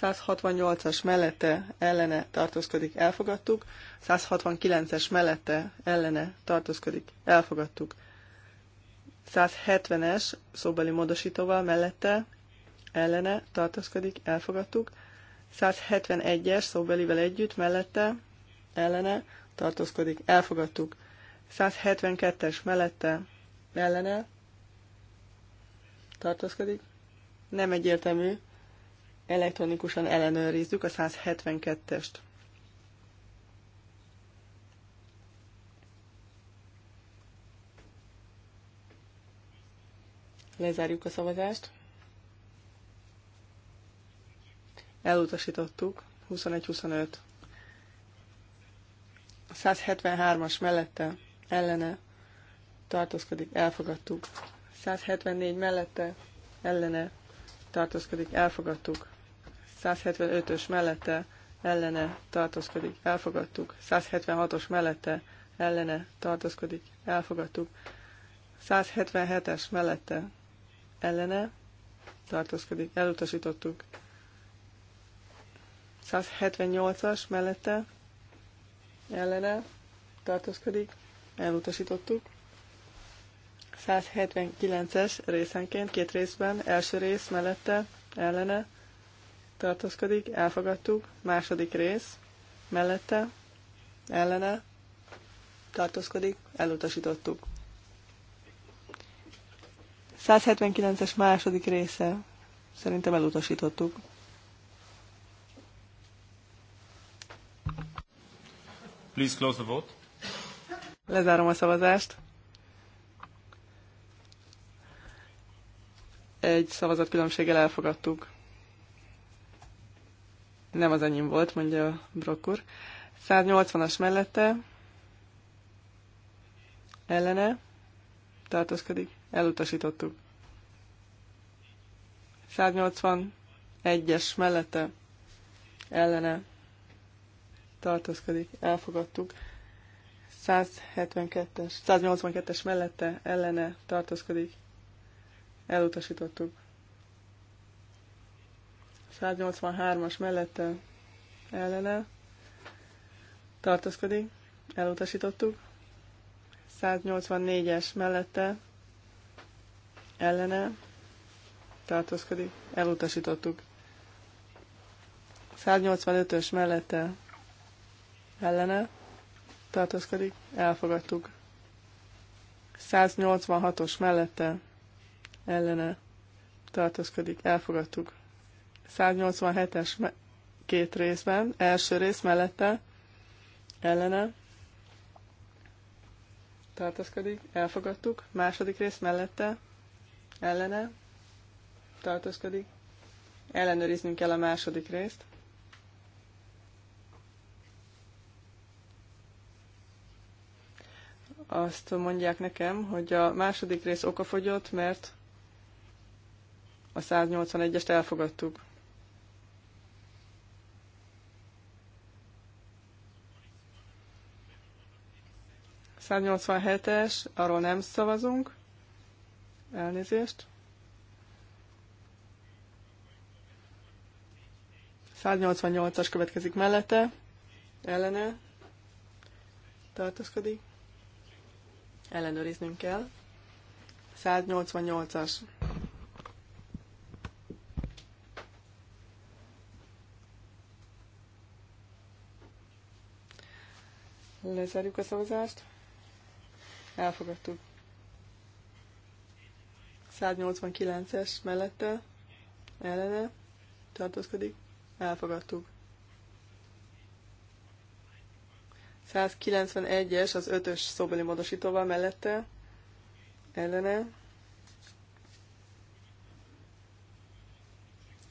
Speaker 4: 168-as mellette ellene tartózkodik, elfogadtuk. 169-es mellette ellene tartózkodik, elfogadtuk. 170-es szóbeli módosítóval mellette ellene tartózkodik, elfogadtuk. 171-es szóbelivel együtt mellette ellene tartózkodik, elfogadtuk. 172-es mellette ellene tartózkodik. Nem egyértelmű elektronikusan ellenőrizzük a 172-est. Lezárjuk a szavazást. Elutasítottuk. 21-25. A 173-as mellette, ellene tartózkodik, elfogadtuk. 174 mellette, ellene tartózkodik, elfogadtuk. 175-ös mellette ellene tartózkodik, elfogadtuk. 176-os mellette ellene tartózkodik, elfogadtuk. 177-es mellette ellene tartózkodik, elutasítottuk. 178-as mellette ellene tartózkodik, elutasítottuk. 179-es részenként, két részben, első rész mellette, ellene tartózkodik, elfogadtuk. Második rész, mellette, ellene, tartózkodik, elutasítottuk. 179-es második része, szerintem elutasítottuk.
Speaker 5: Please close the vote.
Speaker 4: Lezárom a szavazást. Egy szavazat különbséggel elfogadtuk. Nem az enyém volt, mondja a brokkur. 180-as mellette ellene tartózkodik. Elutasítottuk. 181-es mellette ellene tartózkodik. Elfogadtuk. 172-es, 182-es mellette ellene tartózkodik. Elutasítottuk. 183-as mellette ellene tartózkodik, elutasítottuk. 184-es mellette ellene tartózkodik, elutasítottuk. 185-ös mellette ellene tartózkodik, elfogadtuk. 186-os mellette ellene tartózkodik, elfogadtuk. 187-es két részben, első rész mellette, ellene, tartózkodik, elfogadtuk, második rész mellette, ellene, tartózkodik, ellenőriznünk kell a második részt. Azt mondják nekem, hogy a második rész okafogyott, mert a 181-est elfogadtuk. 187-es, arról nem szavazunk. Elnézést. 188-as következik mellette, ellene tartózkodik. Ellenőriznünk kell. 188-as. Lezárjuk a szavazást elfogadtuk. 189-es mellette, ellene, tartózkodik, elfogadtuk. 191-es az 5-ös szobeli módosítóval mellette, ellene,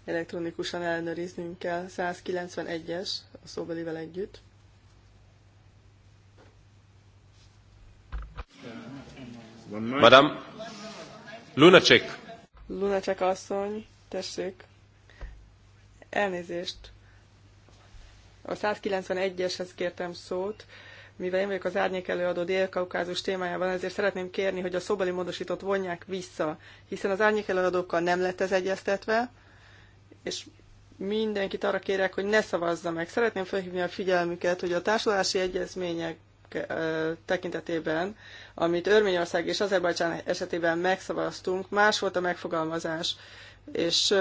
Speaker 4: elektronikusan ellenőriznünk kell 191-es a szóbelivel együtt.
Speaker 5: Madame Lunacek.
Speaker 4: Lunacek asszony, tessék. Elnézést. A 191-eshez kértem szót, mivel én vagyok az árnyék előadó Dél-Kaukázus témájában, ezért szeretném kérni, hogy a szóbeli módosított vonják vissza, hiszen az árnyék előadókkal nem lett ez egyeztetve, és mindenkit arra kérek, hogy ne szavazza meg. Szeretném felhívni a figyelmüket, hogy a társulási egyezmények tekintetében, amit Örményország és Azerbajcsán esetében megszavaztunk, más volt a megfogalmazás, és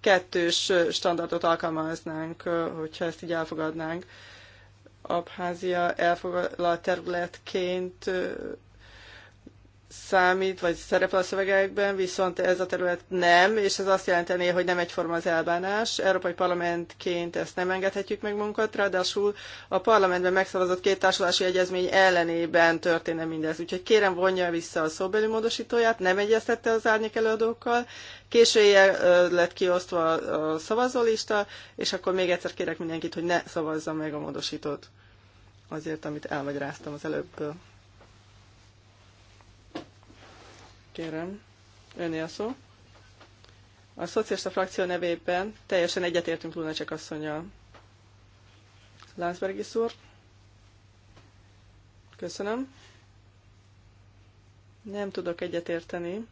Speaker 4: kettős standardot alkalmaznánk, hogyha ezt így elfogadnánk. Abházia elfoglalt területként számít, vagy szerepel a szövegekben, viszont ez a terület nem, és ez azt jelenteni, hogy nem egyforma az elbánás. Európai Parlamentként ezt nem engedhetjük meg munkat, ráadásul a parlamentben megszavazott két társulási egyezmény ellenében történne mindez. Úgyhogy kérem vonja vissza a szóbeli módosítóját, nem egyeztette az árnyék előadókkal, késő lett kiosztva a szavazólista, és akkor még egyszer kérek mindenkit, hogy ne szavazza meg a módosítót azért, amit elmagyaráztam az előbb. Kérem, öné a szó. A szocialista frakció nevében teljesen egyetértünk Lunacek asszonyjal. Lászbergi úr. Köszönöm. Nem tudok egyetérteni.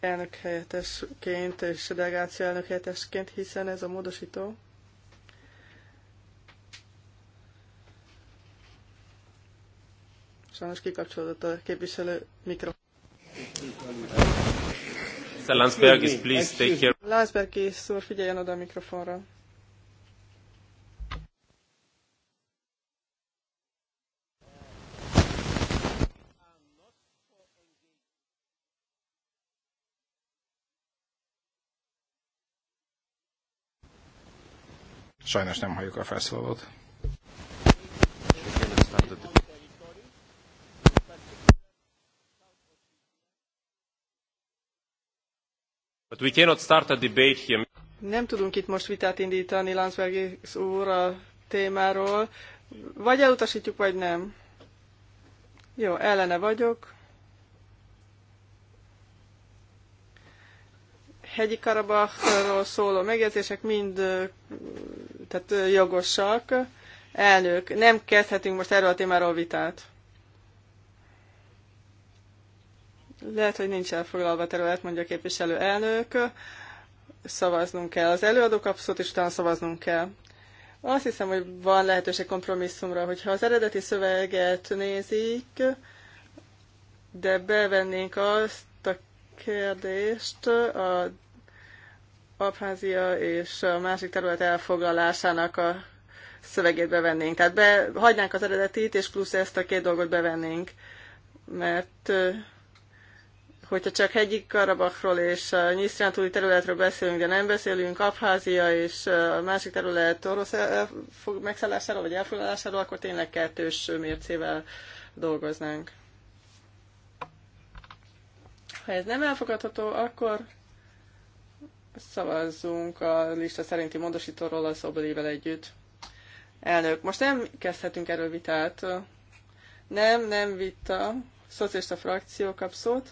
Speaker 4: Elnök helyettesként és delegáció elnök helyettesként, hiszen ez a módosító Sajnos kikapcsolódott a képviselő mikro. Mr. Landsbergis, please take care. Landsbergis úr, figyeljen oda a mikrofonra.
Speaker 1: Sajnos nem halljuk a felszólalót.
Speaker 5: But we cannot start a debate here.
Speaker 4: Nem tudunk itt most vitát indítani Landsberg úr a témáról. Vagy elutasítjuk, vagy nem. Jó, ellene vagyok. hegyi Karabachról szóló megjegyzések mind tehát jogosak. Elnök, nem kezdhetünk most erről a témáról vitát. Lehet, hogy nincs elfoglalva terület, mondja a képviselő elnök. Szavaznunk kell. Az előadók abszolút, és utána szavaznunk kell. Azt hiszem, hogy van lehetőség kompromisszumra, hogyha az eredeti szöveget nézik, de bevennénk azt a kérdést a Abházia és a másik terület elfoglalásának a szövegét bevennénk. Tehát behagynánk az eredetit, és plusz ezt a két dolgot bevennénk, mert Hogyha csak hegyi Karabachról és Nyisztrán túli területről beszélünk, de nem beszélünk Abházia és a másik terület orosz megszállásáról vagy elfoglalásáról, akkor tényleg kettős mércével dolgoznánk. Ha ez nem elfogadható, akkor szavazzunk a lista szerinti módosítóról a Szobelivel együtt. Elnök, most nem kezdhetünk erről vitát. Nem, nem vita. Szocialista frakció kap szót.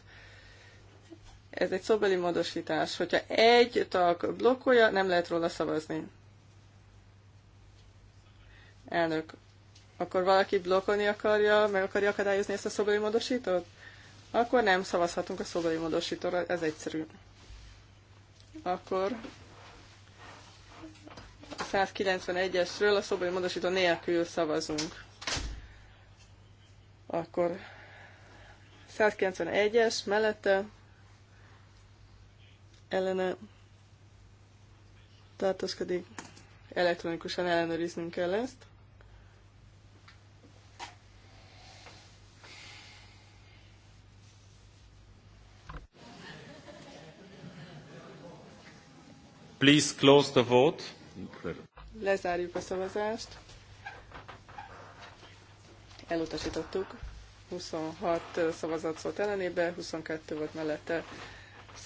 Speaker 4: Ez egy szóbeli módosítás. Hogyha egy tag blokkolja, nem lehet róla szavazni. Elnök, akkor valaki blokkolni akarja, meg akarja akadályozni ezt a szóbeli módosítót? Akkor nem szavazhatunk a szóbeli módosítóra, ez egyszerű. Akkor 191-esről a szóbeli módosító nélkül szavazunk. Akkor 191-es mellette ellene tartózkodik. Elektronikusan ellenőriznünk kell ezt.
Speaker 5: Please close the vote.
Speaker 4: Lezárjuk a szavazást. Elutasítottuk. 26 szavazat szólt ellenébe, 22 volt mellette.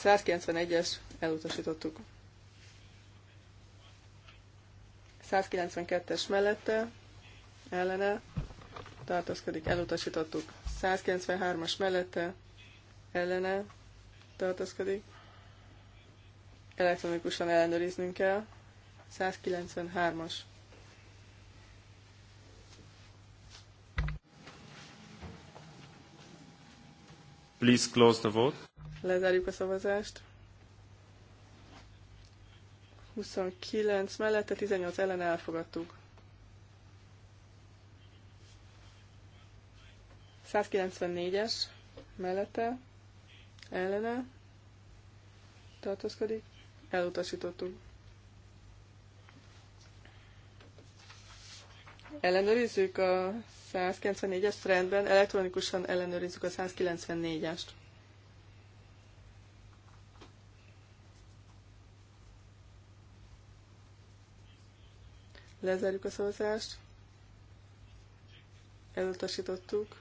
Speaker 4: 191-es elutasítottuk. 192-es mellette, ellene, tartózkodik, elutasítottuk. 193-as mellette, ellene, tartózkodik. Elektronikusan ellenőriznünk kell. 193-as.
Speaker 5: Please close the vote.
Speaker 4: Lezárjuk a szavazást. 29 mellette, 18 ellen elfogadtuk. 194-es mellette, ellene tartózkodik, elutasítottuk. Ellenőrizzük a 194-est rendben, elektronikusan ellenőrizzük a 194-est. Lezárjuk a szavazást. Elutasítottuk.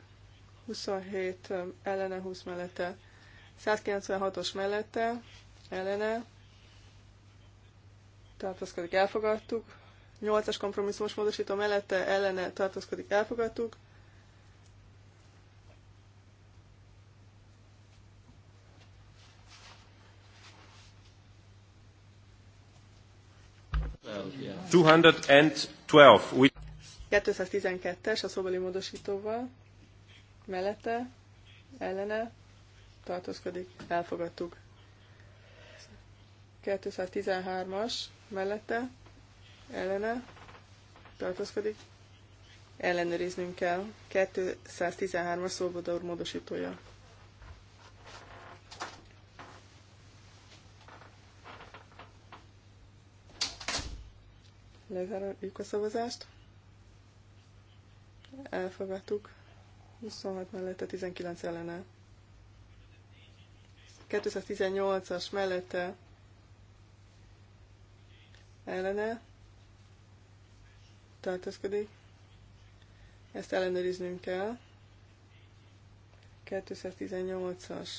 Speaker 4: 27 um, ellene, 20 mellette. 196-os mellette, ellene. Tartózkodik, elfogadtuk. 8-as kompromisszumos módosító mellette, ellene tartózkodik, elfogadtuk.
Speaker 5: 212.
Speaker 4: es a szobeli módosítóval, mellette, ellene, tartózkodik, elfogadtuk. 213-as, mellette, ellene, tartózkodik, ellenőriznünk kell. 213-as szóbodor módosítója. Lezárjuk a szavazást. Elfogadtuk. 26 mellette, 19 ellene. 218-as mellette ellene tartózkodik. Ezt ellenőriznünk kell. 218-as.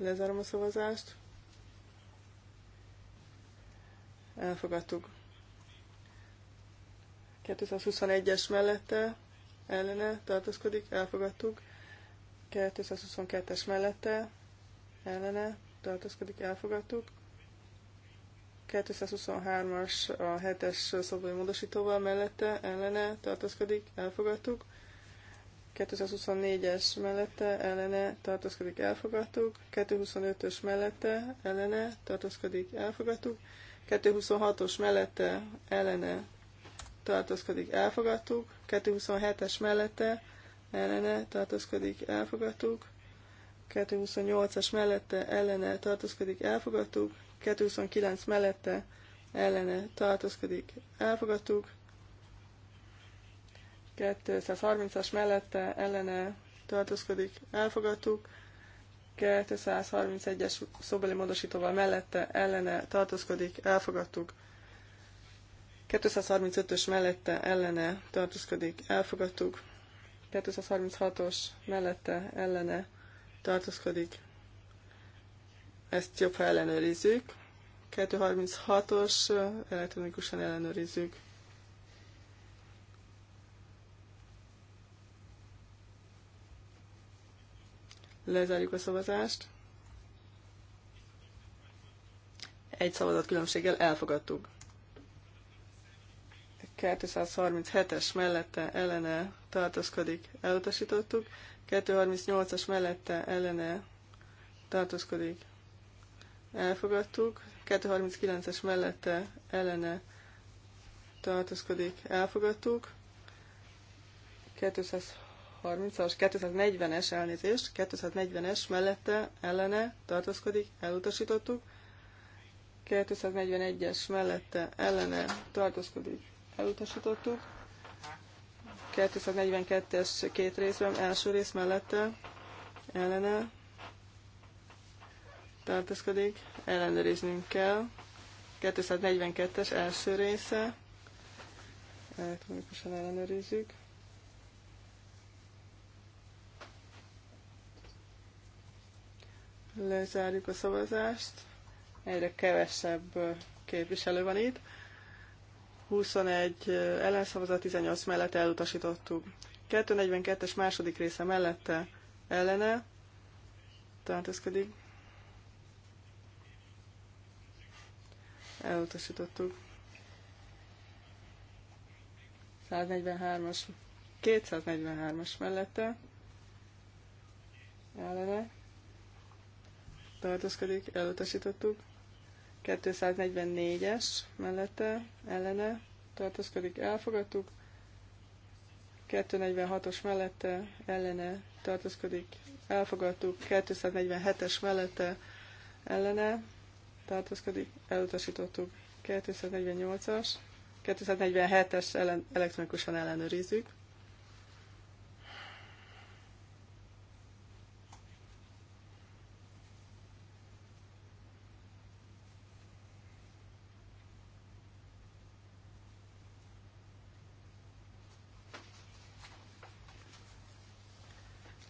Speaker 4: Lezárom a szavazást. Elfogadtuk. 221-es mellette ellene tartózkodik, elfogadtuk. 222-es mellette ellene tartózkodik, elfogadtuk. 223-as a 7-es szobai módosítóval mellette ellene tartózkodik, elfogadtuk. 224-es mellette ellene tartózkodik, elfogadtuk. 225-ös mellette ellene tartózkodik, elfogadtuk. 226-os mellette ellene tartózkodik, elfogadtuk. 227-es mellette ellene tartózkodik, elfogadtuk. 228-as mellette ellene tartózkodik, elfogadtuk. 229 mellette ellene tartózkodik, elfogadtuk. 230-as mellette ellene tartózkodik, elfogadtuk. 231-es szóbeli módosítóval mellette ellene tartózkodik, elfogadtuk. 235-ös mellette ellene tartózkodik, elfogadtuk. 236-os mellette ellene tartózkodik, ezt jobb, ha ellenőrizzük. 236-os elektronikusan ellenőrizzük. Lezárjuk a szavazást. Egy szavazat különbséggel elfogadtuk. 237-es mellette ellene tartózkodik, elutasítottuk. 238-as mellette ellene tartózkodik, elfogadtuk. 239-es mellette ellene tartózkodik, elfogadtuk. 230 230-as, 240-es elnézést, 240-es mellette ellene tartózkodik, elutasítottuk. 241-es mellette ellene tartózkodik, elutasítottuk. 242-es két részben, első rész mellette ellene tartózkodik, ellenőriznünk kell. 242-es első része, elektronikusan ellenőrizzük. Lezárjuk a szavazást. Egyre kevesebb képviselő van itt. 21 ellenszavazat, 18 mellett elutasítottuk. 242-es második része mellette ellene tartózkodik. Elutasítottuk. 143-as, 243-as mellette ellene tartózkodik, elutasítottuk. 244-es mellette, ellene tartózkodik, elfogadtuk. 246-os mellette, ellene tartózkodik, elfogadtuk. 247-es mellette, ellene tartózkodik, elutasítottuk. 248-as, 247-es ellen, elektronikusan ellenőrizzük.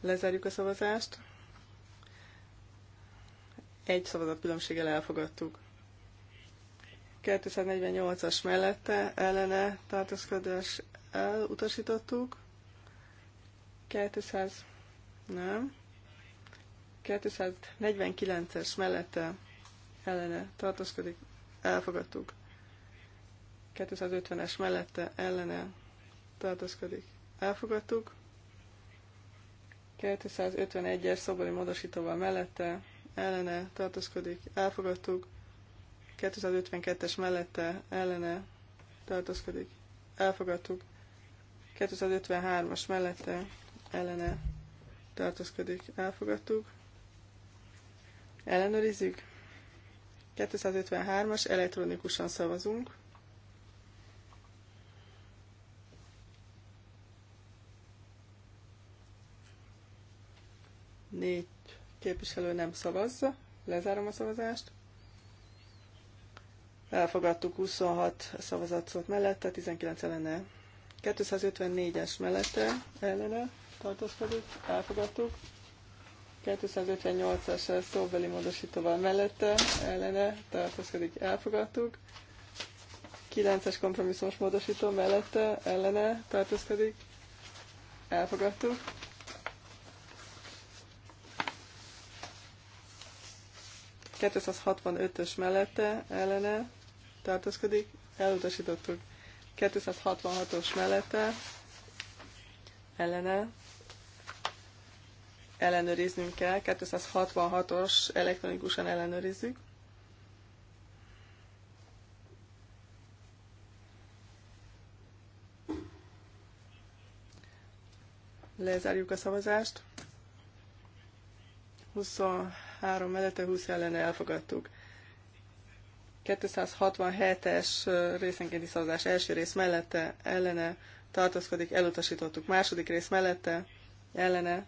Speaker 4: Lezárjuk a szavazást. Egy szavazat különbséggel elfogadtuk. 248-as mellette ellene tartózkodás elutasítottuk. 200, nem. 249-es mellette ellene tartózkodik, elfogadtuk. 250-es mellette ellene tartózkodik, elfogadtuk. 251-es szobori módosítóval mellette ellene tartózkodik, elfogadtuk. 252-es mellette ellene tartózkodik, elfogadtuk. 253-as mellette ellene tartózkodik, elfogadtuk. Ellenőrizzük. 253-as elektronikusan szavazunk. négy képviselő nem szavazza, Lezárom a szavazást. Elfogadtuk 26 szavazatszót mellette, 19 ellene. 254-es mellette ellene tartózkodik, elfogadtuk. 258-as szóbeli módosítóval mellette ellene tartózkodik, elfogadtuk. 9-es kompromisszumos módosító mellette ellene tartózkodik, elfogadtuk. 265-ös mellette ellene tartózkodik, elutasítottuk. 266-os mellette ellene ellenőriznünk kell, 266-os elektronikusan ellenőrizzük. Lezárjuk a szavazást. 23 3 mellette 20 ellene elfogadtuk. 267-es részenkénti szavazás első rész mellette ellene tartózkodik, elutasítottuk. Második rész mellette ellene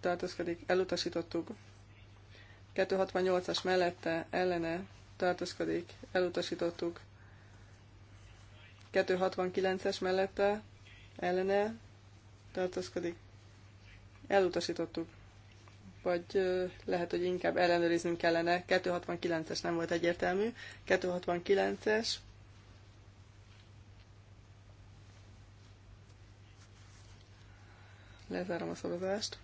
Speaker 4: tartózkodik, elutasítottuk. 268-as mellette ellene tartózkodik, elutasítottuk. 269-es mellette ellene tartózkodik, elutasítottuk vagy lehet, hogy inkább ellenőriznünk kellene. 269-es nem volt egyértelmű. 269-es. Lezárom a szavazást.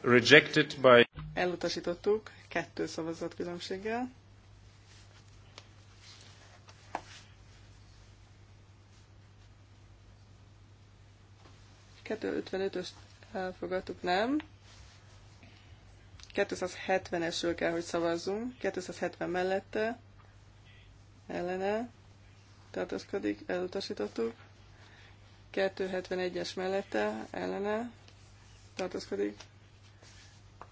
Speaker 5: rejected by...
Speaker 4: Elutasítottuk kettő szavazat különbséggel. 255 55-ös elfogadtuk, nem. 270-esről kell, hogy szavazzunk. 270 mellette, ellene, tartózkodik, elutasítottuk. 271-es mellette, ellene, tartózkodik.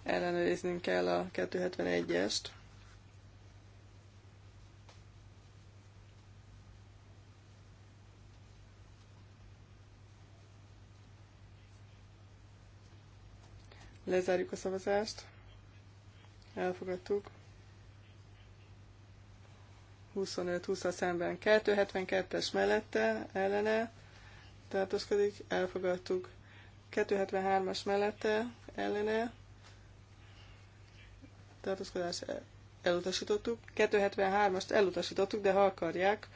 Speaker 4: Ellenőriznünk kell a 271-est. Lezárjuk a szavazást. Elfogadtuk. 25-20 szemben 272-es mellette, ellene tartózkodik, elfogadtuk. 273-as mellette, ellene tartózkodás elutasítottuk. 273-ast elutasítottuk, de ha akarják,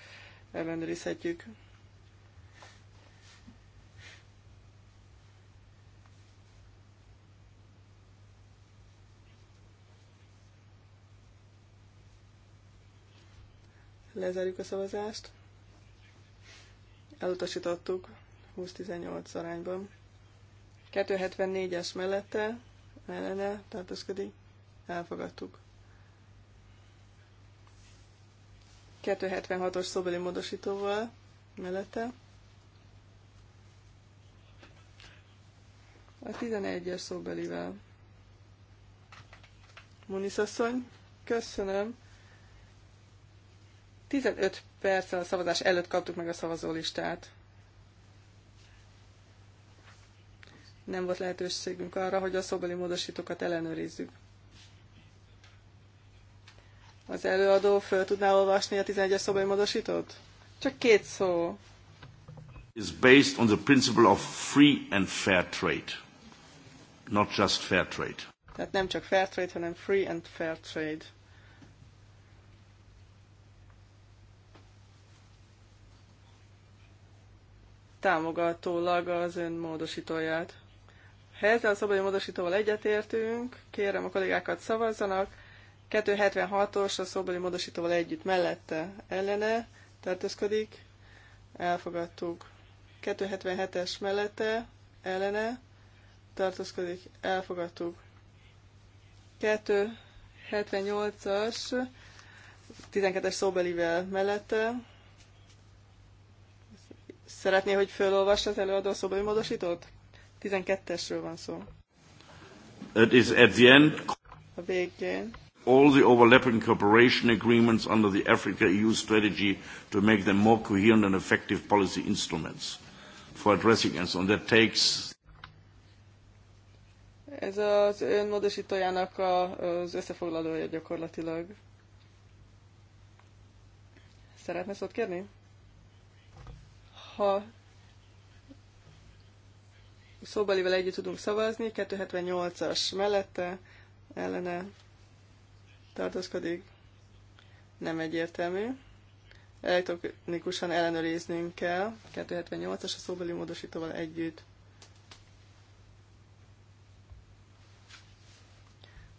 Speaker 4: ellenőrizhetjük. Lezárjuk a szavazást. Elutasítottuk 20-18 arányban. 274-es mellette, ellene tartózkodik, elfogadtuk. 276-os szóbeli módosítóval mellette. A 11-es szóbelivel. Muniszasszony, asszony, köszönöm. 15 perccel a szavazás előtt kaptuk meg a szavazólistát. Nem volt lehetőségünk arra, hogy a szobeli módosítókat ellenőrizzük. Az előadó föl tudná olvasni a 11-es szobeli módosítót? Csak két szó.
Speaker 2: Is based on the principle of free and fair trade. Not just fair trade.
Speaker 4: Tehát nem csak fair trade, hanem free and fair trade. támogatólag az ön módosítóját. Ha ezzel a szabadi módosítóval egyetértünk, kérem a kollégákat szavazzanak. 276-os a szobori módosítóval együtt mellette ellene tartózkodik. Elfogadtuk. 277-es mellette ellene tartózkodik. Elfogadtuk. 278-as 12-es szóbelivel mellette Szeretné, hogy felolvassa az előadó szobai módosítót? 12-esről van szó.
Speaker 2: It is at the end.
Speaker 4: A végén.
Speaker 2: All the overlapping cooperation agreements under the Africa-EU strategy to make them more coherent and effective policy instruments for addressing us on that takes
Speaker 4: ez az önmódosítójának az összefoglalója gyakorlatilag. Szeretne szót kérni? ha szóbelivel együtt tudunk szavazni, 278-as mellette ellene tartózkodik, nem egyértelmű. Elektronikusan ellenőriznünk kell, 278-as a szóbeli módosítóval együtt.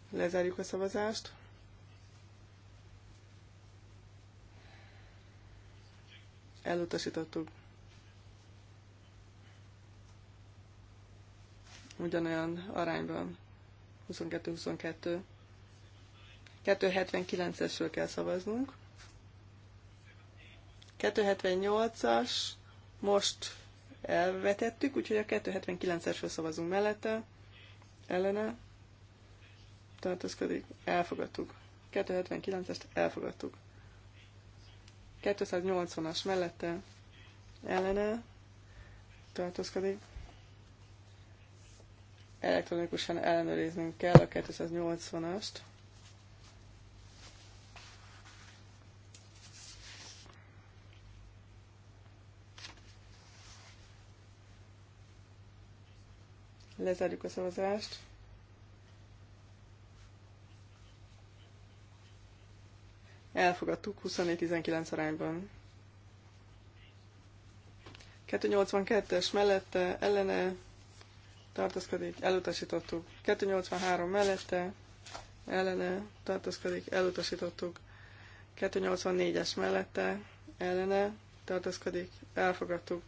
Speaker 4: Lezárjuk a szavazást. Elutasítottuk. ugyanolyan arányban. 22-22. 279-esről kell szavaznunk. 278-as most elvetettük, úgyhogy a 279-esről szavazunk mellette, ellene tartozkodik. elfogadtuk. 279-est elfogadtuk. 280-as mellette ellene tartozkodik elektronikusan ellenőriznünk kell a 280-ast. Lezárjuk a szavazást. Elfogadtuk 24-19 arányban. 282-es mellette ellene tartózkodik, elutasítottuk. 283 mellette, ellene, tartózkodik, elutasítottuk. 284-es mellette, ellene, tartózkodik, elfogadtuk.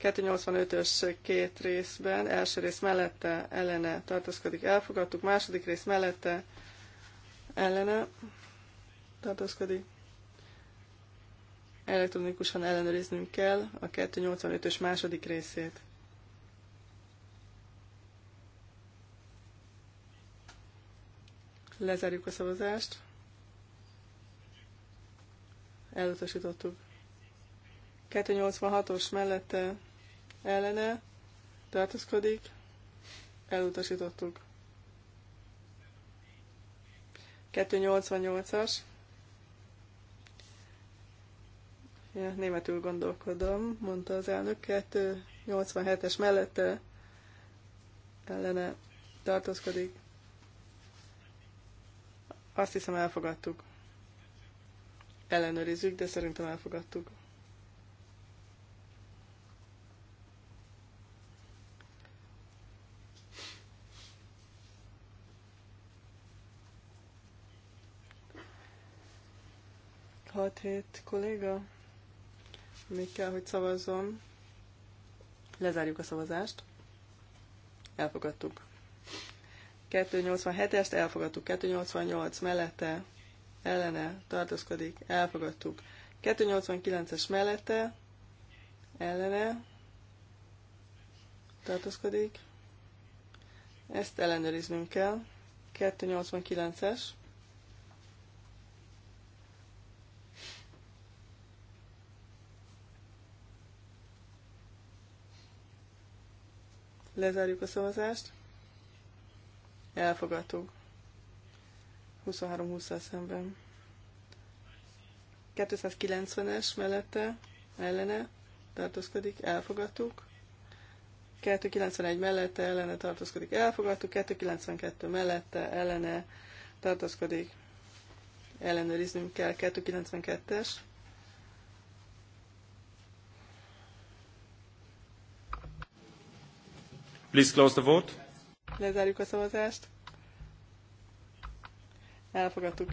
Speaker 4: 285-ös két részben, első rész mellette, ellene, tartózkodik, elfogadtuk. Második rész mellette, ellene, tartózkodik. Elektronikusan ellenőriznünk kell a 285-ös második részét. Lezárjuk a szavazást. Elutasítottuk. 286-os mellette ellene tartózkodik. Elutasítottuk. 288-as. Ja, németül gondolkodom, mondta az elnök. 287-es mellette ellene tartózkodik. Azt hiszem elfogadtuk. Ellenőrizzük, de szerintem elfogadtuk. Hat hét kolléga, még kell, hogy szavazzon. Lezárjuk a szavazást. Elfogadtuk. 287-est elfogadtuk, 288 mellette ellene tartózkodik, elfogadtuk. 289-es mellette ellene tartózkodik. Ezt ellenőriznünk kell. 289-es. Lezárjuk a szavazást elfogadtuk. 23-20-al szemben. 290-es mellette, ellene tartózkodik, elfogadtuk. 291 mellette, ellene tartózkodik, elfogadtuk. 292 mellette, ellene tartózkodik, ellenőriznünk kell. 292-es.
Speaker 5: Please close the vote.
Speaker 4: Lezárjuk a szavazást. Elfogadtuk.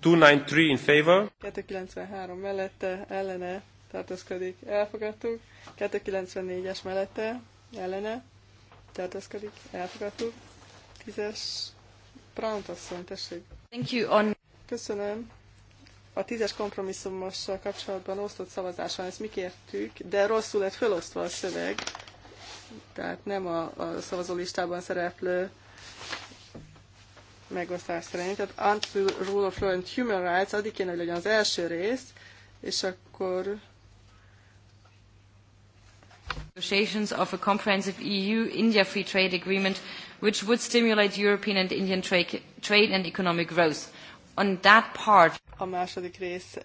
Speaker 5: 293 in favor.
Speaker 4: 293 mellette, ellene tartozkodik. Elfogadtuk. 294-es mellette, ellene tartozkodik. Elfogadtuk. 10-es Prant tessék. Thank you on... Köszönöm. A tízes kompromisszummal kapcsolatban osztott szavazás van, ezt mi kértük, de rosszul lett felosztva a szöveg tehát nem a, a szavazólistában szereplő megosztás szerint. Tehát Until Rule of Law and Human Rights, addig kéne, hogy legyen az első rész, és akkor
Speaker 2: negotiations of a comprehensive EU-India free trade agreement which would stimulate European and Indian trade
Speaker 4: trade and economic growth. On that part... A második rész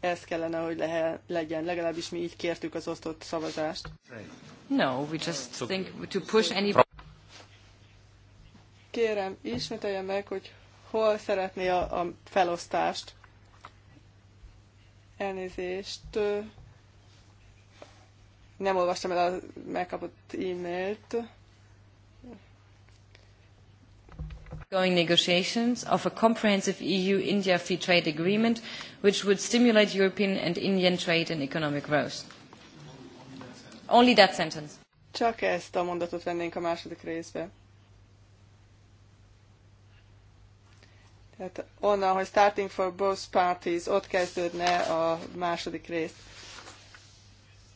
Speaker 4: ez kellene, hogy lehe, legyen. Legalábbis mi így kértük az osztott szavazást. Right. No, we just
Speaker 2: think to push any...
Speaker 4: Kérem, ismételje meg, hogy hol szeretné a, a felosztást. Elnézést. Nem olvastam el a megkapott e-mailt.
Speaker 2: Going negotiations of a comprehensive EU India free trade agreement which would stimulate European and Indian trade and economic growth. Only that sentence.
Speaker 4: Csak ezt a mondatot vennénk a második részbe. Tehát onnan, hogy starting for both parties, ott kezdődne a második rész.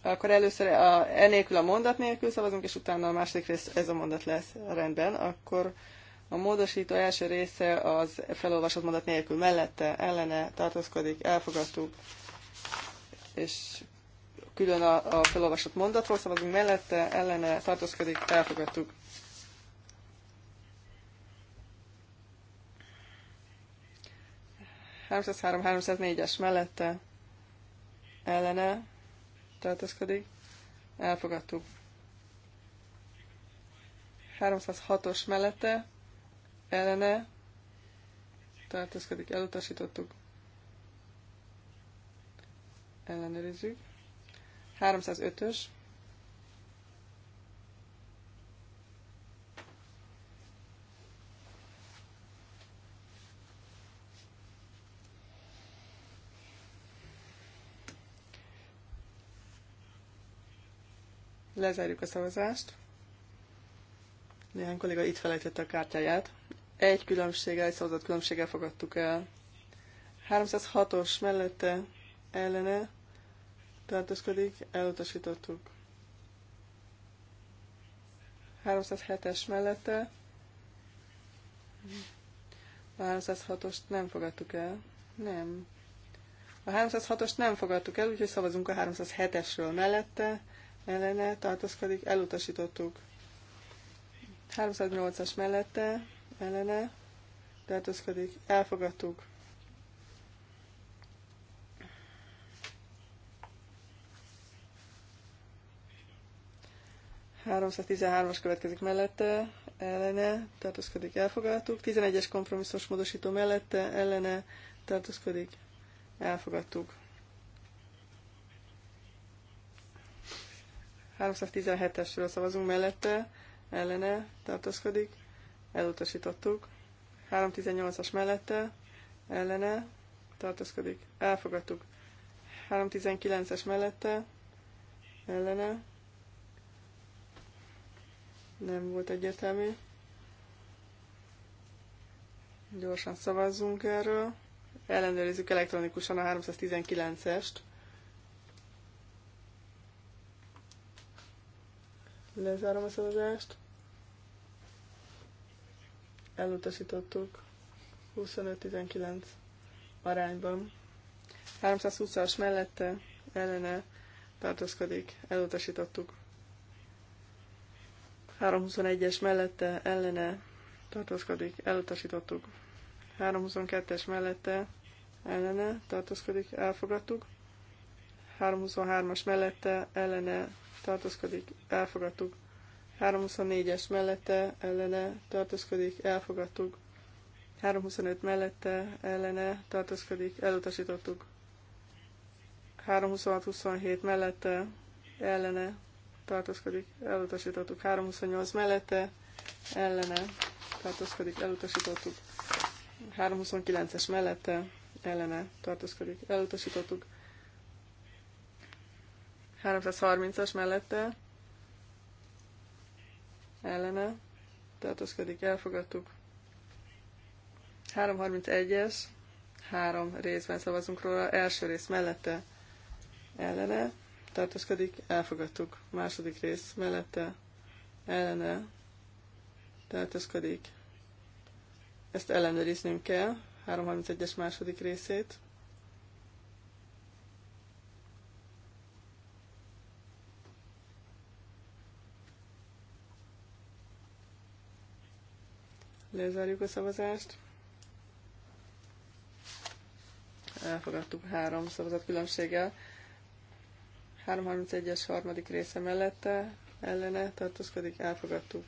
Speaker 4: Akkor először a, enélkül a mondat nélkül szavazunk, és utána a második rész ez a mondat lesz rendben. Akkor a módosító első része az felolvasott mondat nélkül mellette, ellene tartózkodik, elfogadtuk, és külön a, a felolvasott mondatról szavazunk mellette, ellene tartózkodik, elfogadtuk. ...303, 304-es mellette ellene tartózkodik, elfogadtuk. 306-os mellette ellene tartózkodik, elutasítottuk. Ellenőrizzük. 305-ös. Lezárjuk a szavazást. Néhány kolléga itt felejtette a kártyáját. Egy különbséggel, egy szavazat különbséggel fogadtuk el. 306-os mellette ellene tartózkodik, elutasítottuk. 307-es mellette a 306-ost nem fogadtuk el. Nem. A 306-ost nem fogadtuk el, úgyhogy szavazunk a 307-esről mellette. Ellene tartózkodik, elutasítottuk. 308-as mellette, ellene tartózkodik, elfogadtuk. 313-as következik mellette, ellene, tartózkodik, elfogadtuk. 11-es kompromisszos módosító mellette, ellene, tartózkodik, elfogadtuk. 317-esről szavazunk mellette, ellene, tartózkodik, elutasítottuk. 318-as mellette, ellene, tartózkodik, elfogadtuk. 319-es mellette, ellene, nem volt egyetemű. Gyorsan szavazzunk erről. Ellenőrizzük elektronikusan a 319-est. Lezárom a szavazást. Elutasítottuk 25-19 arányban. 320-as mellette ellene tartózkodik. Elutasítottuk. 321-es mellette ellene tartózkodik, elutasítottuk. 322-es mellette ellene tartózkodik, elfogadtuk. 323-as mellette ellene tartózkodik, elfogadtuk. 324-es mellette ellene tartózkodik, elfogadtuk. 325 mellette ellene tartózkodik, elutasítottuk. 326-27 mellette ellene tartózkodik, elutasítottuk 328 mellette, ellene tartózkodik, elutasítottuk 329-es mellette, ellene tartózkodik, elutasítottuk 330-as mellette, ellene tartózkodik, elfogadtuk 331-es, három részben szavazunk róla, első rész mellette, ellene tartózkodik, elfogadtuk. Második rész mellette, ellene tartózkodik. Ezt ellenőriznünk kell, 331-es második részét. Lezárjuk a szavazást. Elfogadtuk három szavazat különbséggel. 331-es harmadik része mellette, ellene tartózkodik, elfogadtuk.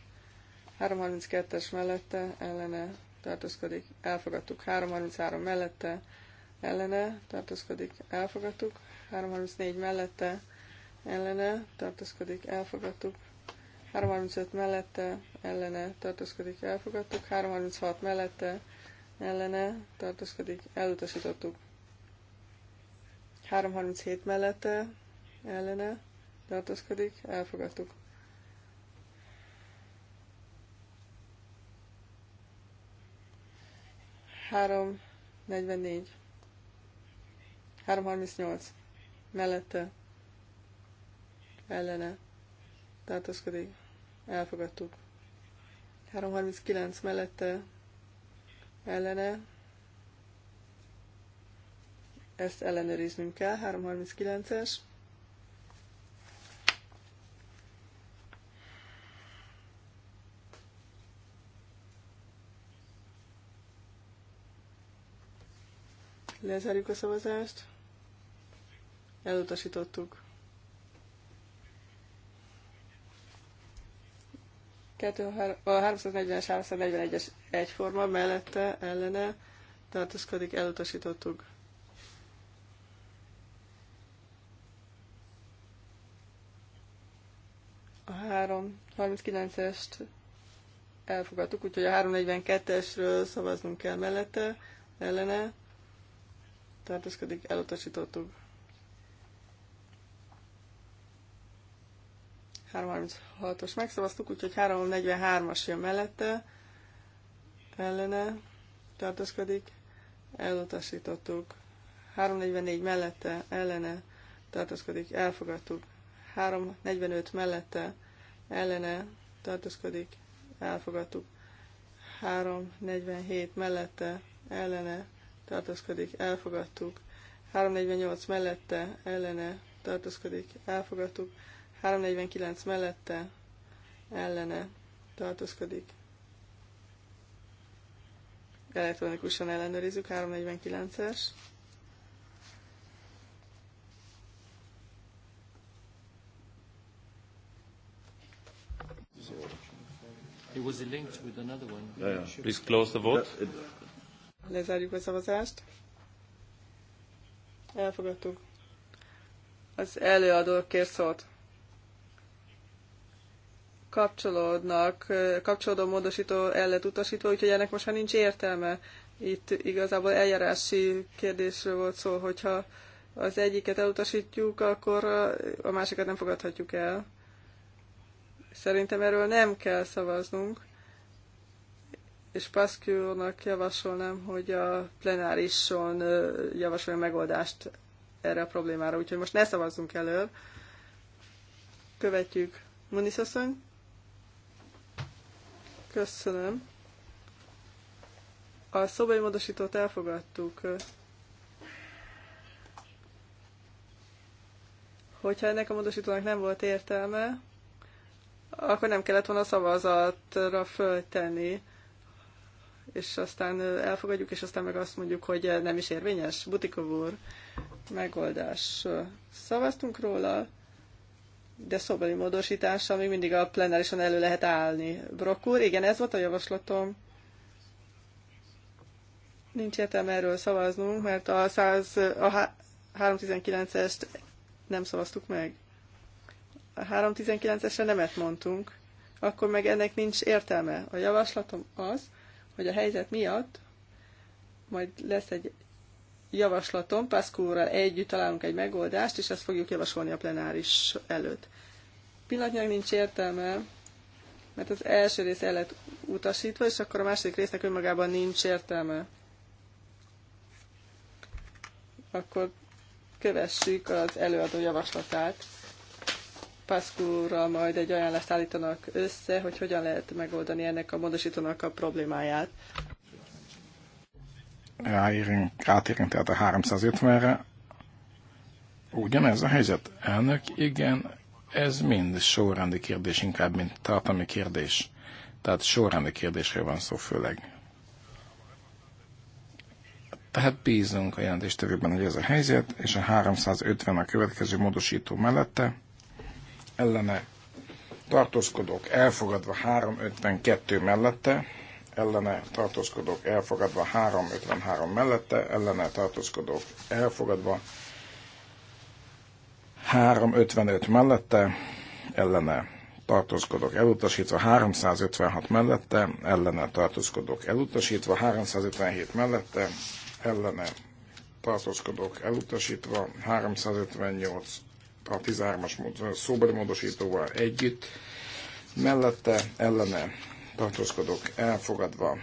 Speaker 4: 332-es mellette, ellene tartózkodik, elfogadtuk. 333 mellette, ellene tartózkodik, elfogadtuk. 334 mellette, ellene tartózkodik, elfogadtuk. 335 mellette, ellene tartózkodik, elfogadtuk. 336 mellette, ellene tartózkodik, elutasítottuk. 337 mellette, ellene tartózkodik, elfogadtuk. Három, 44. 338. Mellette. Ellene. Tartózkodik. Elfogadtuk. 339 mellette. Ellene. Ezt ellenőriznünk kell. 339-es. Lezárjuk a szavazást. Elutasítottuk. a 340-es, 341-es egyforma mellette, ellene tartózkodik, elutasítottuk. A 339-est elfogadtuk, úgyhogy a 342-esről szavaznunk kell mellette, ellene tartózkodik, elutasítottuk. 336-os megszavaztuk, úgyhogy 343-as jön mellette, ellene tartózkodik, elutasítottuk. 344 mellette, ellene tartózkodik, elfogadtuk. 345 mellette, ellene tartózkodik, elfogadtuk. 347 mellette, ellene tartózkodik, elfogadtuk. 348 mellette, ellene tartózkodik, elfogadtuk. 349 mellette, ellene tartózkodik. Elektronikusan ellenőrizzük, 349-es.
Speaker 5: It was linked with another one. Yeah, yeah. Please close the vote. That, it,
Speaker 4: Lezárjuk a szavazást. Elfogadtuk. Az előadó kér szót. Kapcsolódnak, kapcsolódó módosító el lett utasítva, úgyhogy ennek most már nincs értelme. Itt igazából eljárási kérdésről volt szó, hogyha az egyiket elutasítjuk, akkor a másikat nem fogadhatjuk el. Szerintem erről nem kell szavaznunk és Paszkőnak javasolnám, hogy a plenárison javasolja megoldást erre a problémára, úgyhogy most ne szavazzunk elő. Követjük. Munisz asszony? Köszönöm. A szobai módosítót elfogadtuk. Hogyha ennek a módosítónak nem volt értelme, akkor nem kellett volna szavazatra föltenni és aztán elfogadjuk, és aztán meg azt mondjuk, hogy nem is érvényes. Butikov úr, megoldás. Szavaztunk róla, de szobeli módosítással még mindig a plenárisan elő lehet állni. Brok úr, igen, ez volt a javaslatom. Nincs értelme erről szavaznunk, mert a, 100, a 319-est nem szavaztuk meg. A 319-esre nemet mondtunk. Akkor meg ennek nincs értelme. A javaslatom az, hogy a helyzet miatt majd lesz egy javaslatom, Pászkóra együtt találunk egy megoldást, és ezt fogjuk javasolni a plenáris előtt. Pillanatnyilag nincs értelme, mert az első rész el lett utasítva, és akkor a második résznek önmagában nincs értelme. Akkor kövessük az előadó javaslatát. Pászkúrral majd egy ajánlást állítanak össze, hogy hogyan lehet megoldani ennek a módosítónak a problémáját.
Speaker 1: Ráérünk, átérünk tehát a 350-re. Ugyanez a helyzet, elnök? Igen, ez mind sorrendi kérdés, inkább, mint tartalmi kérdés. Tehát sorrendi kérdésről van szó főleg. Tehát bízunk a jelentéstevőben, hogy ez a helyzet, és a 350 a következő módosító mellette ellene tartózkodók elfogadva 352 mellette, ellene tartózkodók elfogadva 353 mellette, ellene tartózkodók elfogadva 355 mellette, ellene tartózkodók elutasítva 356 mellette, ellene tartózkodók elutasítva 357 mellette, ellene tartózkodók elutasítva 358 a 13-as szóbeli együtt, mellette ellene tartózkodok elfogadva.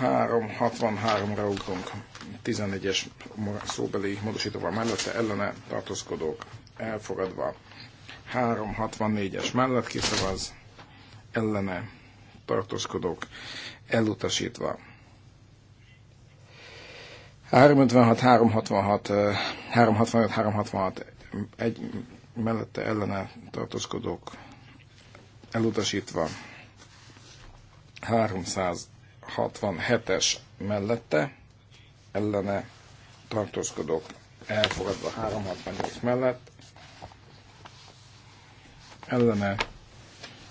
Speaker 1: 363-ra ugrunk, 11-es szóbeli módosítóval mellette ellene tartózkodók elfogadva. 364-es mellett kiszavaz, ellene tartózkodók elutasítva. 356, 366, 365, 366 egy mellette ellene tartózkodók elutasítva 367-es mellette ellene tartózkodók elfogadva 368 mellett ellene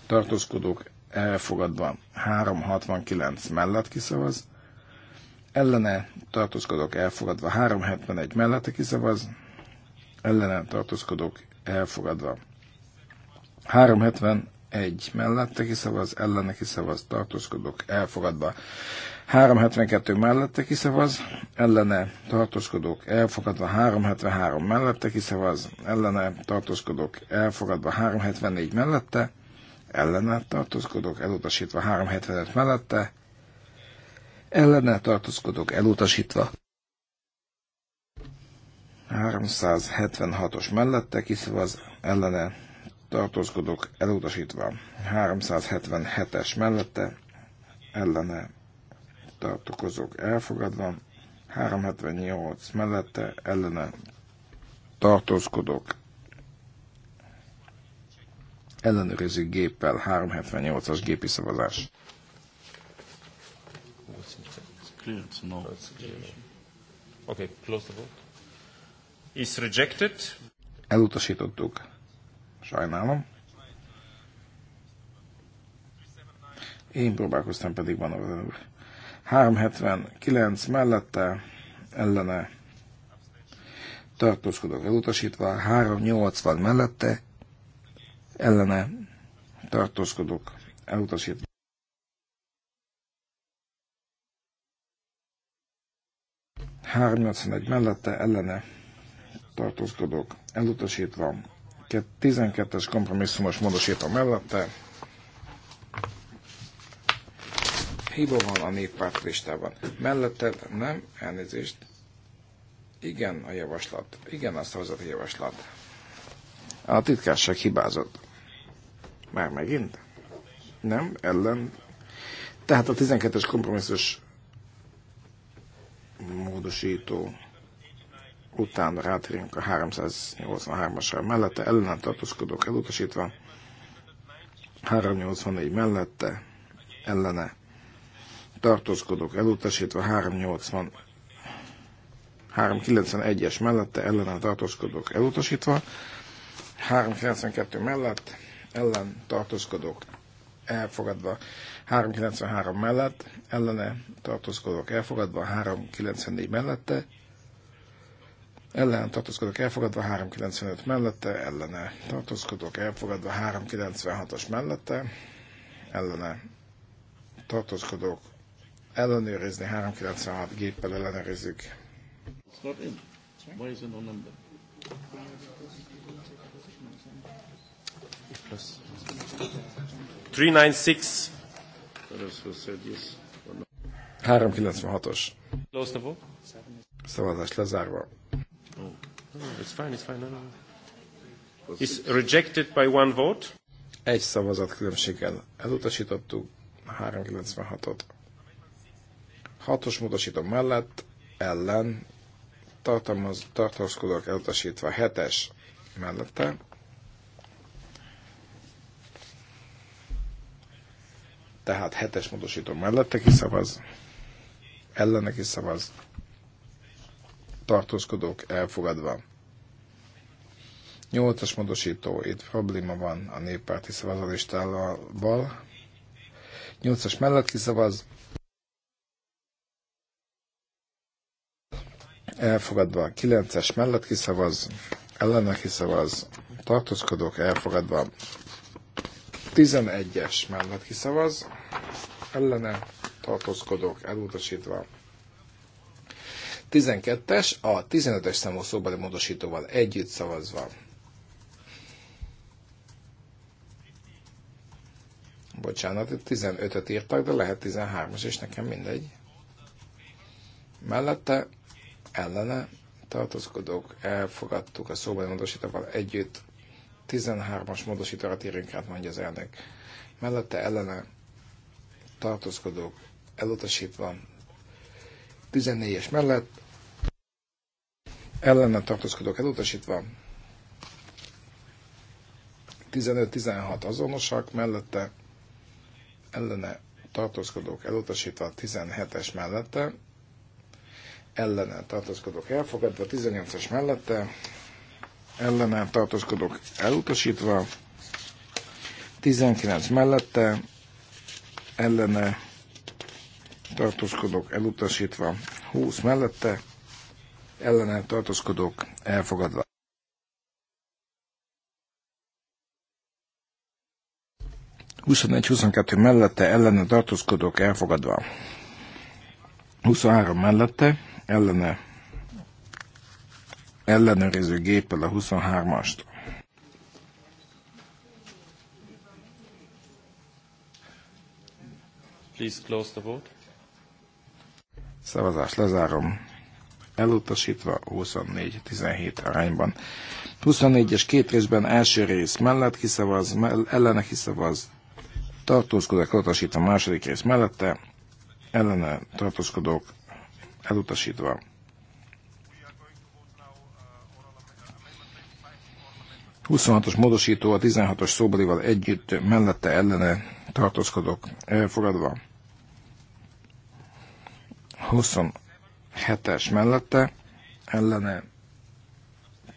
Speaker 1: tartózkodók elfogadva 369 mellett kiszavaz ellene tartózkodok elfogadva, 371 mellette kiszavaz, ellene tartózkodok elfogadva. 371 mellette kiszavaz, ellene kiszavaz, tartózkodok elfogadva. 372 mellette kiszavaz, ellene tartózkodok elfogadva, 373 mellette kiszavaz, ellene tartózkodok elfogadva, 374 mellette, ellene tartózkodok elutasítva, 375 mellette, ellene tartózkodók elutasítva. 376-os mellette kiszavaz, ellene tartózkodók elutasítva. 377-es mellette ellene tartózkodók elfogadva. 378 mellette ellene tartózkodók ellenőrizik géppel 378-as gépi szavazás
Speaker 5: clearance, no. That's clear. Okay, close the vote. Is rejected.
Speaker 1: Elutasítottuk. Sajnálom. Én próbálkoztam pedig van a 379 mellette, ellene tartózkodok elutasítva, 380 mellette, ellene tartózkodok elutasítva. 381 mellette ellene tartózkodok, elutasítva, 12-es kompromisszumos módosítva mellette hiba van a néppárt listában. Mellette nem, elnézést, igen a javaslat, igen a szavazati javaslat. A titkárság hibázott. Már megint? Nem, ellen. Tehát a 12-es kompromisszus módosító után rátérünk a 383-asra mellette, ellenem tartózkodók elutasítva, 384 mellette, ellene tartózkodók elutasítva, 380 391-es mellette, ellene tartózkodók elutasítva, 392 mellett, ellen tartózkodók elfogadva, 393 mellett, ellene tartózkodok elfogadva, 394 mellette, ellen tartózkodok elfogadva, 395 mellette, ellene tartózkodok elfogadva, 396-as mellette, ellene tartózkodok ellenőrizni, 396 géppel ellenőrizzük. Three nine six 396-os. Szavazás lezárva. Oh.
Speaker 5: It's fine, it's fine. No, It's rejected
Speaker 1: by one vote. Egy szavazat különbséggel elutasítottuk 396-ot. Hatos módosító mellett ellen tartalmaz, tartózkodók elutasítva 7-es mellette Tehát hetes módosító mellette kiszavaz, ellene kiszavaz, tartózkodók elfogadva. Nyolcas módosító, itt probléma van a néppárti szavazalistával. Nyolcas mellett kiszavaz, elfogadva, Kilences es mellett kiszavaz, ellene kiszavaz, tartózkodók elfogadva, 11-es mellett kiszavaz, ellene tartózkodók elutasítva. 12-es, a 15-es számú szóbeli módosítóval együtt szavazva. Bocsánat, 15-öt írtak, de lehet 13-as, és nekem mindegy. Mellette, ellene, tartózkodók, elfogadtuk a szóbeli módosítóval együtt. 13-as módosítóra térünk át, mondja az elnök. Mellette ellene tartózkodók elutasítva 14-es mellett ellene tartózkodók elutasítva 15-16 azonosak mellette ellene tartózkodók elutasítva 17-es mellette ellene tartózkodók elfogadva 18-as mellette ellene tartózkodók elutasítva, 19 mellette ellene tartózkodók elutasítva, 20 mellette ellene tartózkodók elfogadva. Huszonegy-huszonkettő mellette ellene tartózkodók elfogadva. 23 mellette ellene ellenőriző géppel a 23-ast.
Speaker 5: Szavazás close the vote.
Speaker 1: Szavazást lezárom. Elutasítva 24-17 arányban. 24-es két részben első rész mellett kiszavaz, mell- ellene kiszavaz, tartózkodok, elutasítva második rész mellette, ellene tartózkodók elutasítva 26-os módosító a 16-os szóbelival együtt mellette ellene tartózkodok elfogadva. 27-es mellette ellene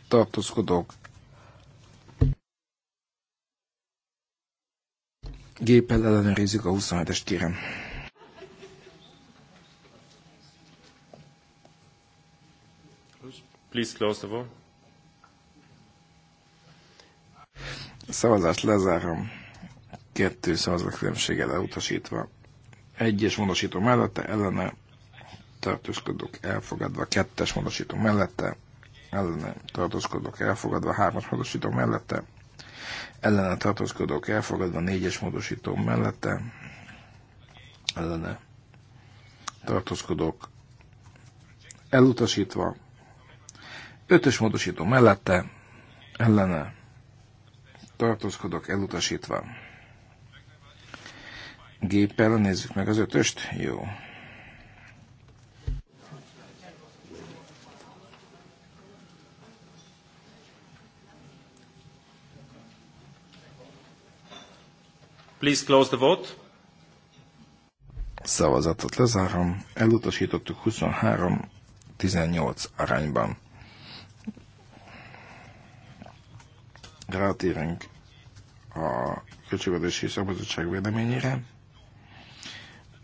Speaker 1: tartózkodok géppel ellenőrizzük a 27 es téren.
Speaker 5: Please close the vote.
Speaker 1: Szavazást lezárom. Kettő szavazat különbséggel elutasítva. Egyes módosító mellette ellene tartózkodok elfogadva. Kettes módosító mellette ellene tartózkodok elfogadva. Hármas módosító mellette ellene tartózkodok elfogadva. Négyes módosító mellette ellene tartózkodok elutasítva. Ötös módosító mellette ellene tartózkodok elutasítva. Géppel nézzük meg az ötöst. Jó.
Speaker 5: Please close the vote.
Speaker 1: Szavazatot lezárom. Elutasítottuk 23-18 arányban. rátérünk a Költségvetési Szabadság véleményére.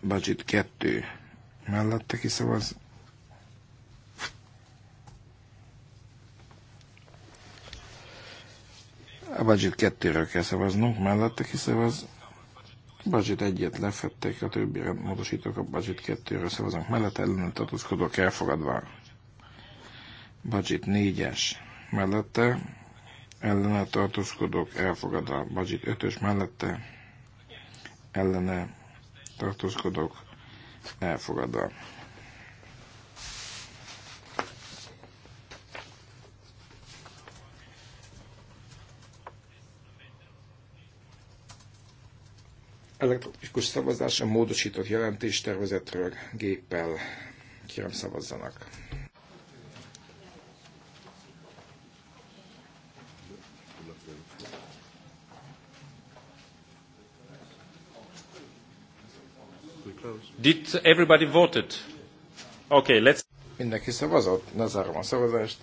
Speaker 1: Budget 2 mellette kiszavaz. A budget 2-ről kell szavaznunk, mellette kiszavaz. A budget 1-et lefették, a többire módosítok a budget 2-ről szavaznak mellett, ellen tartózkodók elfogadva. Budget 4-es mellette ellene tartózkodók a budget 5-ös mellette ellene tartózkodók a Elektronikus szavazás a módosított jelentéstervezetről géppel. Kérem szavazzanak! Did everybody voted? Okay, let's... Mindenki szavazott? zárom a szavazást.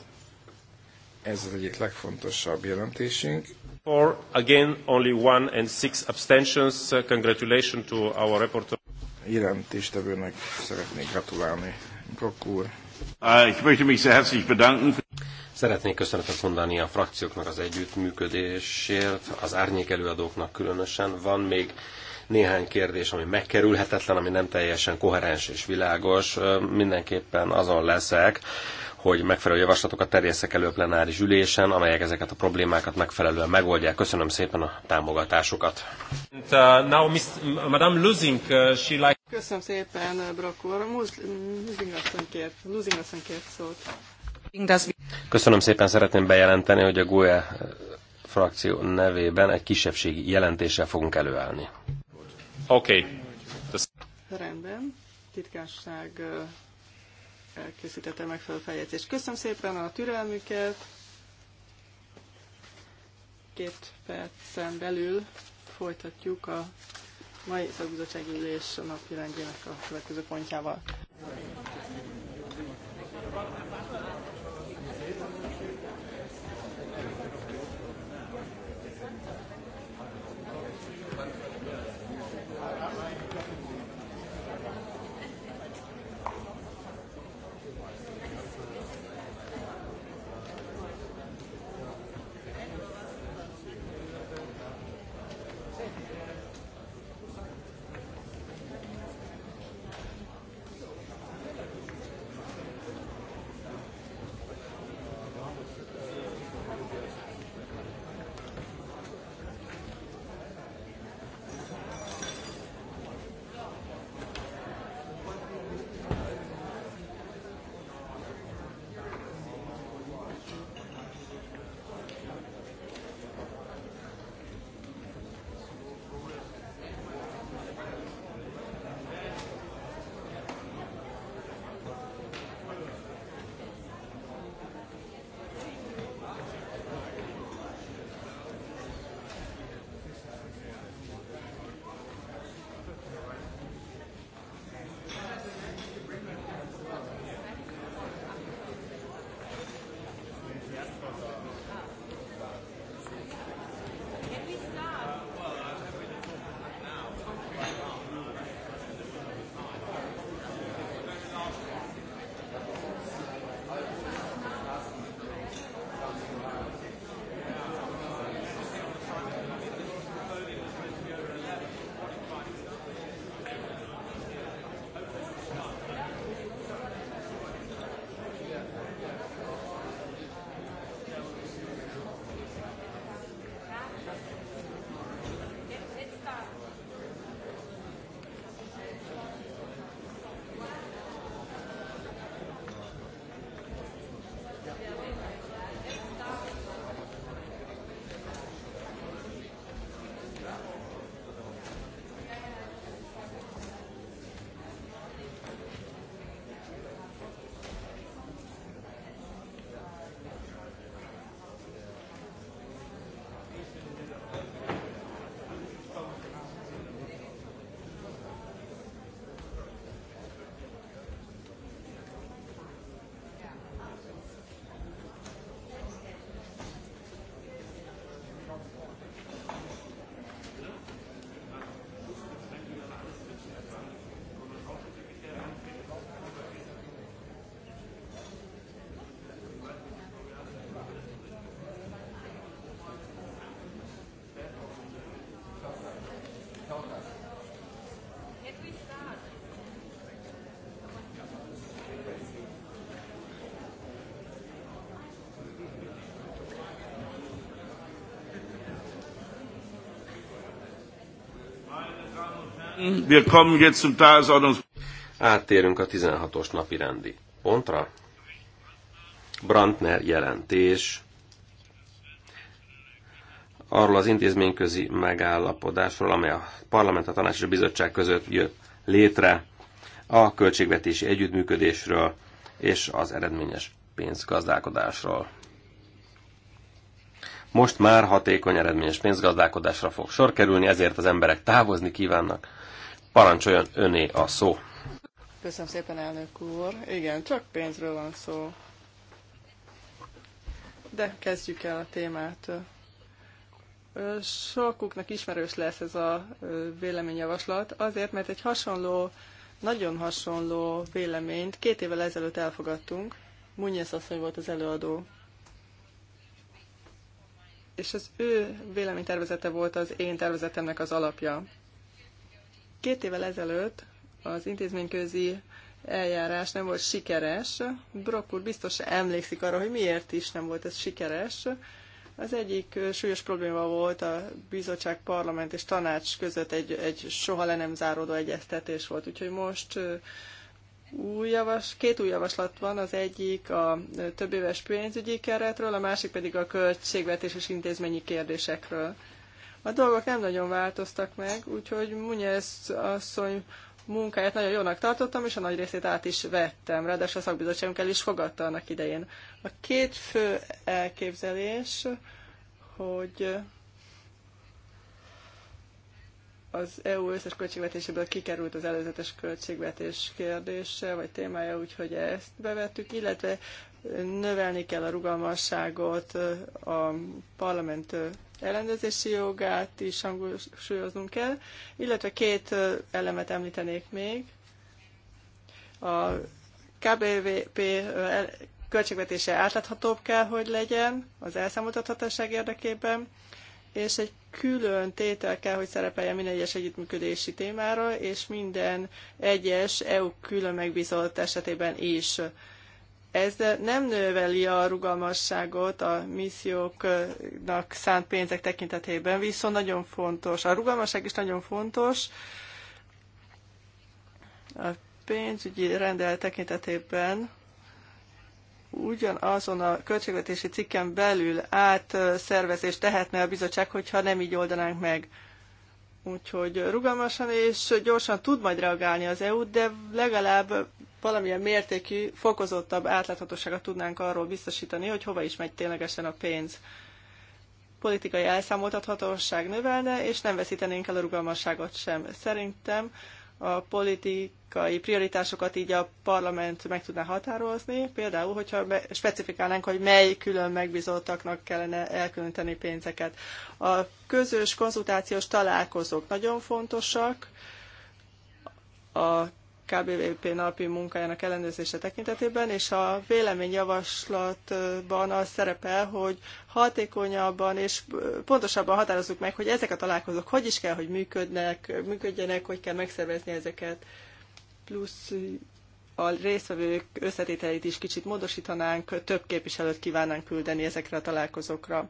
Speaker 1: Ez az egyik legfontosabb jelentésünk. For again only
Speaker 5: one and six abstentions. Uh, congratulations to our reporter. Jelentéstevőnek szeretnék gratulálni.
Speaker 1: Brock
Speaker 3: äh, Ich möchte mich sehr herzlich bedanken. Szeretnék köszönetet mondani a frakcióknak az együttműködésért, az árnyék előadóknak különösen. Van még néhány kérdés, ami megkerülhetetlen, ami nem teljesen koherens és világos. Mindenképpen azon leszek, hogy megfelelő javaslatokat terjesszek elő a plenáris ülésen, amelyek ezeket a problémákat megfelelően megoldják. Köszönöm szépen a támogatásukat.
Speaker 4: Köszönöm szépen, uh, Brokkor. úr. aztán kért, Luzing asszony kért szót.
Speaker 3: Köszönöm szépen, szeretném bejelenteni, hogy a GUE frakció nevében egy kisebbségi jelentéssel fogunk előállni. Oké. Okay.
Speaker 4: Rendben. Titkásság elkészítette megfelelő feljegyzést. Köszönöm szépen a türelmüket. Két percen belül folytatjuk a mai szakbizottsági ülés napirendjének a következő pontjával.
Speaker 3: Wir kommen jetzt zum Áttérünk a 16-os napi rendi pontra. Brandner jelentés arról az intézményközi megállapodásról, amely a Parlament, a Tanács és a Bizottság között jött létre, a költségvetési együttműködésről és az eredményes pénzgazdálkodásról. Most már hatékony eredményes pénzgazdálkodásra fog sor kerülni, ezért az emberek távozni kívánnak Parancsoljon öné a szó.
Speaker 4: Köszönöm szépen, elnök úr. Igen, csak pénzről van szó. De kezdjük el a témát. Sokuknak ismerős lesz ez a véleményjavaslat, azért, mert egy hasonló, nagyon hasonló véleményt két évvel ezelőtt elfogadtunk. Munyesz asszony volt az előadó. És az ő véleménytervezete volt az én tervezetemnek az alapja. Két évvel ezelőtt az intézményközi eljárás nem volt sikeres. Brock úr biztos emlékszik arra, hogy miért is nem volt ez sikeres. Az egyik súlyos probléma volt a bizottság, parlament és tanács között egy, egy soha le nem záródó egyeztetés volt. Úgyhogy most új javas, két új javaslat van, az egyik a többéves pénzügyi keretről, a másik pedig a költségvetés és intézményi kérdésekről. A dolgok nem nagyon változtak meg, úgyhogy Munyesz asszony munkáját nagyon jónak tartottam, és a nagy részét át is vettem, ráadásul a szakbizottságunk el is fogadta annak idején. A két fő elképzelés, hogy az EU összes költségvetéséből kikerült az előzetes költségvetés kérdése, vagy témája, úgyhogy ezt bevettük, illetve növelni kell a rugalmasságot, a parlament ellenőrzési jogát is hangsúlyoznunk kell, illetve két elemet említenék még. A KBVP költségvetése átláthatóbb kell, hogy legyen az elszámoltathatóság érdekében, és egy külön tétel kell, hogy szerepeljen minden egyes együttműködési témára, és minden egyes EU külön megbízott esetében is ez nem növeli a rugalmasságot a misszióknak szánt pénzek tekintetében, viszont nagyon fontos. A rugalmasság is nagyon fontos. A pénzügyi rendel tekintetében ugyanazon a költségvetési cikken belül átszervezést tehetne a bizottság, hogyha nem így oldanánk meg. Úgyhogy rugalmasan és gyorsan tud majd reagálni az EU, de legalább valamilyen mértékű, fokozottabb átláthatóságot tudnánk arról biztosítani, hogy hova is megy ténylegesen a pénz. Politikai elszámoltathatóság növelne, és nem veszítenénk el a rugalmasságot sem. Szerintem a politikai prioritásokat így a parlament meg tudná határozni, például, hogyha specifikálnánk, hogy mely külön megbizottaknak kellene elkülöníteni pénzeket. A közös konzultációs találkozók nagyon fontosak, a KBVP napi munkájának ellenőrzése tekintetében, és a véleményjavaslatban az szerepel, hogy hatékonyabban és pontosabban határozzuk meg, hogy ezek a találkozók hogy is kell, hogy működnek, működjenek, hogy kell megszervezni ezeket, plusz a résztvevők összetételét is kicsit módosítanánk, több képviselőt kívánnánk küldeni ezekre a találkozókra.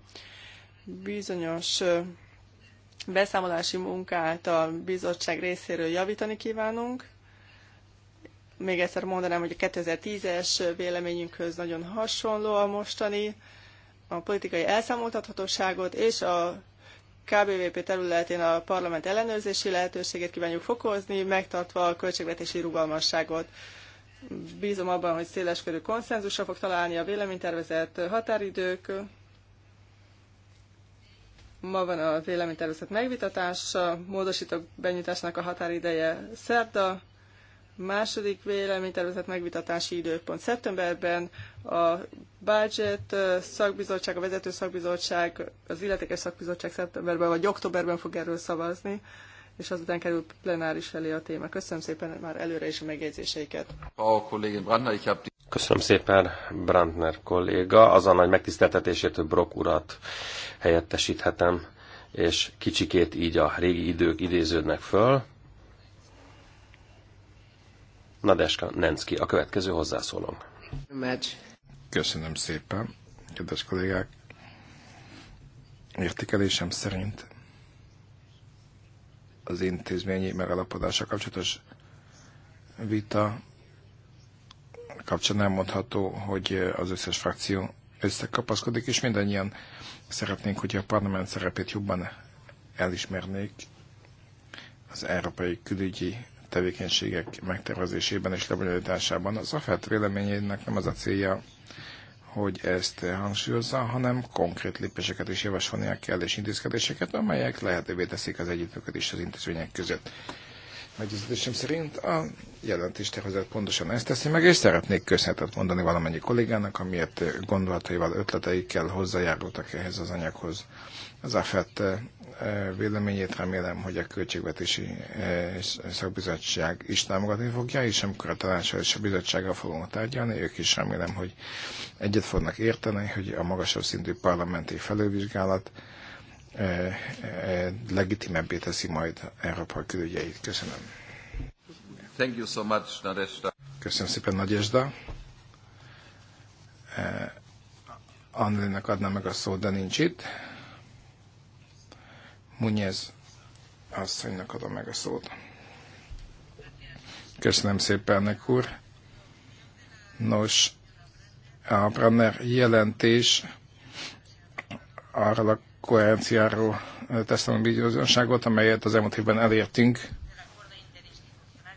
Speaker 4: Bizonyos beszámolási munkát a bizottság részéről javítani kívánunk, még egyszer mondanám, hogy a 2010-es véleményünkhöz nagyon hasonló a mostani, a politikai elszámoltathatóságot és a KBVP területén a parlament ellenőrzési lehetőségét kívánjuk fokozni, megtartva a költségvetési rugalmasságot. Bízom abban, hogy széleskörű konszenzusra fog találni a véleménytervezett határidők. Ma van a véleménytervezet megvitatása, módosítok benyújtásának a határideje szerda, Második véleménytervezet megvitatási időpont szeptemberben a budget szakbizottság, a vezető szakbizottság, az illetékes szakbizottság szeptemberben vagy októberben fog erről szavazni, és azután kerül plenáris elé a téma. Köszönöm szépen már előre is a megjegyzéseiket.
Speaker 3: Köszönöm szépen Brandner kolléga. Az a nagy megtiszteltetésért, hogy Brock urat helyettesíthetem, és kicsikét így a régi idők idéződnek föl. Nadeska
Speaker 1: Nenszki, a következő hozzászólónk. Köszönöm szépen, kedves kollégák. Értékelésem szerint az intézményi megalapodása kapcsolatos vita kapcsán elmondható, hogy az összes frakció összekapaszkodik, és mindannyian szeretnénk, hogy a parlament szerepét jobban elismernék az Európai Külügyi tevékenységek megtervezésében és lebonyolításában. Az AFET véleményének nem az a célja, hogy ezt hangsúlyozza, hanem konkrét lépéseket is javasolnia kell, és intézkedéseket, amelyek lehetővé teszik az együttműködést az intézmények között. Meggyőződésem szerint a jelentéstervezet pontosan ezt teszi meg, és szeretnék köszönetet mondani valamennyi kollégának, amiért gondolataival, ötleteikkel hozzájárultak ehhez az anyaghoz. Az AFET E, véleményét remélem, hogy a Költségvetési e, Szakbizottság is támogatni fogja, és amikor a tanácsal és a bizottsággal fogunk tárgyalni, ők is remélem, hogy egyet fognak érteni, hogy a magasabb szintű parlamenti felülvizsgálat e, legitimebbé teszi majd Európa külügyeit. Köszönöm.
Speaker 3: Thank you so much, Nadezhda.
Speaker 1: Köszönöm szépen, Nadezhda. Annelinek adnám meg a szót, de nincs itt. Munyez asszonynak adom meg a szót. Köszönöm szépen, Nek úr. Nos, a Brenner jelentés arra a koherenciáról teszem bizonyoságot, amelyet az elmúlt évben elértünk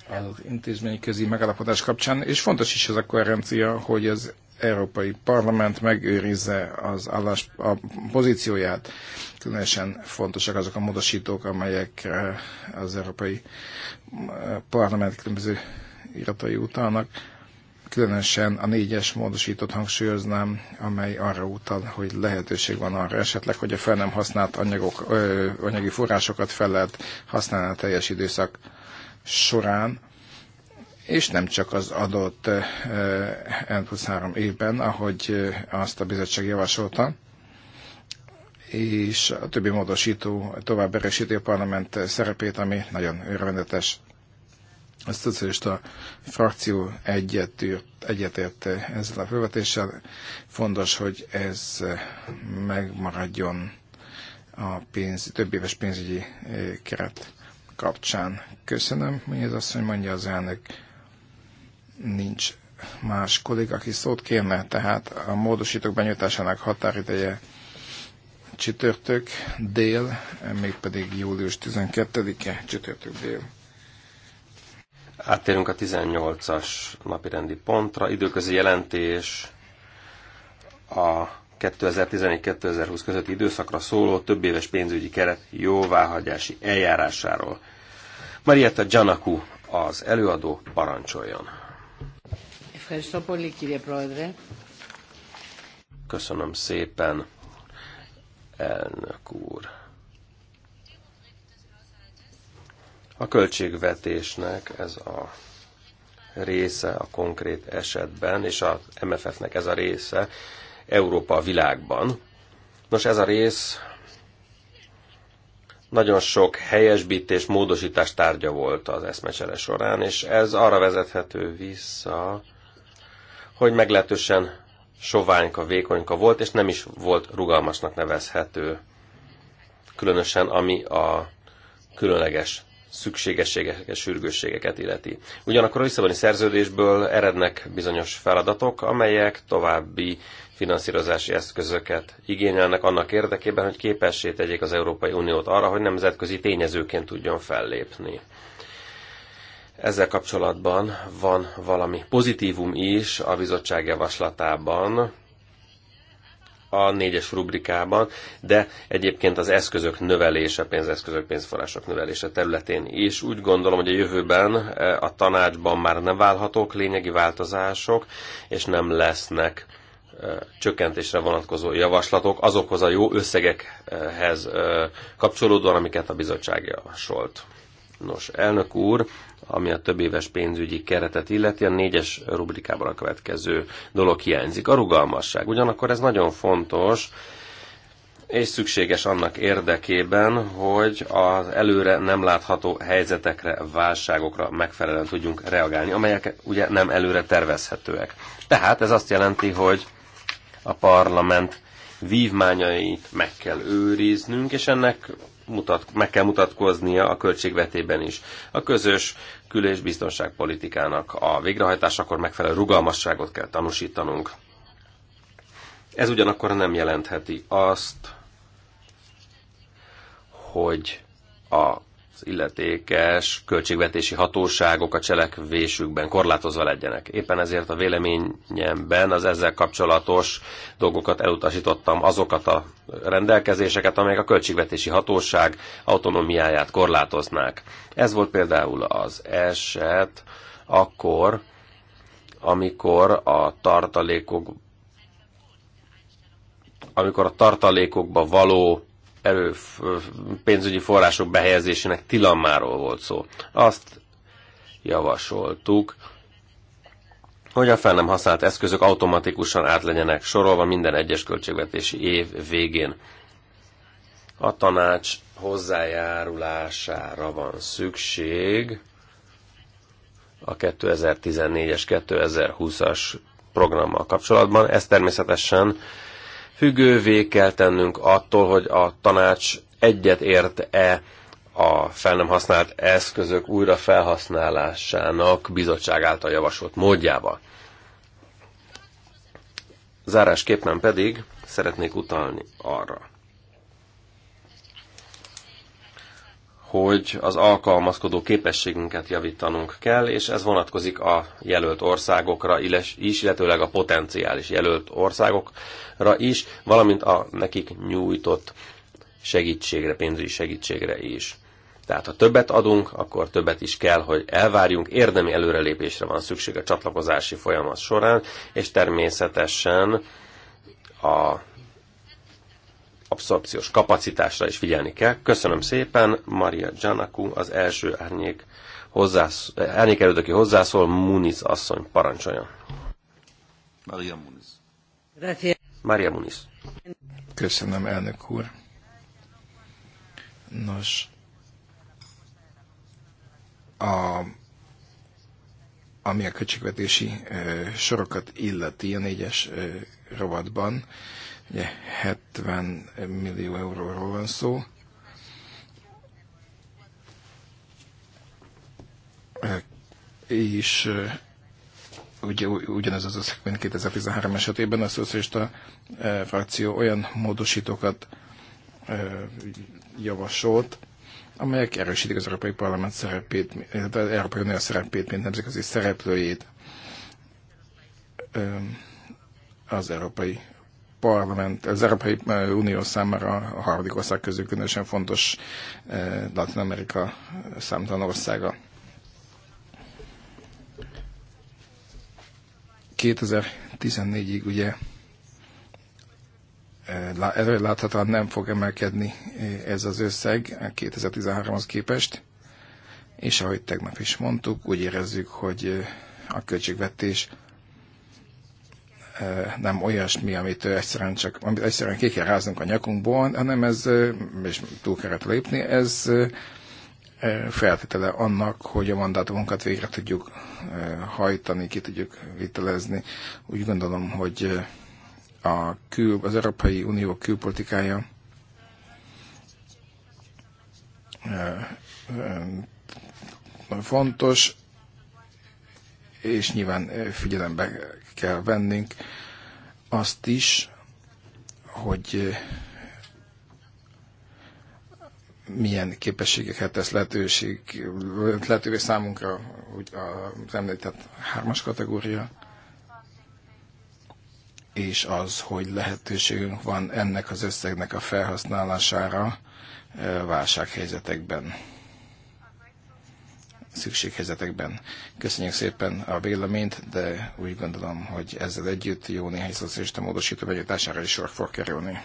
Speaker 1: az intézményközi megállapodás kapcsán, és fontos is ez a koherencia, hogy az Európai Parlament megőrizze az állás, a pozícióját. Különösen fontosak azok a módosítók, amelyek eh, az Európai eh, Parlament különböző iratai utalnak. Különösen a négyes módosított hangsúlyoznám, amely arra utal, hogy lehetőség van arra esetleg, hogy a fel nem használt anyagok, ö, eh, anyagi forrásokat fel lehet használni a teljes időszak során és nem csak az adott N plusz három évben, ahogy azt a bizottság javasolta, és a többi módosító tovább erősíti a parlament szerepét, ami nagyon örvendetes. A szocialista frakció egyetért, egyetért ezzel a felvetéssel. Fontos, hogy ez megmaradjon a pénz, több éves pénzügyi keret kapcsán. Köszönöm, hogy ez azt, mondja az elnök. Nincs más kollég, aki szót kérne, tehát a módosítók benyújtásának határideje csütörtök dél, mégpedig július 12-e csütörtök dél.
Speaker 3: Áttérünk a 18-as napirendi pontra. Időközi jelentés a 2014-2020 közötti időszakra szóló több éves pénzügyi keret jóváhagyási eljárásáról. Marietta Giannaku az előadó parancsoljon. Köszönöm szépen, elnök úr. A költségvetésnek ez a része a konkrét esetben, és a MFF-nek ez a része Európa a világban. Nos, ez a rész nagyon sok helyesbítés, módosítás tárgya volt az eszmecsere során, és ez arra vezethető vissza, hogy meglehetősen soványka, vékonyka volt, és nem is volt rugalmasnak nevezhető, különösen ami a különleges szükségességeket, sürgősségeket illeti. Ugyanakkor a Lisszaboni szerződésből erednek bizonyos feladatok, amelyek további finanszírozási eszközöket igényelnek annak érdekében, hogy képessé tegyék az Európai Uniót arra, hogy nemzetközi tényezőként tudjon fellépni. Ezzel kapcsolatban van valami pozitívum is a bizottság javaslatában, a négyes rubrikában, de egyébként az eszközök növelése, pénzeszközök, pénzforrások növelése területén is. Úgy gondolom, hogy a jövőben e, a tanácsban már nem válhatók lényegi változások, és nem lesznek e, csökkentésre vonatkozó javaslatok azokhoz a jó összegekhez e, kapcsolódóan, amiket a bizottság javasolt. Nos, elnök úr, ami a több éves pénzügyi keretet illeti, a négyes rubrikában a következő dolog hiányzik. A rugalmasság. Ugyanakkor ez nagyon fontos, és szükséges annak érdekében, hogy az előre nem látható helyzetekre, válságokra megfelelően tudjunk reagálni, amelyek ugye nem előre tervezhetőek. Tehát ez azt jelenti, hogy a parlament vívmányait meg kell őriznünk, és ennek mutat, meg kell mutatkoznia a költségvetében is. A közös kül- és biztonságpolitikának a végrehajtásakor megfelelő rugalmasságot kell tanúsítanunk. Ez ugyanakkor nem jelentheti azt, hogy a az illetékes költségvetési hatóságok a cselekvésükben korlátozva legyenek. Éppen ezért a véleményemben az ezzel kapcsolatos dolgokat elutasítottam azokat a rendelkezéseket, amelyek a költségvetési hatóság autonomiáját korlátoznák. Ez volt például az eset akkor, amikor a tartalékok amikor a tartalékokba való erő pénzügyi források behelyezésének tilammáról volt szó. Azt javasoltuk, hogy a fel nem használt eszközök automatikusan át legyenek sorolva minden egyes költségvetési év végén. A tanács hozzájárulására van szükség a 2014-es, 2020-as programmal kapcsolatban. Ez természetesen függővé kell tennünk attól, hogy a tanács egyet ért-e a fel nem használt eszközök újra felhasználásának bizottság által javasolt módjával. Zárásképpen pedig szeretnék utalni arra, hogy az alkalmazkodó képességünket javítanunk kell, és ez vonatkozik a jelölt országokra is, illetőleg a potenciális jelölt országokra is, valamint a nekik nyújtott segítségre, pénzügyi segítségre is. Tehát ha többet adunk, akkor többet is kell, hogy elvárjunk, érdemi előrelépésre van szükség a csatlakozási folyamat során, és természetesen a abszorpciós kapacitásra is figyelni kell. Köszönöm szépen, Maria Janaku, az első árnyék hozzász, árnyék előtt, aki hozzászól, Muniz asszony parancsolja. Maria Muniz.
Speaker 1: Maria Muniz. Köszönöm, elnök úr. Nos, a, ami a költségvetési sorokat illeti a négyes ö, rovatban, Ugye 70 millió euróról van szó. És ugye, ugyanez az összeg, mint 2013 esetében a szocialista frakció olyan módosítókat javasolt, amelyek erősítik az Európai Parlament szerepét, illetve az Európai Unió szerepét, mint nemzetközi szereplőjét az európai Parlament, az Európai eh, Unió számára a harmadik ország közül különösen fontos eh, Latin Amerika számtalan országa. 2014-ig ugye eh, láthatóan nem fog emelkedni ez az összeg 2013-hoz képest, és ahogy tegnap is mondtuk, úgy érezzük, hogy a költségvetés nem olyasmi, amit egyszerűen, csak, amit egyszerűen ki kell ráznunk a nyakunkból, hanem ez, és túl kellett lépni, ez feltétele annak, hogy a mandátumunkat végre tudjuk hajtani, ki tudjuk vitelezni. Úgy gondolom, hogy a kül, az Európai Unió külpolitikája fontos, és nyilván figyelembe kell vennünk azt is, hogy eh, milyen képességeket tesz lehetőség, lehetővé számunkra úgy az említett hármas kategória, és az, hogy lehetőségünk van ennek az összegnek a felhasználására eh, válsághelyzetekben szükséghelyzetekben. Köszönjük szépen a véleményt, de úgy gondolom, hogy ezzel együtt jó néhány szocialista módosító benyújtására is sor fog kerülni.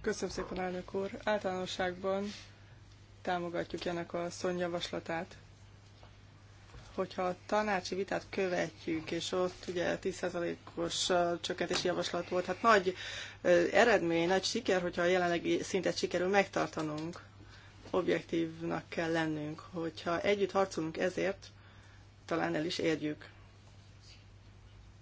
Speaker 4: Köszönöm szépen, elnök úr. Általánosságban támogatjuk ennek a szonyjavaslatát. Hogyha a tanácsi vitát követjük, és ott ugye 10%-os csökkentési javaslat volt, hát nagy eredmény, nagy siker, hogyha a jelenlegi szintet sikerül megtartanunk objektívnak kell lennünk, hogyha együtt harcolunk ezért, talán el is érjük.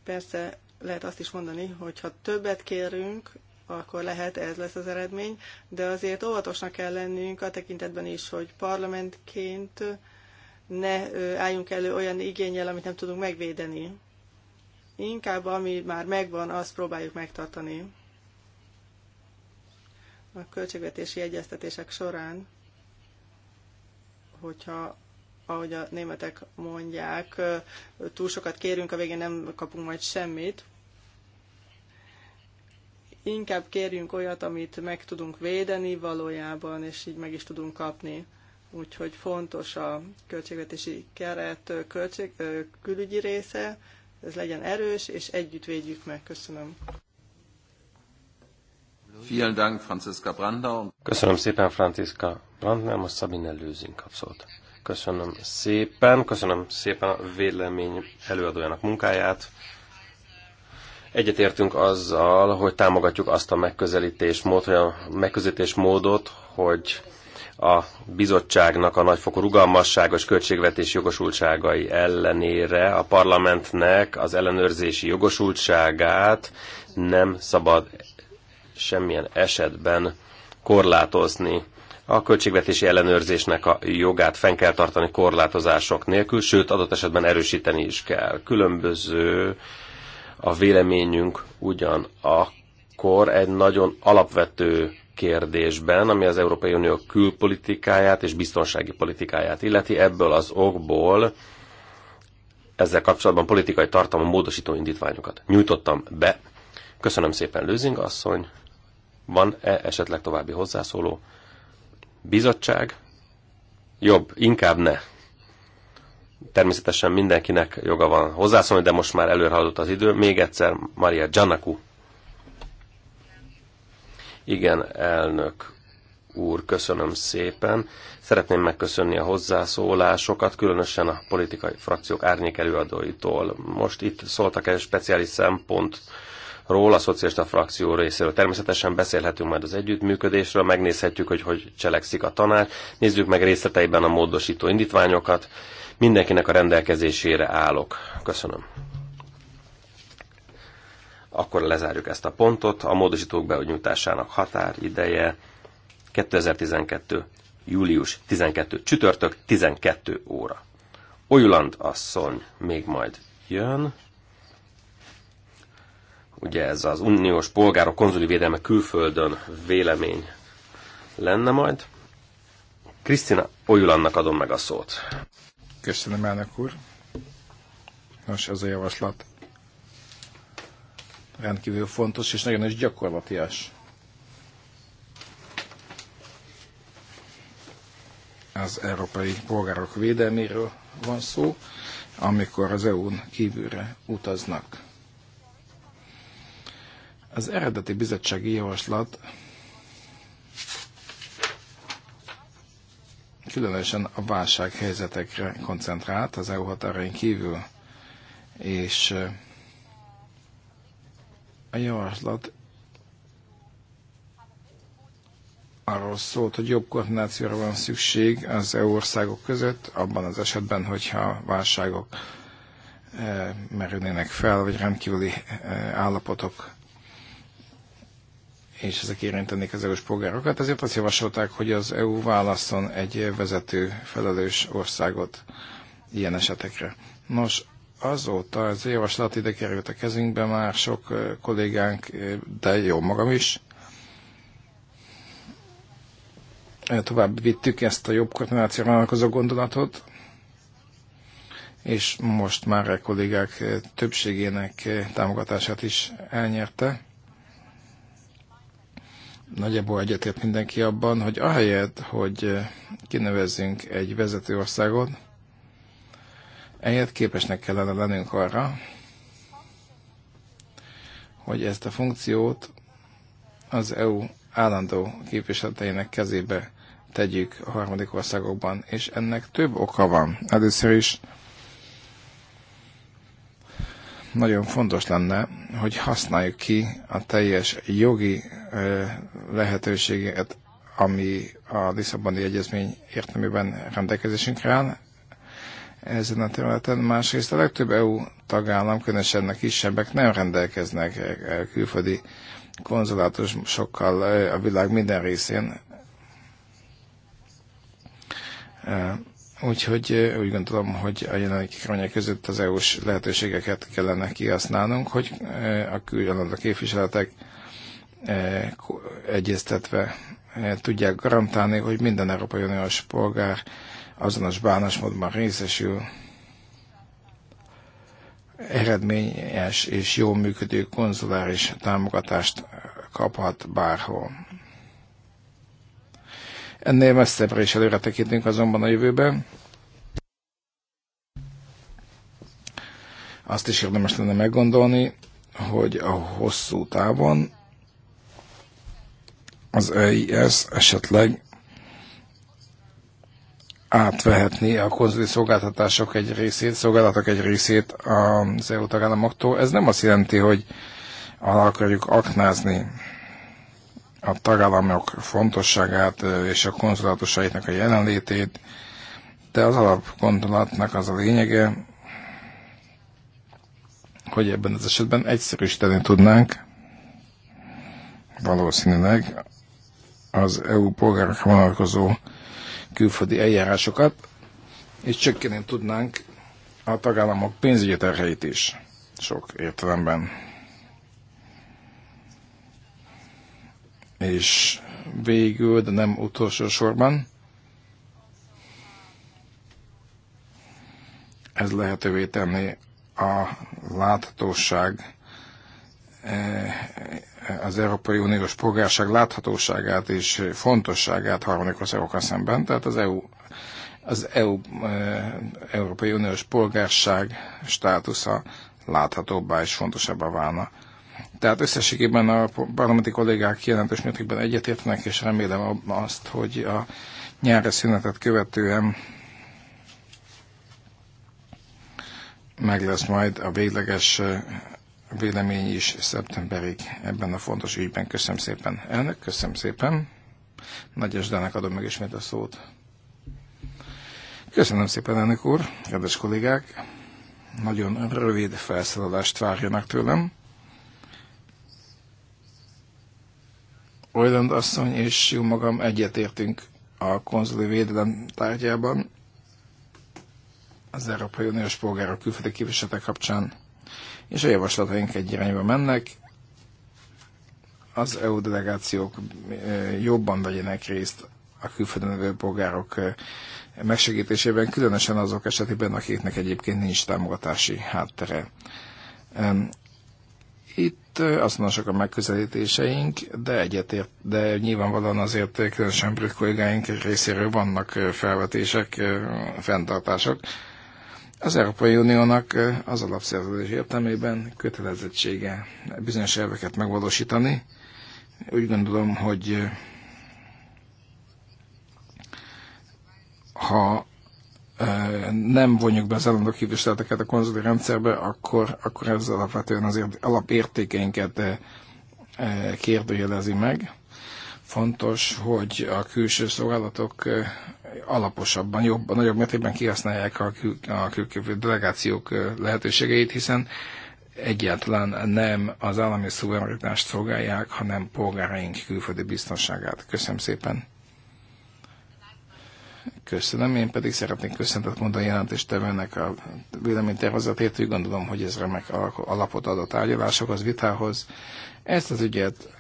Speaker 4: Persze lehet azt is mondani, hogy ha többet kérünk, akkor lehet ez lesz az eredmény, de azért óvatosnak kell lennünk a tekintetben is, hogy parlamentként ne álljunk elő olyan igényel, amit nem tudunk megvédeni. Inkább ami már megvan, azt próbáljuk megtartani. A költségvetési egyeztetések során hogyha ahogy a németek mondják, túl sokat kérünk, a végén nem kapunk majd semmit. Inkább kérjünk olyat, amit meg tudunk védeni valójában, és így meg is tudunk kapni. Úgyhogy fontos a költségvetési keret költség, külügyi része, ez legyen erős, és együtt védjük meg. Köszönöm.
Speaker 5: Vielen Dank, Franziska
Speaker 3: Köszönöm szépen, Franziska nem, a Szabin előzünk kapszolt. Köszönöm szépen, köszönöm szépen a vélemény előadójának munkáját. Egyetértünk azzal, hogy támogatjuk azt a megközelítés módot, a megközelítés módot, hogy a bizottságnak a nagyfokú rugalmasságos költségvetési jogosultságai ellenére a parlamentnek az ellenőrzési jogosultságát nem szabad semmilyen esetben korlátozni a költségvetési ellenőrzésnek a jogát fenn kell tartani korlátozások nélkül, sőt adott esetben erősíteni is kell. Különböző a véleményünk ugyanakkor egy nagyon alapvető kérdésben, ami az Európai Unió külpolitikáját és biztonsági politikáját illeti, ebből az okból ezzel kapcsolatban politikai tartalmú módosító indítványokat nyújtottam be. Köszönöm szépen, Lőzing asszony. Van-e esetleg további hozzászóló?
Speaker 5: Bizottság?
Speaker 3: Jobb, inkább ne. Természetesen mindenkinek joga van hozzászólni, de most már előrehaladott az idő. Még egyszer, Maria Janaku. Igen, elnök úr, köszönöm szépen. Szeretném megköszönni a hozzászólásokat, különösen a politikai frakciók árnyék előadóitól. Most itt szóltak egy speciális szempont ról a szocialista frakció részéről. Természetesen beszélhetünk majd az együttműködésről, megnézhetjük, hogy hogy cselekszik a tanács, nézzük meg részleteiben a módosító indítványokat. Mindenkinek a rendelkezésére állok. Köszönöm. Akkor lezárjuk ezt a pontot. A módosítók beúgynyújtásának határideje 2012. július 12. csütörtök 12 óra. Ojuland asszony még majd jön. Ugye ez az uniós polgárok konzuli védelme külföldön vélemény lenne majd. Krisztina Ojulannak adom meg a szót.
Speaker 1: Köszönöm, elnök úr. Nos, ez a javaslat rendkívül fontos és nagyon is gyakorlatias. Az európai polgárok védelméről van szó, amikor az EU-n kívülre utaznak. Az eredeti bizottsági javaslat különösen a válsághelyzetekre koncentrált az EU határain kívül, és a javaslat arról szólt, hogy jobb koordinációra van szükség az EU országok között, abban az esetben, hogyha válságok merülnének fel, vagy rendkívüli állapotok és ezek érintenék az EU-s polgárokat, ezért azt javasolták, hogy az EU válaszol egy vezető felelős országot ilyen esetekre. Nos, azóta ez a javaslat ide került a kezünkbe, már sok kollégánk, de jó magam is, tovább vittük ezt a jobb koordinációra vonatkozó gondolatot, és most már a kollégák többségének támogatását is elnyerte nagyjából egyetért mindenki abban, hogy ahelyett, hogy eh, kinevezzünk egy vezető országot, ehelyett képesnek kellene lennünk arra, hogy ezt a funkciót az EU állandó képviseleteinek kezébe tegyük a harmadik országokban, és ennek több oka van. Először is nagyon fontos lenne, hogy használjuk ki a teljes jogi lehetőséget, ami a Lisszaboni Egyezmény értelmében rendelkezésünkre áll ezen a területen. Másrészt a legtöbb EU tagállam, különösen a kisebbek nem rendelkeznek külföldi konzulátus sokkal a világ minden részén Úgyhogy úgy gondolom, hogy a jelenlegi körülmények között az EU-s lehetőségeket kellene kihasználnunk, hogy a a képviseletek egyeztetve tudják garantálni, hogy minden Európai Uniós polgár azonos bánásmódban részesül, eredményes és jó működő konzuláris támogatást kaphat bárhol. Ennél messzebbre is előre tekintünk azonban a jövőben. Azt is érdemes lenne meggondolni, hogy a hosszú távon az EIS esetleg átvehetni a konzuli szolgáltatások egy részét, szolgáltatok egy részét az EU tagállamoktól. Ez nem azt jelenti, hogy alá akarjuk aknázni a tagállamok fontosságát és a konzulátusaiknak a jelenlétét, de az alapgondolatnak az a lényege, hogy ebben az esetben egyszerűsíteni tudnánk valószínűleg az EU polgárok vonalkozó külföldi eljárásokat, és csökkenni tudnánk a tagállamok pénzügyi terheit is sok értelemben. És végül, de nem utolsó sorban, ez lehetővé tenni a láthatóság, eh, az Európai Uniós polgárság láthatóságát és fontosságát harmadik országokkal szemben, tehát az EU az EU, eh, Európai Uniós polgárság státusza láthatóbbá és fontosabbá válna tehát összességében a parlamenti kollégák jelentős mértékben egyetértenek, és remélem azt, hogy a nyári szünetet követően meg lesz majd a végleges vélemény is szeptemberig ebben a fontos ügyben. Köszönöm szépen. Elnök, köszönöm szépen. Nagy esdenek adom meg ismét a szót. Köszönöm szépen, elnök úr, kedves kollégák. Nagyon rövid felszólalást várjanak tőlem. Oiland asszony és jó magam egyetértünk a konzuli védelem tárgyában az Európai Uniós polgárok külföldi képviselete kapcsán, és a javaslataink egy irányba mennek, az EU delegációk eh, jobban vegyenek részt a külföldön levő polgárok eh, megsegítésében, különösen azok esetében, akiknek egyébként nincs támogatási háttere azonosak a megközelítéseink, de egyetért, de nyilvánvalóan azért különösen brit kollégáink részéről vannak felvetések, fenntartások. Az Európai Uniónak az alapszerződés értelmében kötelezettsége bizonyos elveket megvalósítani. Úgy gondolom, hogy ha nem vonjuk be az állandó képviseleteket a konzuli rendszerbe, akkor, akkor ez alapvetően az alapértékeinket kérdőjelezi meg. Fontos, hogy a külső szolgálatok alaposabban, jobban, nagyobb mértékben kihasználják a, kül, a külkövő delegációk lehetőségeit, hiszen egyáltalán nem az állami szuverenitást szolgálják, hanem polgáraink külföldi biztonságát. Köszönöm szépen! Köszönöm, én pedig szeretnék köszöntet mondani a jelentéstevőnek a véleménytervezetét. Úgy gondolom, hogy ez remek alapot adott tárgyalásokhoz, vitához. Ezt az ügyet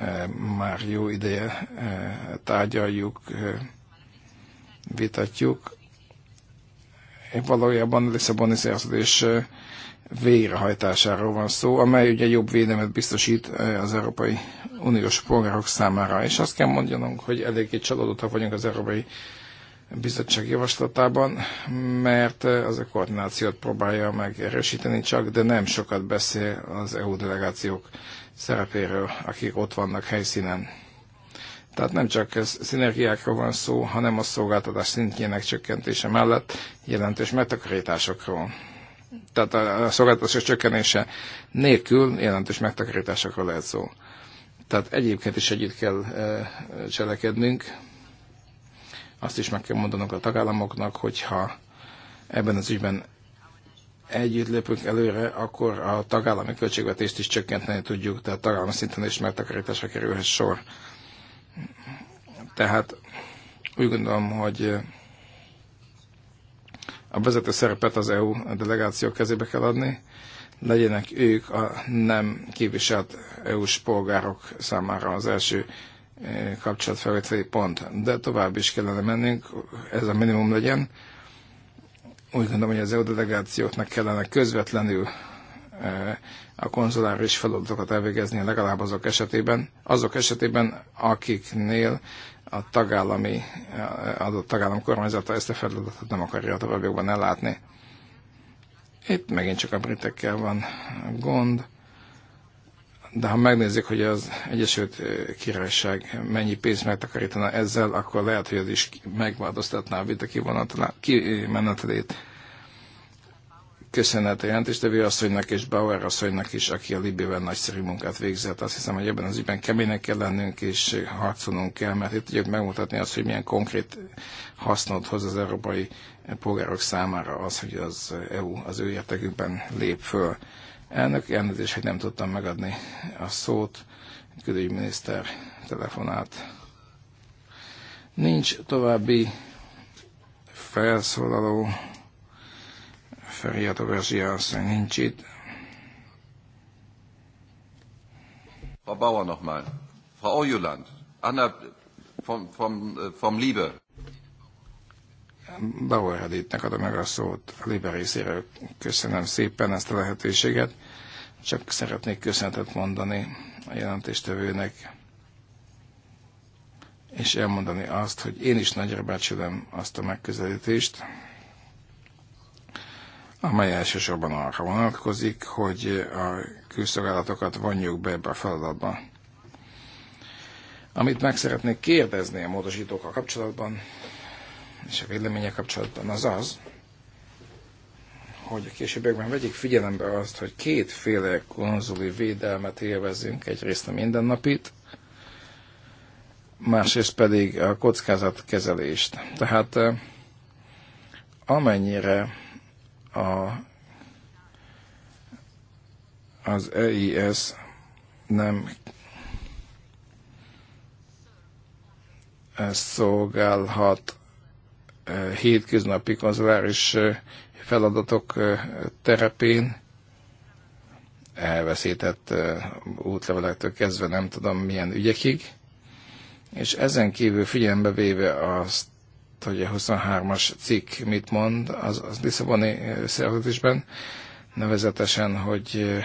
Speaker 1: eh, már jó ideje eh, tárgyaljuk, eh, vitatjuk. Én valójában a Lisszaboni szerződés végrehajtásáról van szó, amely ugye jobb védelmet biztosít eh, az Európai Uniós polgárok számára. És azt kell mondjanunk, hogy eléggé csalódottak vagyunk az Európai Bizottság javaslatában, mert eh, az a koordinációt próbálja meg erősíteni csak, de nem sokat beszél az EU delegációk szerepéről, akik ott vannak helyszínen. Tehát nem csak ez szinergiákról van szó, hanem a szolgáltatás szintjének csökkentése mellett jelentős megtakarításokról tehát a szolgáltatások csökkenése nélkül jelentős megtakarításokra lehet szó. Tehát egyébként is együtt kell e, cselekednünk. Azt is meg kell mondanunk a tagállamoknak, hogyha ebben az ügyben együtt lépünk előre, akkor a tagállami költségvetést is csökkenteni tudjuk, tehát tagállami szinten is megtakarításra kerülhet sor. Tehát úgy gondolom, hogy a vezető szerepet az EU delegáció kezébe kell adni, legyenek ők a nem képviselt EU-s polgárok számára az első eh, kapcsolatfelvételi pont. De tovább is kellene mennünk, ez a minimum legyen. Úgy gondolom, hogy az EU delegációknak kellene közvetlenül eh, a konzuláris feladatokat elvégezni legalább azok esetében, azok esetében, akiknél a tagállami, eh, adott tagállam kormányzata ezt a feladatot nem akarja a továbbiakban ellátni. Itt megint csak a britekkel van gond, de ha megnézzük, hogy az Egyesült eh, Királyság mennyi pénzt megtakarítana ezzel, akkor lehet, hogy az is megváltoztatná a vita kimenetelét. Eh, köszönet a jelentéstevő asszonynak és Bauer asszonynak is, aki a Libyben nagyszerű munkát végzett. Azt hiszem, hogy ebben az ügyben keménynek kell lennünk és harcolnunk kell, mert itt tudjuk megmutatni azt, hogy milyen konkrét hasznot hoz az európai polgárok számára az, hogy az EU az ő értekükben lép föl. Elnök elnézést, hogy nem tudtam megadni a szót, külügyminiszter telefonát. Nincs további felszólaló Feriato hát asszony nincs itt.
Speaker 3: Frau Bauer nochmal. Frau Ojuland. Anna
Speaker 1: vom, vom, äh, vom Liebe. Bauer Editnek adom meg a szót a Liebe részéről. Köszönöm szépen ezt a lehetőséget. Csak szeretnék köszönetet mondani a jelentéstevőnek, és elmondani azt, hogy én is nagyra becsülöm azt a megközelítést, amely elsősorban arra vonatkozik, hogy a külszolgálatokat vonjuk be ebbe a feladatba. Amit meg szeretnék kérdezni a módosítókkal kapcsolatban, és a vélemények kapcsolatban az az, hogy a későbbiekben vegyék figyelembe azt, hogy kétféle konzuli védelmet élvezünk, egyrészt a mindennapit, másrészt pedig a kockázatkezelést. Tehát eh, amennyire a, az EIS nem szolgálhat e, hétköznapi konzuláris e, feladatok e, terepén elveszített útlevelektől kezdve nem tudom milyen ügyekig, és ezen kívül figyelembe véve azt, itt, hogy a 23-as cikk mit mond az, az Lisszaboni eh, szerződésben, nevezetesen, hogy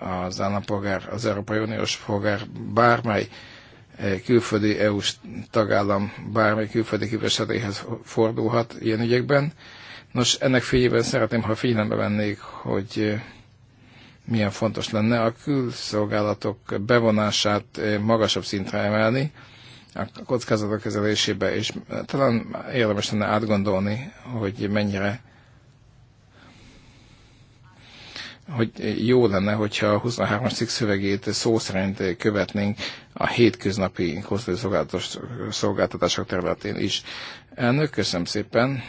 Speaker 1: eh, az állampolgár, az Európai Uniós polgár bármely eh, külföldi EU-s tagállam bármely külföldi képviselőhez fordulhat ilyen ügyekben. Nos, ennek fényében szeretném, ha figyelembe vennék, hogy milyen fontos lenne a külszolgálatok bevonását magasabb szintre emelni, a kockázatok kezelésébe, és talán érdemes lenne átgondolni, hogy mennyire hogy jó lenne, hogyha a 23-as cikk szövegét szó szerint követnénk a hétköznapi konszolidai szolgáltatások területén is. Elnök, köszönöm szépen.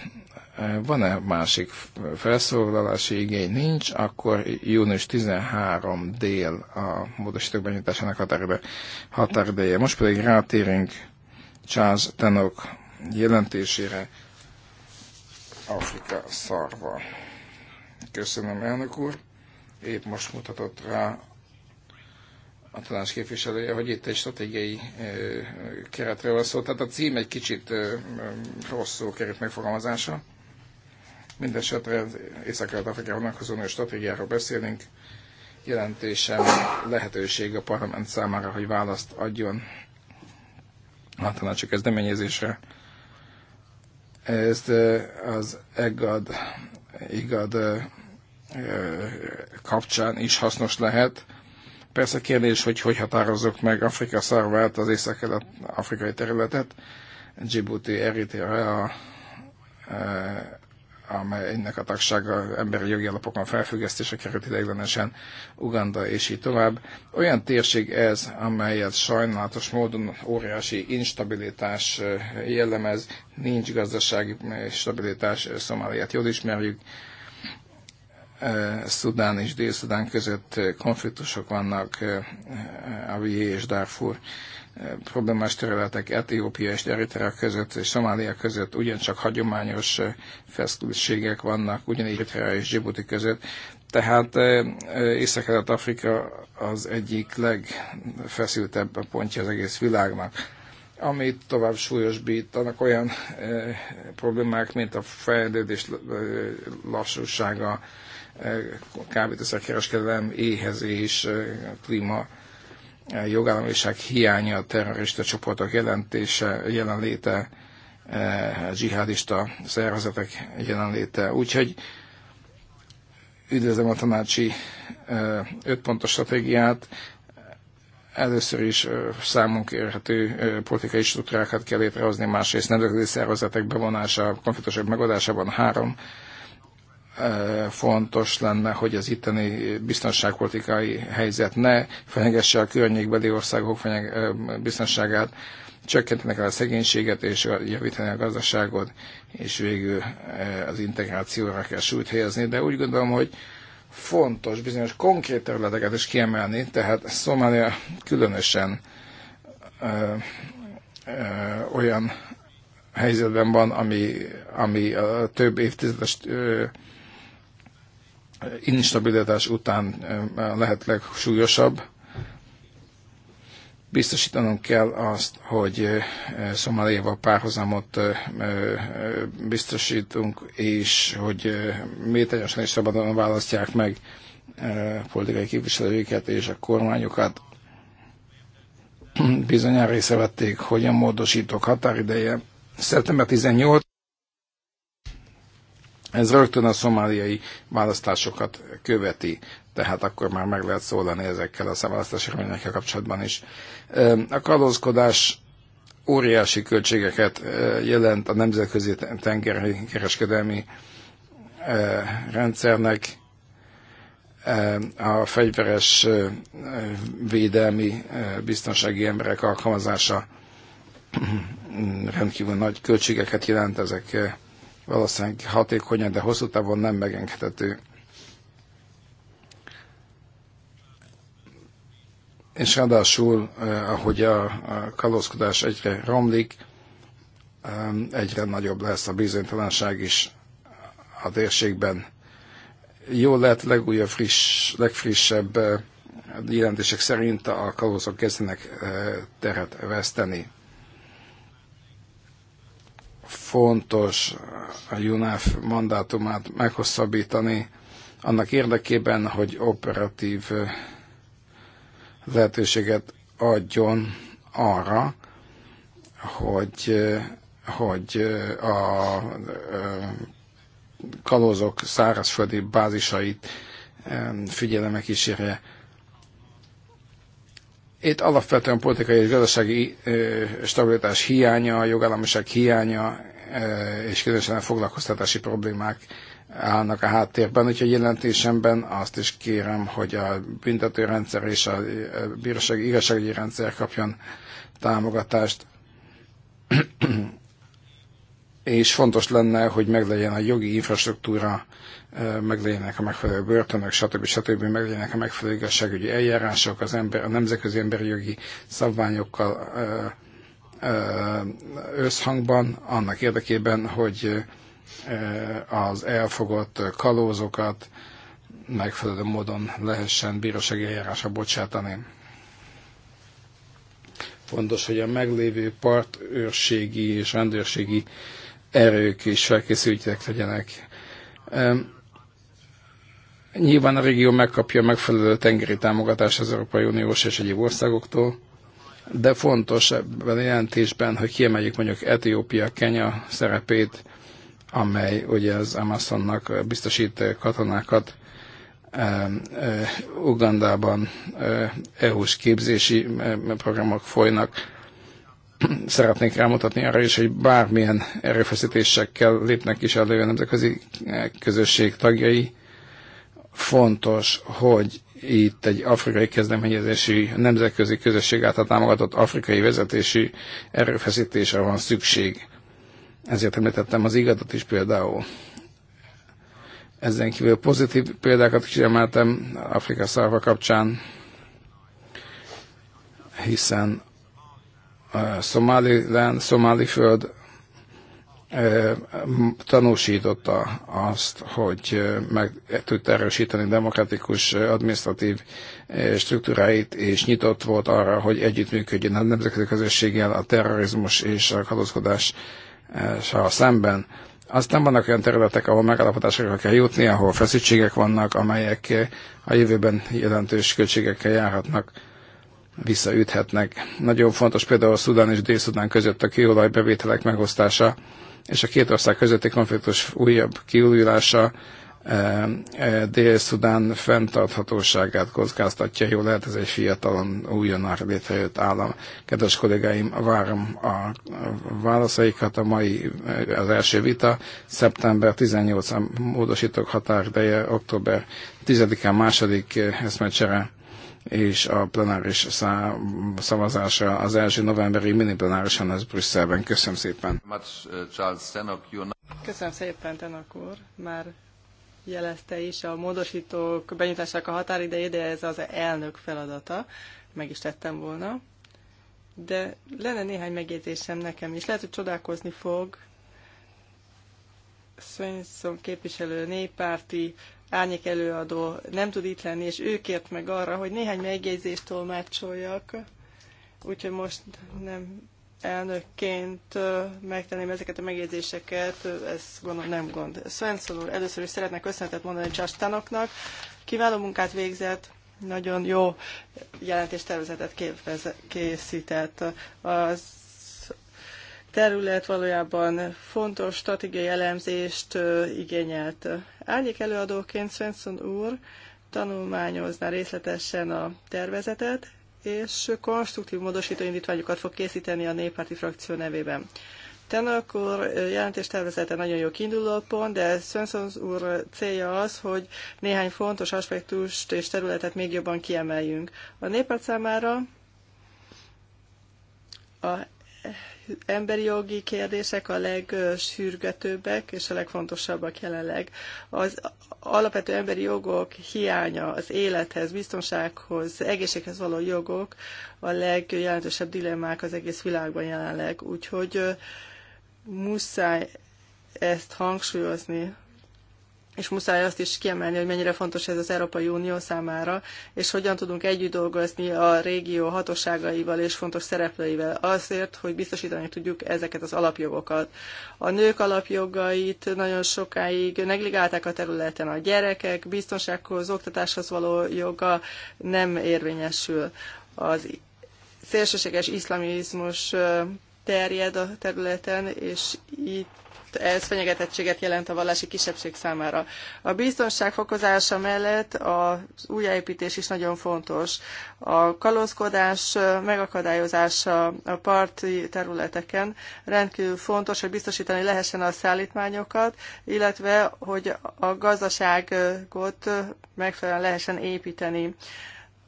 Speaker 1: Van-e másik felszólalási igény? Nincs, akkor június 13 dél a módosítók benyújtásának határideje. határideje. Most pedig rátérünk Charles Tenok jelentésére Afrika szarva. Köszönöm, elnök úr. Épp most mutatott rá a tanács képviselője, hogy itt egy stratégiai keretről van szó. Tehát a cím egy kicsit rosszul került megfogalmazása. Mindenesetre az Észak-Kelet-Afrikában vonatkozó stratégiáról beszélünk. Jelentésem lehetőség a parlament számára, hogy választ adjon a tanácsi kezdeményezésre. Ezt az EGAD, IGAD kapcsán is hasznos lehet. Persze kérdés, hogy hogy határozzuk meg Afrika szarvát, az észak afrikai területet, Djibouti, Eritrea, amelynek a tagsága emberi jogi alapokon felfüggesztése került ideiglenesen Uganda és így tovább. Olyan térség ez, amelyet sajnálatos módon óriási instabilitás eh, jellemez, nincs gazdasági stabilitás, eh, Szomáliát jól ismerjük, eh, Szudán és Dél-Szudán között konfliktusok vannak, Avié és Darfur problémás területek Etiópia és Eritrea között és Szomália között ugyancsak hagyományos eh, feszültségek vannak, ugyanígy Eritrea és Djibouti között. Tehát eh, eh, Észak-Kelet-Afrika az egyik legfeszültebb pontja az egész világnak. Amit tovább súlyosbítanak olyan problémák, mint a fejlődés lassúsága, kábítószerkereskedelem, éhezés, klíma, jogállamiság hiánya, a terrorista csoportok jelentése, jelenléte, e, zsihadista szervezetek jelenléte. Úgyhogy üdvözlöm a tanácsi e, ötpontos stratégiát. Először is e, számunk érhető politikai struktúrákat kell létrehozni, másrészt nemzetközi szervezetek bevonása, konfliktusok megoldásában három fontos lenne, hogy az itteni biztonságpolitikai helyzet ne fenyegesse a környékbeli országok fenyeg, biztonságát, csökkentenek a szegénységet és javítani a gazdaságot, és végül az integrációra kell súlyt helyezni, de úgy gondolom, hogy fontos bizonyos konkrét területeket is kiemelni, tehát Szomália különösen ö, ö, olyan helyzetben van, ami, ami a több évtizedes ö, instabilitás után eh, lehet legsúlyosabb. Biztosítanunk kell azt, hogy eh, Szomáliával párhuzamot eh, biztosítunk, és hogy méteresen és szabadon választják meg politikai képviselőiket és a kormányokat. Bizonyára észrevették, hogy a módosítók határideje szeptember 18 ez rögtön a szomáliai választásokat követi, tehát akkor már meg lehet szólani ezekkel a választási eredményekkel kapcsolatban is. A kalózkodás óriási költségeket jelent a nemzetközi tengeri kereskedelmi rendszernek, a fegyveres védelmi biztonsági emberek alkalmazása rendkívül nagy költségeket jelent, ezek valószínűleg hatékonyan, de hosszú távon nem megengedhető. És ráadásul, eh, ahogy a kalózkodás egyre romlik, egyre nagyobb lesz a bizonytalanság is a térségben. Jó lehet legújabb, friss, legfrissebb eh, jelentések szerint a kalózok kezdenek eh, teret veszteni fontos a UNEF mandátumát meghosszabbítani annak érdekében, hogy operatív lehetőséget adjon arra, hogy, hogy a kalózok szárazföldi bázisait figyeleme kísérje itt alapvetően politikai és gazdasági stabilitás hiánya, jogállamiság hiánya és különösen a foglalkoztatási problémák állnak a háttérben, úgyhogy jelentésemben azt is kérem, hogy a büntetőrendszer és a bírósági igazságügyi rendszer kapjon támogatást. (clears throat) és fontos lenne, hogy meglegyen a jogi infrastruktúra meglegyenek a megfelelő börtönök, stb. stb. meglegyenek a megfelelő igazságügyi eljárások, az ember, a nemzetközi emberi jogi szabványokkal összhangban, annak érdekében, hogy az elfogott kalózokat megfelelő módon lehessen bírósági eljárásra bocsátani. Fontos, hogy a meglévő partőrségi és rendőrségi erők is felkészültek legyenek Nyilván a régió megkapja megfelelő tengeri támogatást az Európai Uniós és egyéb országoktól, de fontos ebben a jelentésben, hogy kiemeljük mondjuk Etiópia, Kenya szerepét, amely ugye az Amazonnak biztosít katonákat Ugandában EU-s képzési programok folynak. Szeretnék rámutatni arra is, hogy bármilyen erőfeszítésekkel lépnek is elő a nemzetközi eh, közösség tagjai, Fontos, hogy itt egy afrikai kezdeményezési nemzetközi közösség által támogatott afrikai vezetési erőfeszítésre van szükség. Ezért említettem az igazat is például. Ezen kívül pozitív példákat kiemeltem Afrika szarva kapcsán, hiszen Somaliland, Somali föld tanúsította azt, hogy meg tudta erősíteni demokratikus administratív struktúráit, és nyitott volt arra, hogy együttműködjön a nemzetközi közösséggel a terrorizmus és a kalózkodás szemben. Aztán vannak olyan területek, ahol megállapodásokra kell jutni, ahol feszültségek vannak, amelyek a jövőben jelentős költségekkel járhatnak visszaüthetnek. Nagyon fontos például a Szudán és Dél-Szudán között a kőolajbevételek megosztása, és a két ország közötti konfliktus újabb kiújulása e, e, Dél-Szudán fenntarthatóságát kockáztatja. Jó lehet, ez egy fiatalon újonnan létrejött állam. Kedves kollégáim, várom a válaszaikat. A mai az első vita szeptember 18-án módosítok határideje, október 10-án második eszmecsere és a plenáris szavazása az első novemberi miniplenárisan az Brüsszelben. Köszönöm szépen.
Speaker 4: Köszönöm szépen, Tenok úr. Már jelezte is a módosítók benyújtásának a határidejét, de ez az elnök feladata. Meg is tettem volna. De lenne néhány megjegyzésem nekem is. Lehet, hogy csodálkozni fog, Svensson képviselő néppárti árnyék előadó nem tud itt lenni, és ő kért meg arra, hogy néhány megjegyzést tolmácsoljak, úgyhogy most nem elnökként megtenném ezeket a megjegyzéseket, ez gondolom nem gond. Svensson úr, először is szeretnék köszönetet mondani Csastanoknak, kiváló munkát végzett, nagyon jó jelentéstervezetet készített. Az terület valójában fontos stratégiai elemzést igényelt. Árnyék előadóként Svensson úr tanulmányozná részletesen a tervezetet, és konstruktív módosító indítványokat fog készíteni a néppárti frakció nevében. akkor jelentés tervezete nagyon jó kiinduló pont, de Svensson úr célja az, hogy néhány fontos aspektust és területet még jobban kiemeljünk. A néppárt számára a emberi jogi kérdések a legsürgetőbbek és a legfontosabbak jelenleg. Az alapvető emberi jogok hiánya az élethez, biztonsághoz, egészséghez való jogok a legjelentősebb dilemmák az egész világban jelenleg. Úgyhogy muszáj ezt hangsúlyozni és muszáj azt is kiemelni, hogy mennyire fontos ez az Európai Unió számára, és hogyan tudunk együtt dolgozni a régió hatóságaival és fontos szereplőivel azért, hogy biztosítani tudjuk ezeket az alapjogokat. A nők alapjogait nagyon sokáig negligálták a területen a gyerekek, biztonsághoz, oktatáshoz való joga nem érvényesül. Az szélsőséges iszlamizmus terjed a területen, és itt ez fenyegetettséget jelent a vallási kisebbség számára. A biztonság fokozása mellett az újjáépítés is nagyon fontos. A kalózkodás megakadályozása a parti területeken rendkívül fontos, hogy biztosítani lehessen a szállítmányokat, illetve hogy a gazdaságot megfelelően lehessen építeni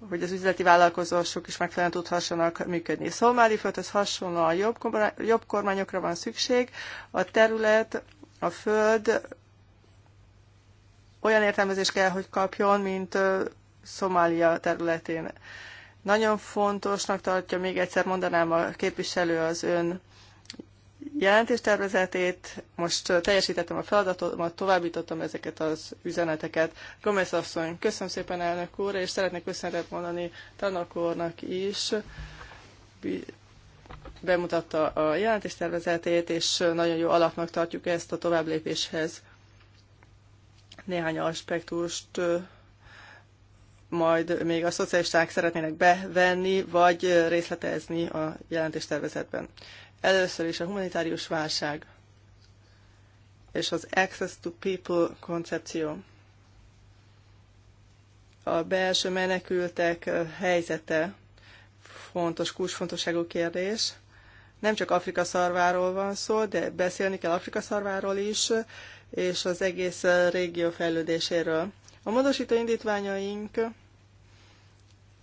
Speaker 4: hogy az üzleti vállalkozások is megfelelően tudhassanak működni. Szomáli szóval földhöz hasonlóan jobb, jobb kormányokra van szükség. A terület, a föld olyan értelmezést kell, hogy kapjon, mint Szomália területén. Nagyon fontosnak tartja, még egyszer mondanám a képviselő az ön jelentéstervezetét, most teljesítettem a feladatomat, továbbítottam ezeket az üzeneteket. Gomez asszony, köszönöm szépen elnök úr, és szeretnék köszönetet mondani Tanak úrnak is. Bemutatta a jelentéstervezetét, és nagyon jó alapnak tartjuk ezt a tovább lépéshez. Néhány aspektust majd még a szocialisták szeretnének bevenni, vagy részletezni a jelentéstervezetben. tervezetben. Először is a humanitárius válság és az Access to People koncepció. A belső menekültek helyzete fontos, kulcsfontosságú kérdés. Nem csak Afrika szarváról van szó, de beszélni kell Afrika szarváról is, és az egész régió fejlődéséről. A módosító indítványaink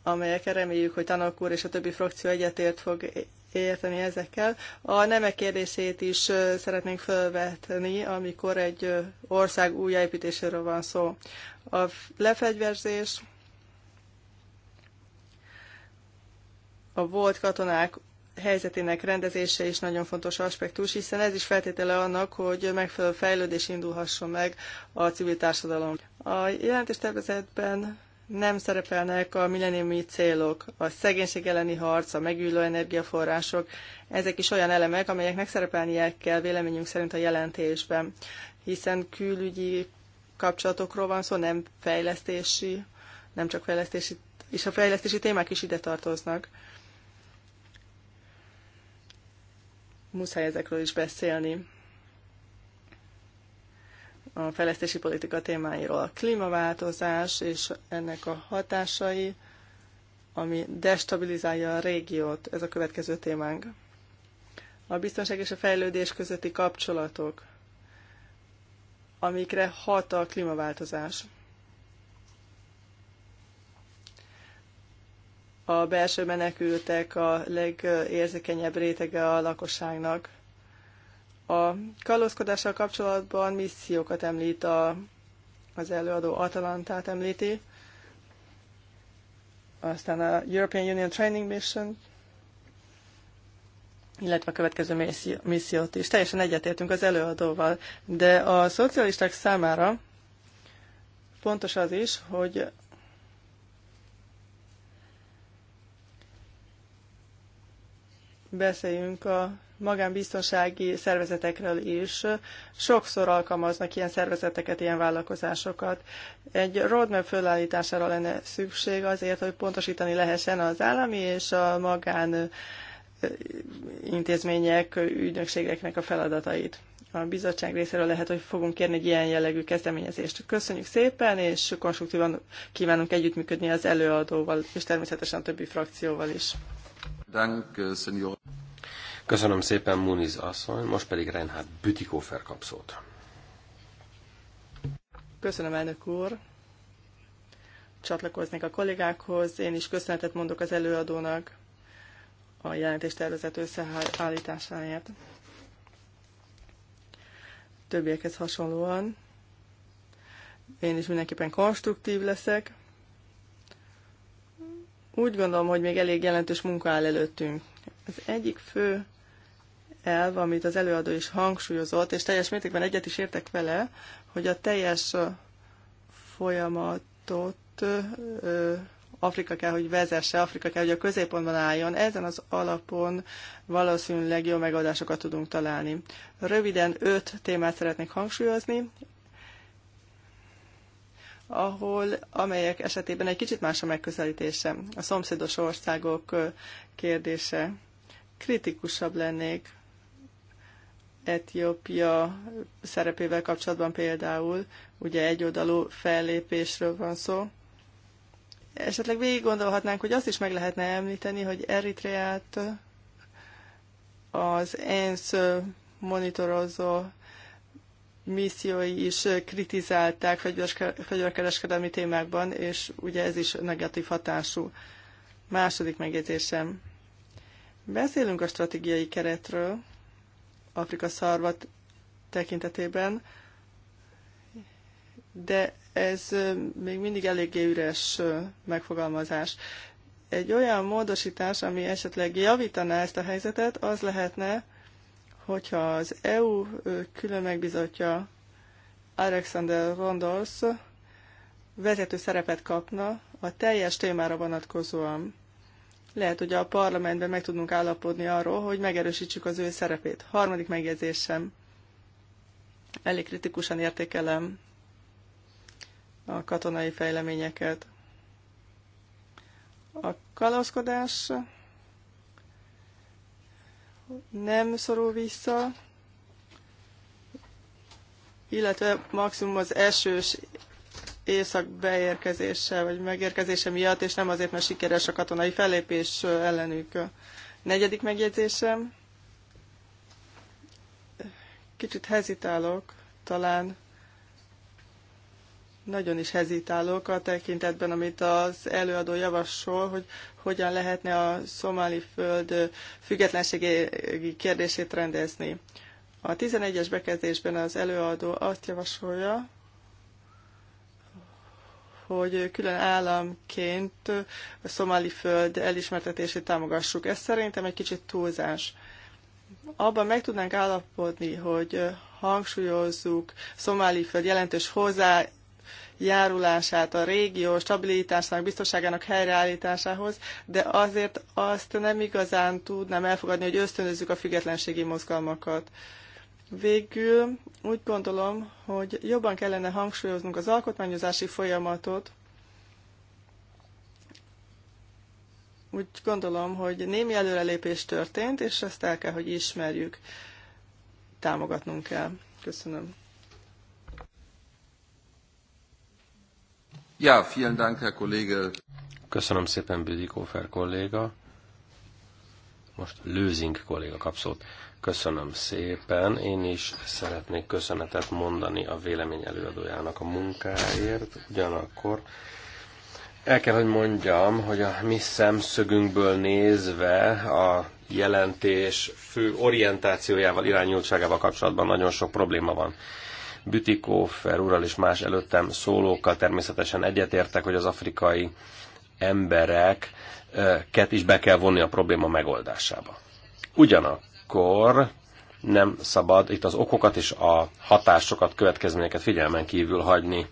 Speaker 4: amelyekre reméljük, hogy Tanak úr és a többi frakció egyetért fog érteni ezekkel. A nemek kérdését is szeretnénk felvetni, amikor egy ország újjáépítéséről van szó. A lefegyverzés, a volt katonák helyzetének rendezése is nagyon fontos aspektus, hiszen ez is feltétele annak, hogy megfelelő fejlődés indulhasson meg a civil társadalom. A jelentéstervezetben nem szerepelnek a milleniumi célok, a szegénység elleni harc, a megújuló energiaforrások, ezek is olyan elemek, amelyeknek szerepelnie kell véleményünk szerint a jelentésben, hiszen külügyi kapcsolatokról van szó, nem fejlesztési, nem csak fejlesztési, és a fejlesztési témák is ide tartoznak. Muszáj ezekről is beszélni a fejlesztési politika témáiról. Klímaváltozás és ennek a hatásai, ami destabilizálja a régiót, ez a következő témánk. A biztonság és a fejlődés közötti kapcsolatok, amikre hat a klímaváltozás. A belső menekültek a legérzékenyebb rétege a lakosságnak a kalózkodással kapcsolatban missziókat említ a, az előadó Atalantát említi, aztán a European Union Training Mission, illetve a következő missziót is. Teljesen egyetértünk az előadóval, de a szocialisták számára fontos az is, hogy beszéljünk a magánbiztonsági szervezetekről is. Sokszor alkalmaznak ilyen szervezeteket, ilyen vállalkozásokat. Egy roadmap fölállítására lenne szükség azért, hogy pontosítani lehessen az állami és a magán intézmények, ügynökségeknek a feladatait. A bizottság részéről lehet, hogy fogunk kérni egy ilyen jellegű kezdeményezést. Köszönjük szépen, és konstruktívan kívánunk együttműködni az előadóval, és természetesen a többi frakcióval is.
Speaker 3: Köszönöm szépen, Muniz asszony, most pedig Reinhard Bütikofer kap szót.
Speaker 4: Köszönöm, elnök úr. Csatlakoznék a kollégákhoz, én is köszönetet mondok az előadónak a jelentéstervezet összeállításáért. Többiekhez hasonlóan én is mindenképpen konstruktív leszek, úgy gondolom, hogy még elég jelentős munka áll előttünk. Az egyik fő elv, amit az előadó is hangsúlyozott, és teljes mértékben egyet is értek vele, hogy a teljes folyamatot Afrika kell, hogy vezesse, Afrika kell, hogy a középpontban álljon. Ezen az alapon valószínűleg jó megoldásokat tudunk találni. Röviden öt témát szeretnék hangsúlyozni ahol, amelyek esetében egy kicsit más a megközelítése, a szomszédos országok kérdése. Kritikusabb lennék Etiópia szerepével kapcsolatban például, ugye egyoldalú fellépésről van szó. Esetleg végig gondolhatnánk, hogy azt is meg lehetne említeni, hogy Eritreát az ENSZ monitorozó missziói is kritizálták fegyverkereskedelmi témákban, és ugye ez is negatív hatású. Második megjegyzésem. Beszélünk a stratégiai keretről Afrika szarvat tekintetében, de ez még mindig eléggé üres megfogalmazás. Egy olyan módosítás, ami esetleg javítaná ezt a helyzetet, az lehetne, hogyha az EU külön megbizotja Alexander Rondos vezető szerepet kapna a teljes témára vonatkozóan. Lehet, hogy a parlamentben meg tudunk állapodni arról, hogy megerősítsük az ő szerepét. Harmadik megjegyzésem. Elég kritikusan értékelem a katonai fejleményeket. A kalózkodás nem szorul vissza, illetve maximum az esős éjszak beérkezése vagy megérkezése miatt, és nem azért, mert sikeres a katonai fellépés ellenük. Negyedik megjegyzésem. Kicsit hezitálok, talán nagyon is hezitálok a tekintetben, amit az előadó javasol, hogy hogyan lehetne a szomáli föld függetlenségi kérdését rendezni. A 11-es bekezdésben az előadó azt javasolja, hogy külön államként a szomáli föld elismertetését támogassuk. Ez szerintem egy kicsit túlzás. Abban meg tudnánk állapodni, hogy hangsúlyozzuk szomáli föld jelentős hozzá járulását a régió stabilitásának, biztonságának helyreállításához, de azért azt nem igazán tudnám elfogadni, hogy ösztönözzük a függetlenségi mozgalmakat. Végül úgy gondolom, hogy jobban kellene hangsúlyoznunk az alkotmányozási folyamatot, úgy gondolom, hogy némi előrelépés történt, és ezt el kell, hogy ismerjük, támogatnunk kell. Köszönöm.
Speaker 3: Ja, vielen Dank, Herr Kollege. Köszönöm szépen, Büdikófer kolléga. Most Lőzink kolléga kap szót. Köszönöm szépen. Én is szeretnék köszönetet mondani a vélemény előadójának a munkáért. Ugyanakkor el kell, hogy mondjam, hogy a mi szemszögünkből nézve a jelentés fő orientációjával, irányultságával kapcsolatban nagyon sok probléma van. Bütikófer úrral és más előttem szólókkal természetesen egyetértek, hogy az afrikai embereket is be kell vonni a probléma megoldásába. Ugyanakkor nem szabad itt az okokat és a hatásokat, következményeket figyelmen kívül hagyni.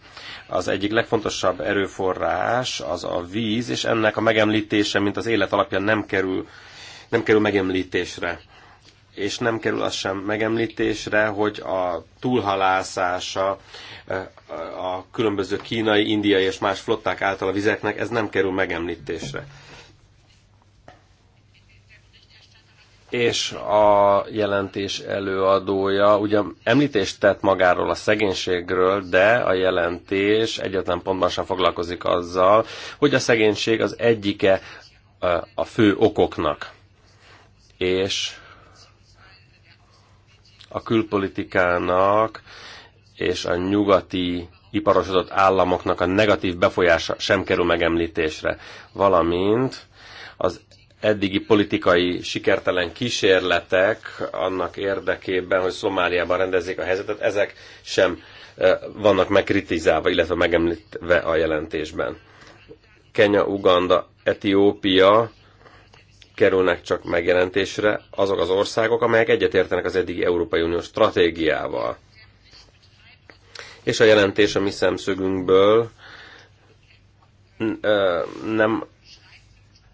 Speaker 3: Az egyik legfontosabb erőforrás az a víz, és ennek a megemlítése, mint az élet alapján nem kerül, nem kerül megemlítésre és nem kerül az sem megemlítésre, hogy a túlhalászása eh, a különböző kínai, indiai és más flották által a vizeknek, ez nem kerül megemlítésre. és a jelentés előadója ugye említést tett magáról a szegénységről, de a jelentés egyetlen pontban sem foglalkozik azzal, hogy a szegénység az egyike eh, a fő okoknak. És a külpolitikának és a nyugati iparosodott államoknak a negatív befolyása sem kerül megemlítésre, valamint az eddigi politikai sikertelen kísérletek annak érdekében, hogy Szomáliában rendezzék a helyzetet, ezek sem vannak megkritizálva, illetve megemlítve a jelentésben. Kenya, Uganda, Etiópia kerülnek csak megjelentésre azok az országok, amelyek egyetértenek az eddigi Európai Unió stratégiával. És a jelentés a mi szemszögünkből nem,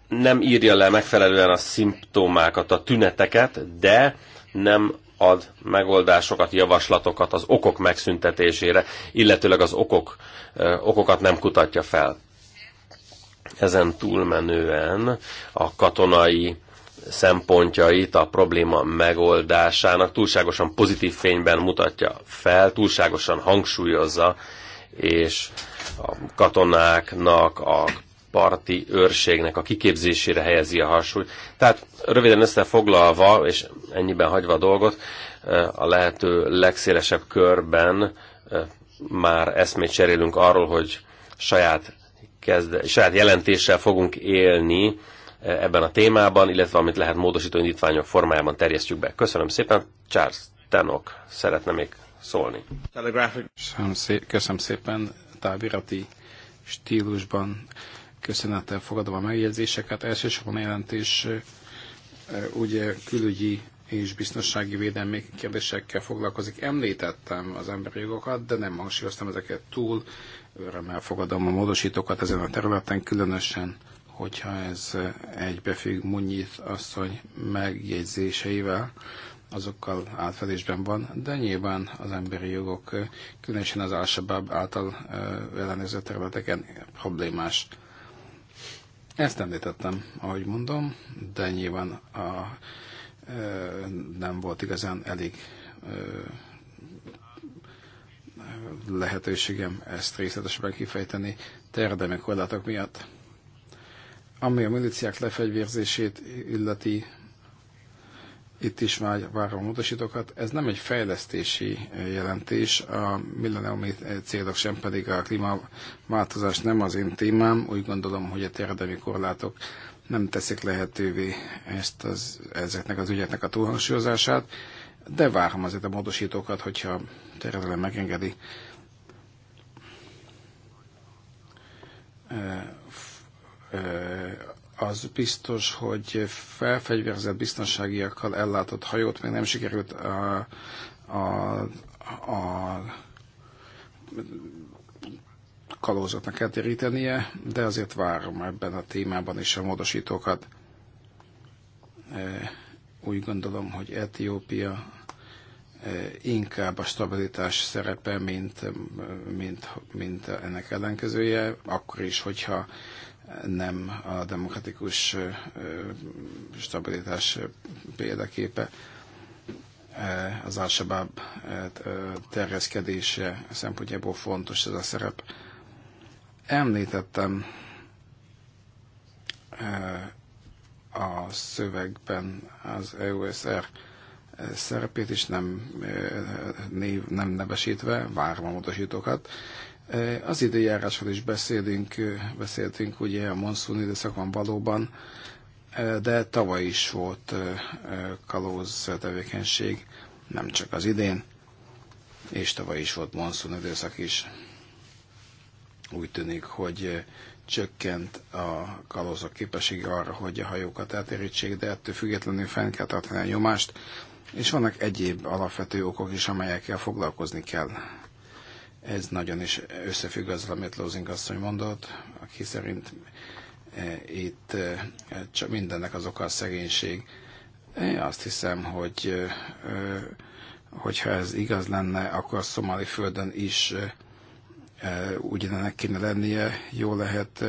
Speaker 3: nem írja le megfelelően a szimptomákat, a tüneteket, de nem ad megoldásokat, javaslatokat az okok megszüntetésére, illetőleg az okok, okokat nem kutatja fel ezen túlmenően a katonai szempontjait a probléma megoldásának túlságosan pozitív fényben mutatja fel, túlságosan hangsúlyozza, és a katonáknak, a parti őrségnek a kiképzésére helyezi a hangsúlyt. Tehát röviden összefoglalva, és ennyiben hagyva a dolgot, a lehető legszélesebb körben eh, már eszmét cserélünk arról, hogy saját kezd, saját jelentéssel fogunk élni e, ebben a témában, illetve amit lehet módosító indítványok formájában terjesztjük be. Köszönöm szépen, Charles Tenok szeretne még szólni.
Speaker 1: Köszönöm, köszönöm szépen, távirati stílusban köszönettel fogadom a megjegyzéseket. Elsősorban a jelentés e, e, ugye külügyi és biztonsági védelmi kérdésekkel foglalkozik. Említettem az emberi jogokat, de nem hangsúlyoztam ezeket túl örömmel fogadom a módosítókat ezen a területen, különösen, hogyha ez egybefügg Munyit asszony megjegyzéseivel, azokkal átfedésben van, de nyilván az emberi jogok, különösen az al által ellenőrzött területeken problémás. Ezt említettem, ahogy mondom, de nyilván a, nem volt igazán elég lehetőségem ezt részletesebben kifejteni terdemi korlátok miatt. Ami a miliciák lefegyvérzését illeti, itt is már várom módosítókat. Ez nem egy fejlesztési jelentés, a milleniumi célok sem pedig a klímaváltozás nem az én témám. Úgy gondolom, hogy a terjedemi korlátok nem teszik lehetővé ezt az, ezeknek az ügyeknek a túlhangsúlyozását de várom azért a módosítókat, hogyha a megengedi. Az biztos, hogy felfegyverzett biztonságiakkal ellátott hajót még nem sikerült a, a, a kalózatnak eltérítenie, de azért várom ebben a témában is a módosítókat. Úgy gondolom, hogy Etiópia Eh, inkább a stabilitás szerepe, mint, mint, mint ennek ellenkezője, akkor is, hogyha nem a demokratikus eh, stabilitás példaképe eh, az al terjeszkedése szempontjából fontos ez a szerep. Említettem a szövegben az EUSR szerepét is nem, név, nem nevesítve, várom a módosítókat. Az időjárásról is beszélünk, beszéltünk ugye a monszun időszakban valóban, de tavaly is volt kalóz tevékenység, nem csak az idén, és tavaly is volt monszun időszak is. Úgy tűnik, hogy csökkent a kalózok képessége arra, hogy a hajókat eltérítsék, de ettől függetlenül fenn kell tartani a nyomást, és vannak egyéb alapvető okok is, amelyekkel foglalkozni kell. Ez nagyon is összefügg azzal, amit Lózing asszony mondott, aki szerint e, itt e, csak mindennek az oka a szegénység. Én e, azt hiszem, hogy hogyha ez igaz lenne, akkor a szomali földön is ugyanennek kéne lennie. Jó lehet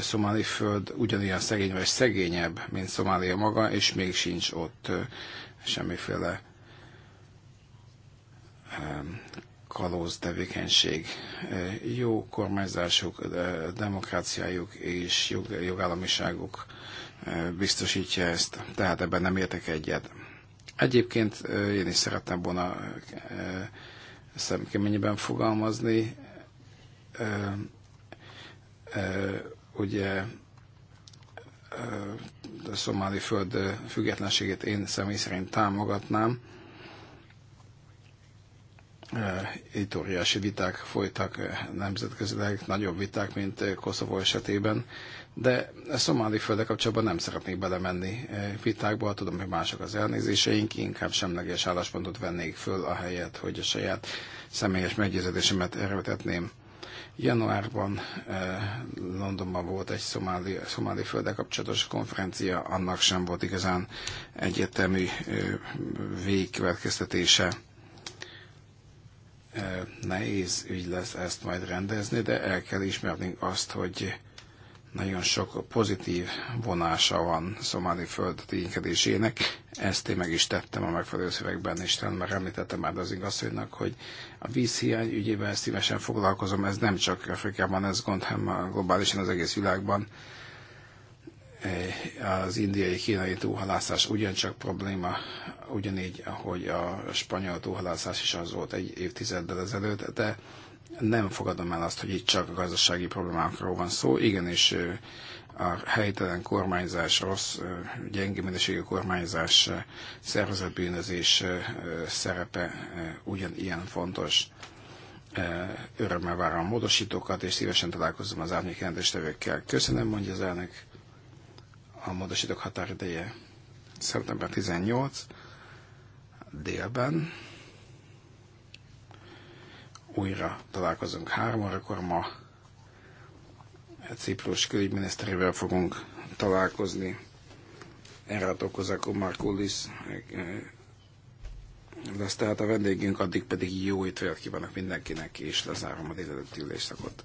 Speaker 1: szomáli föld ugyanilyen szegény vagy szegényebb, mint Szomália maga, és még sincs ott semmiféle kalóz tevékenység. E, jó kormányzásuk, e, demokráciájuk és jog, jogállamiságuk e, biztosítja ezt, tehát ebben nem értek egyet. Egyébként én is szerettem volna szemkeményben fogalmazni. Ugye a szomáli föld függetlenségét én személy szerint támogatnám. Itt óriási viták folytak nemzetközileg, nagyobb viták, mint Koszovó esetében, de a szomáli földe kapcsolatban nem szeretnék belemenni vitákba, tudom, hogy mások az elnézéseink, inkább semleges álláspontot vennék föl a helyet, hogy a saját személyes meggyőződésemet erőtetném Januárban eh, Londonban volt egy szomáli, szomáli földek kapcsolatos konferencia, annak sem volt igazán egyértelmű eh, végkövetkeztetése. Eh, nehéz ügy lesz ezt majd rendezni, de el kell ismernünk azt, hogy nagyon sok pozitív vonása van szomáli föld ténykedésének. Ezt én meg is tettem a megfelelő szövegben, és talán már említettem már az igazságnak, hogy a vízhiány ügyében szívesen foglalkozom, ez nem csak Afrikában, ez gond, hanem globálisan az egész világban. Eh, az indiai-kínai túlhalászás ugyancsak probléma, ugyanígy, ahogy a spanyol túlhalászás is az volt egy évtizeddel ezelőtt, de nem fogadom el azt, hogy itt csak a gazdasági problémákról van szó. Igenis a helytelen kormányzás, rossz, gyenge minőségű kormányzás, szervezetbűnözés szerepe ugyanilyen fontos. Örömmel várom a módosítókat, és szívesen találkozom az árnyékjelentéstevőkkel. Köszönöm, mondja az elnök. A módosítók határideje szeptember 18 délben újra találkozunk három órakor ma. Ciprus külügyminiszterével fogunk találkozni. Errato Kozako Markulis eh, eh, lesz tehát a vendégünk, addig pedig jó étvélet kívánok mindenkinek, és lezárom a délelőtt ülésszakot.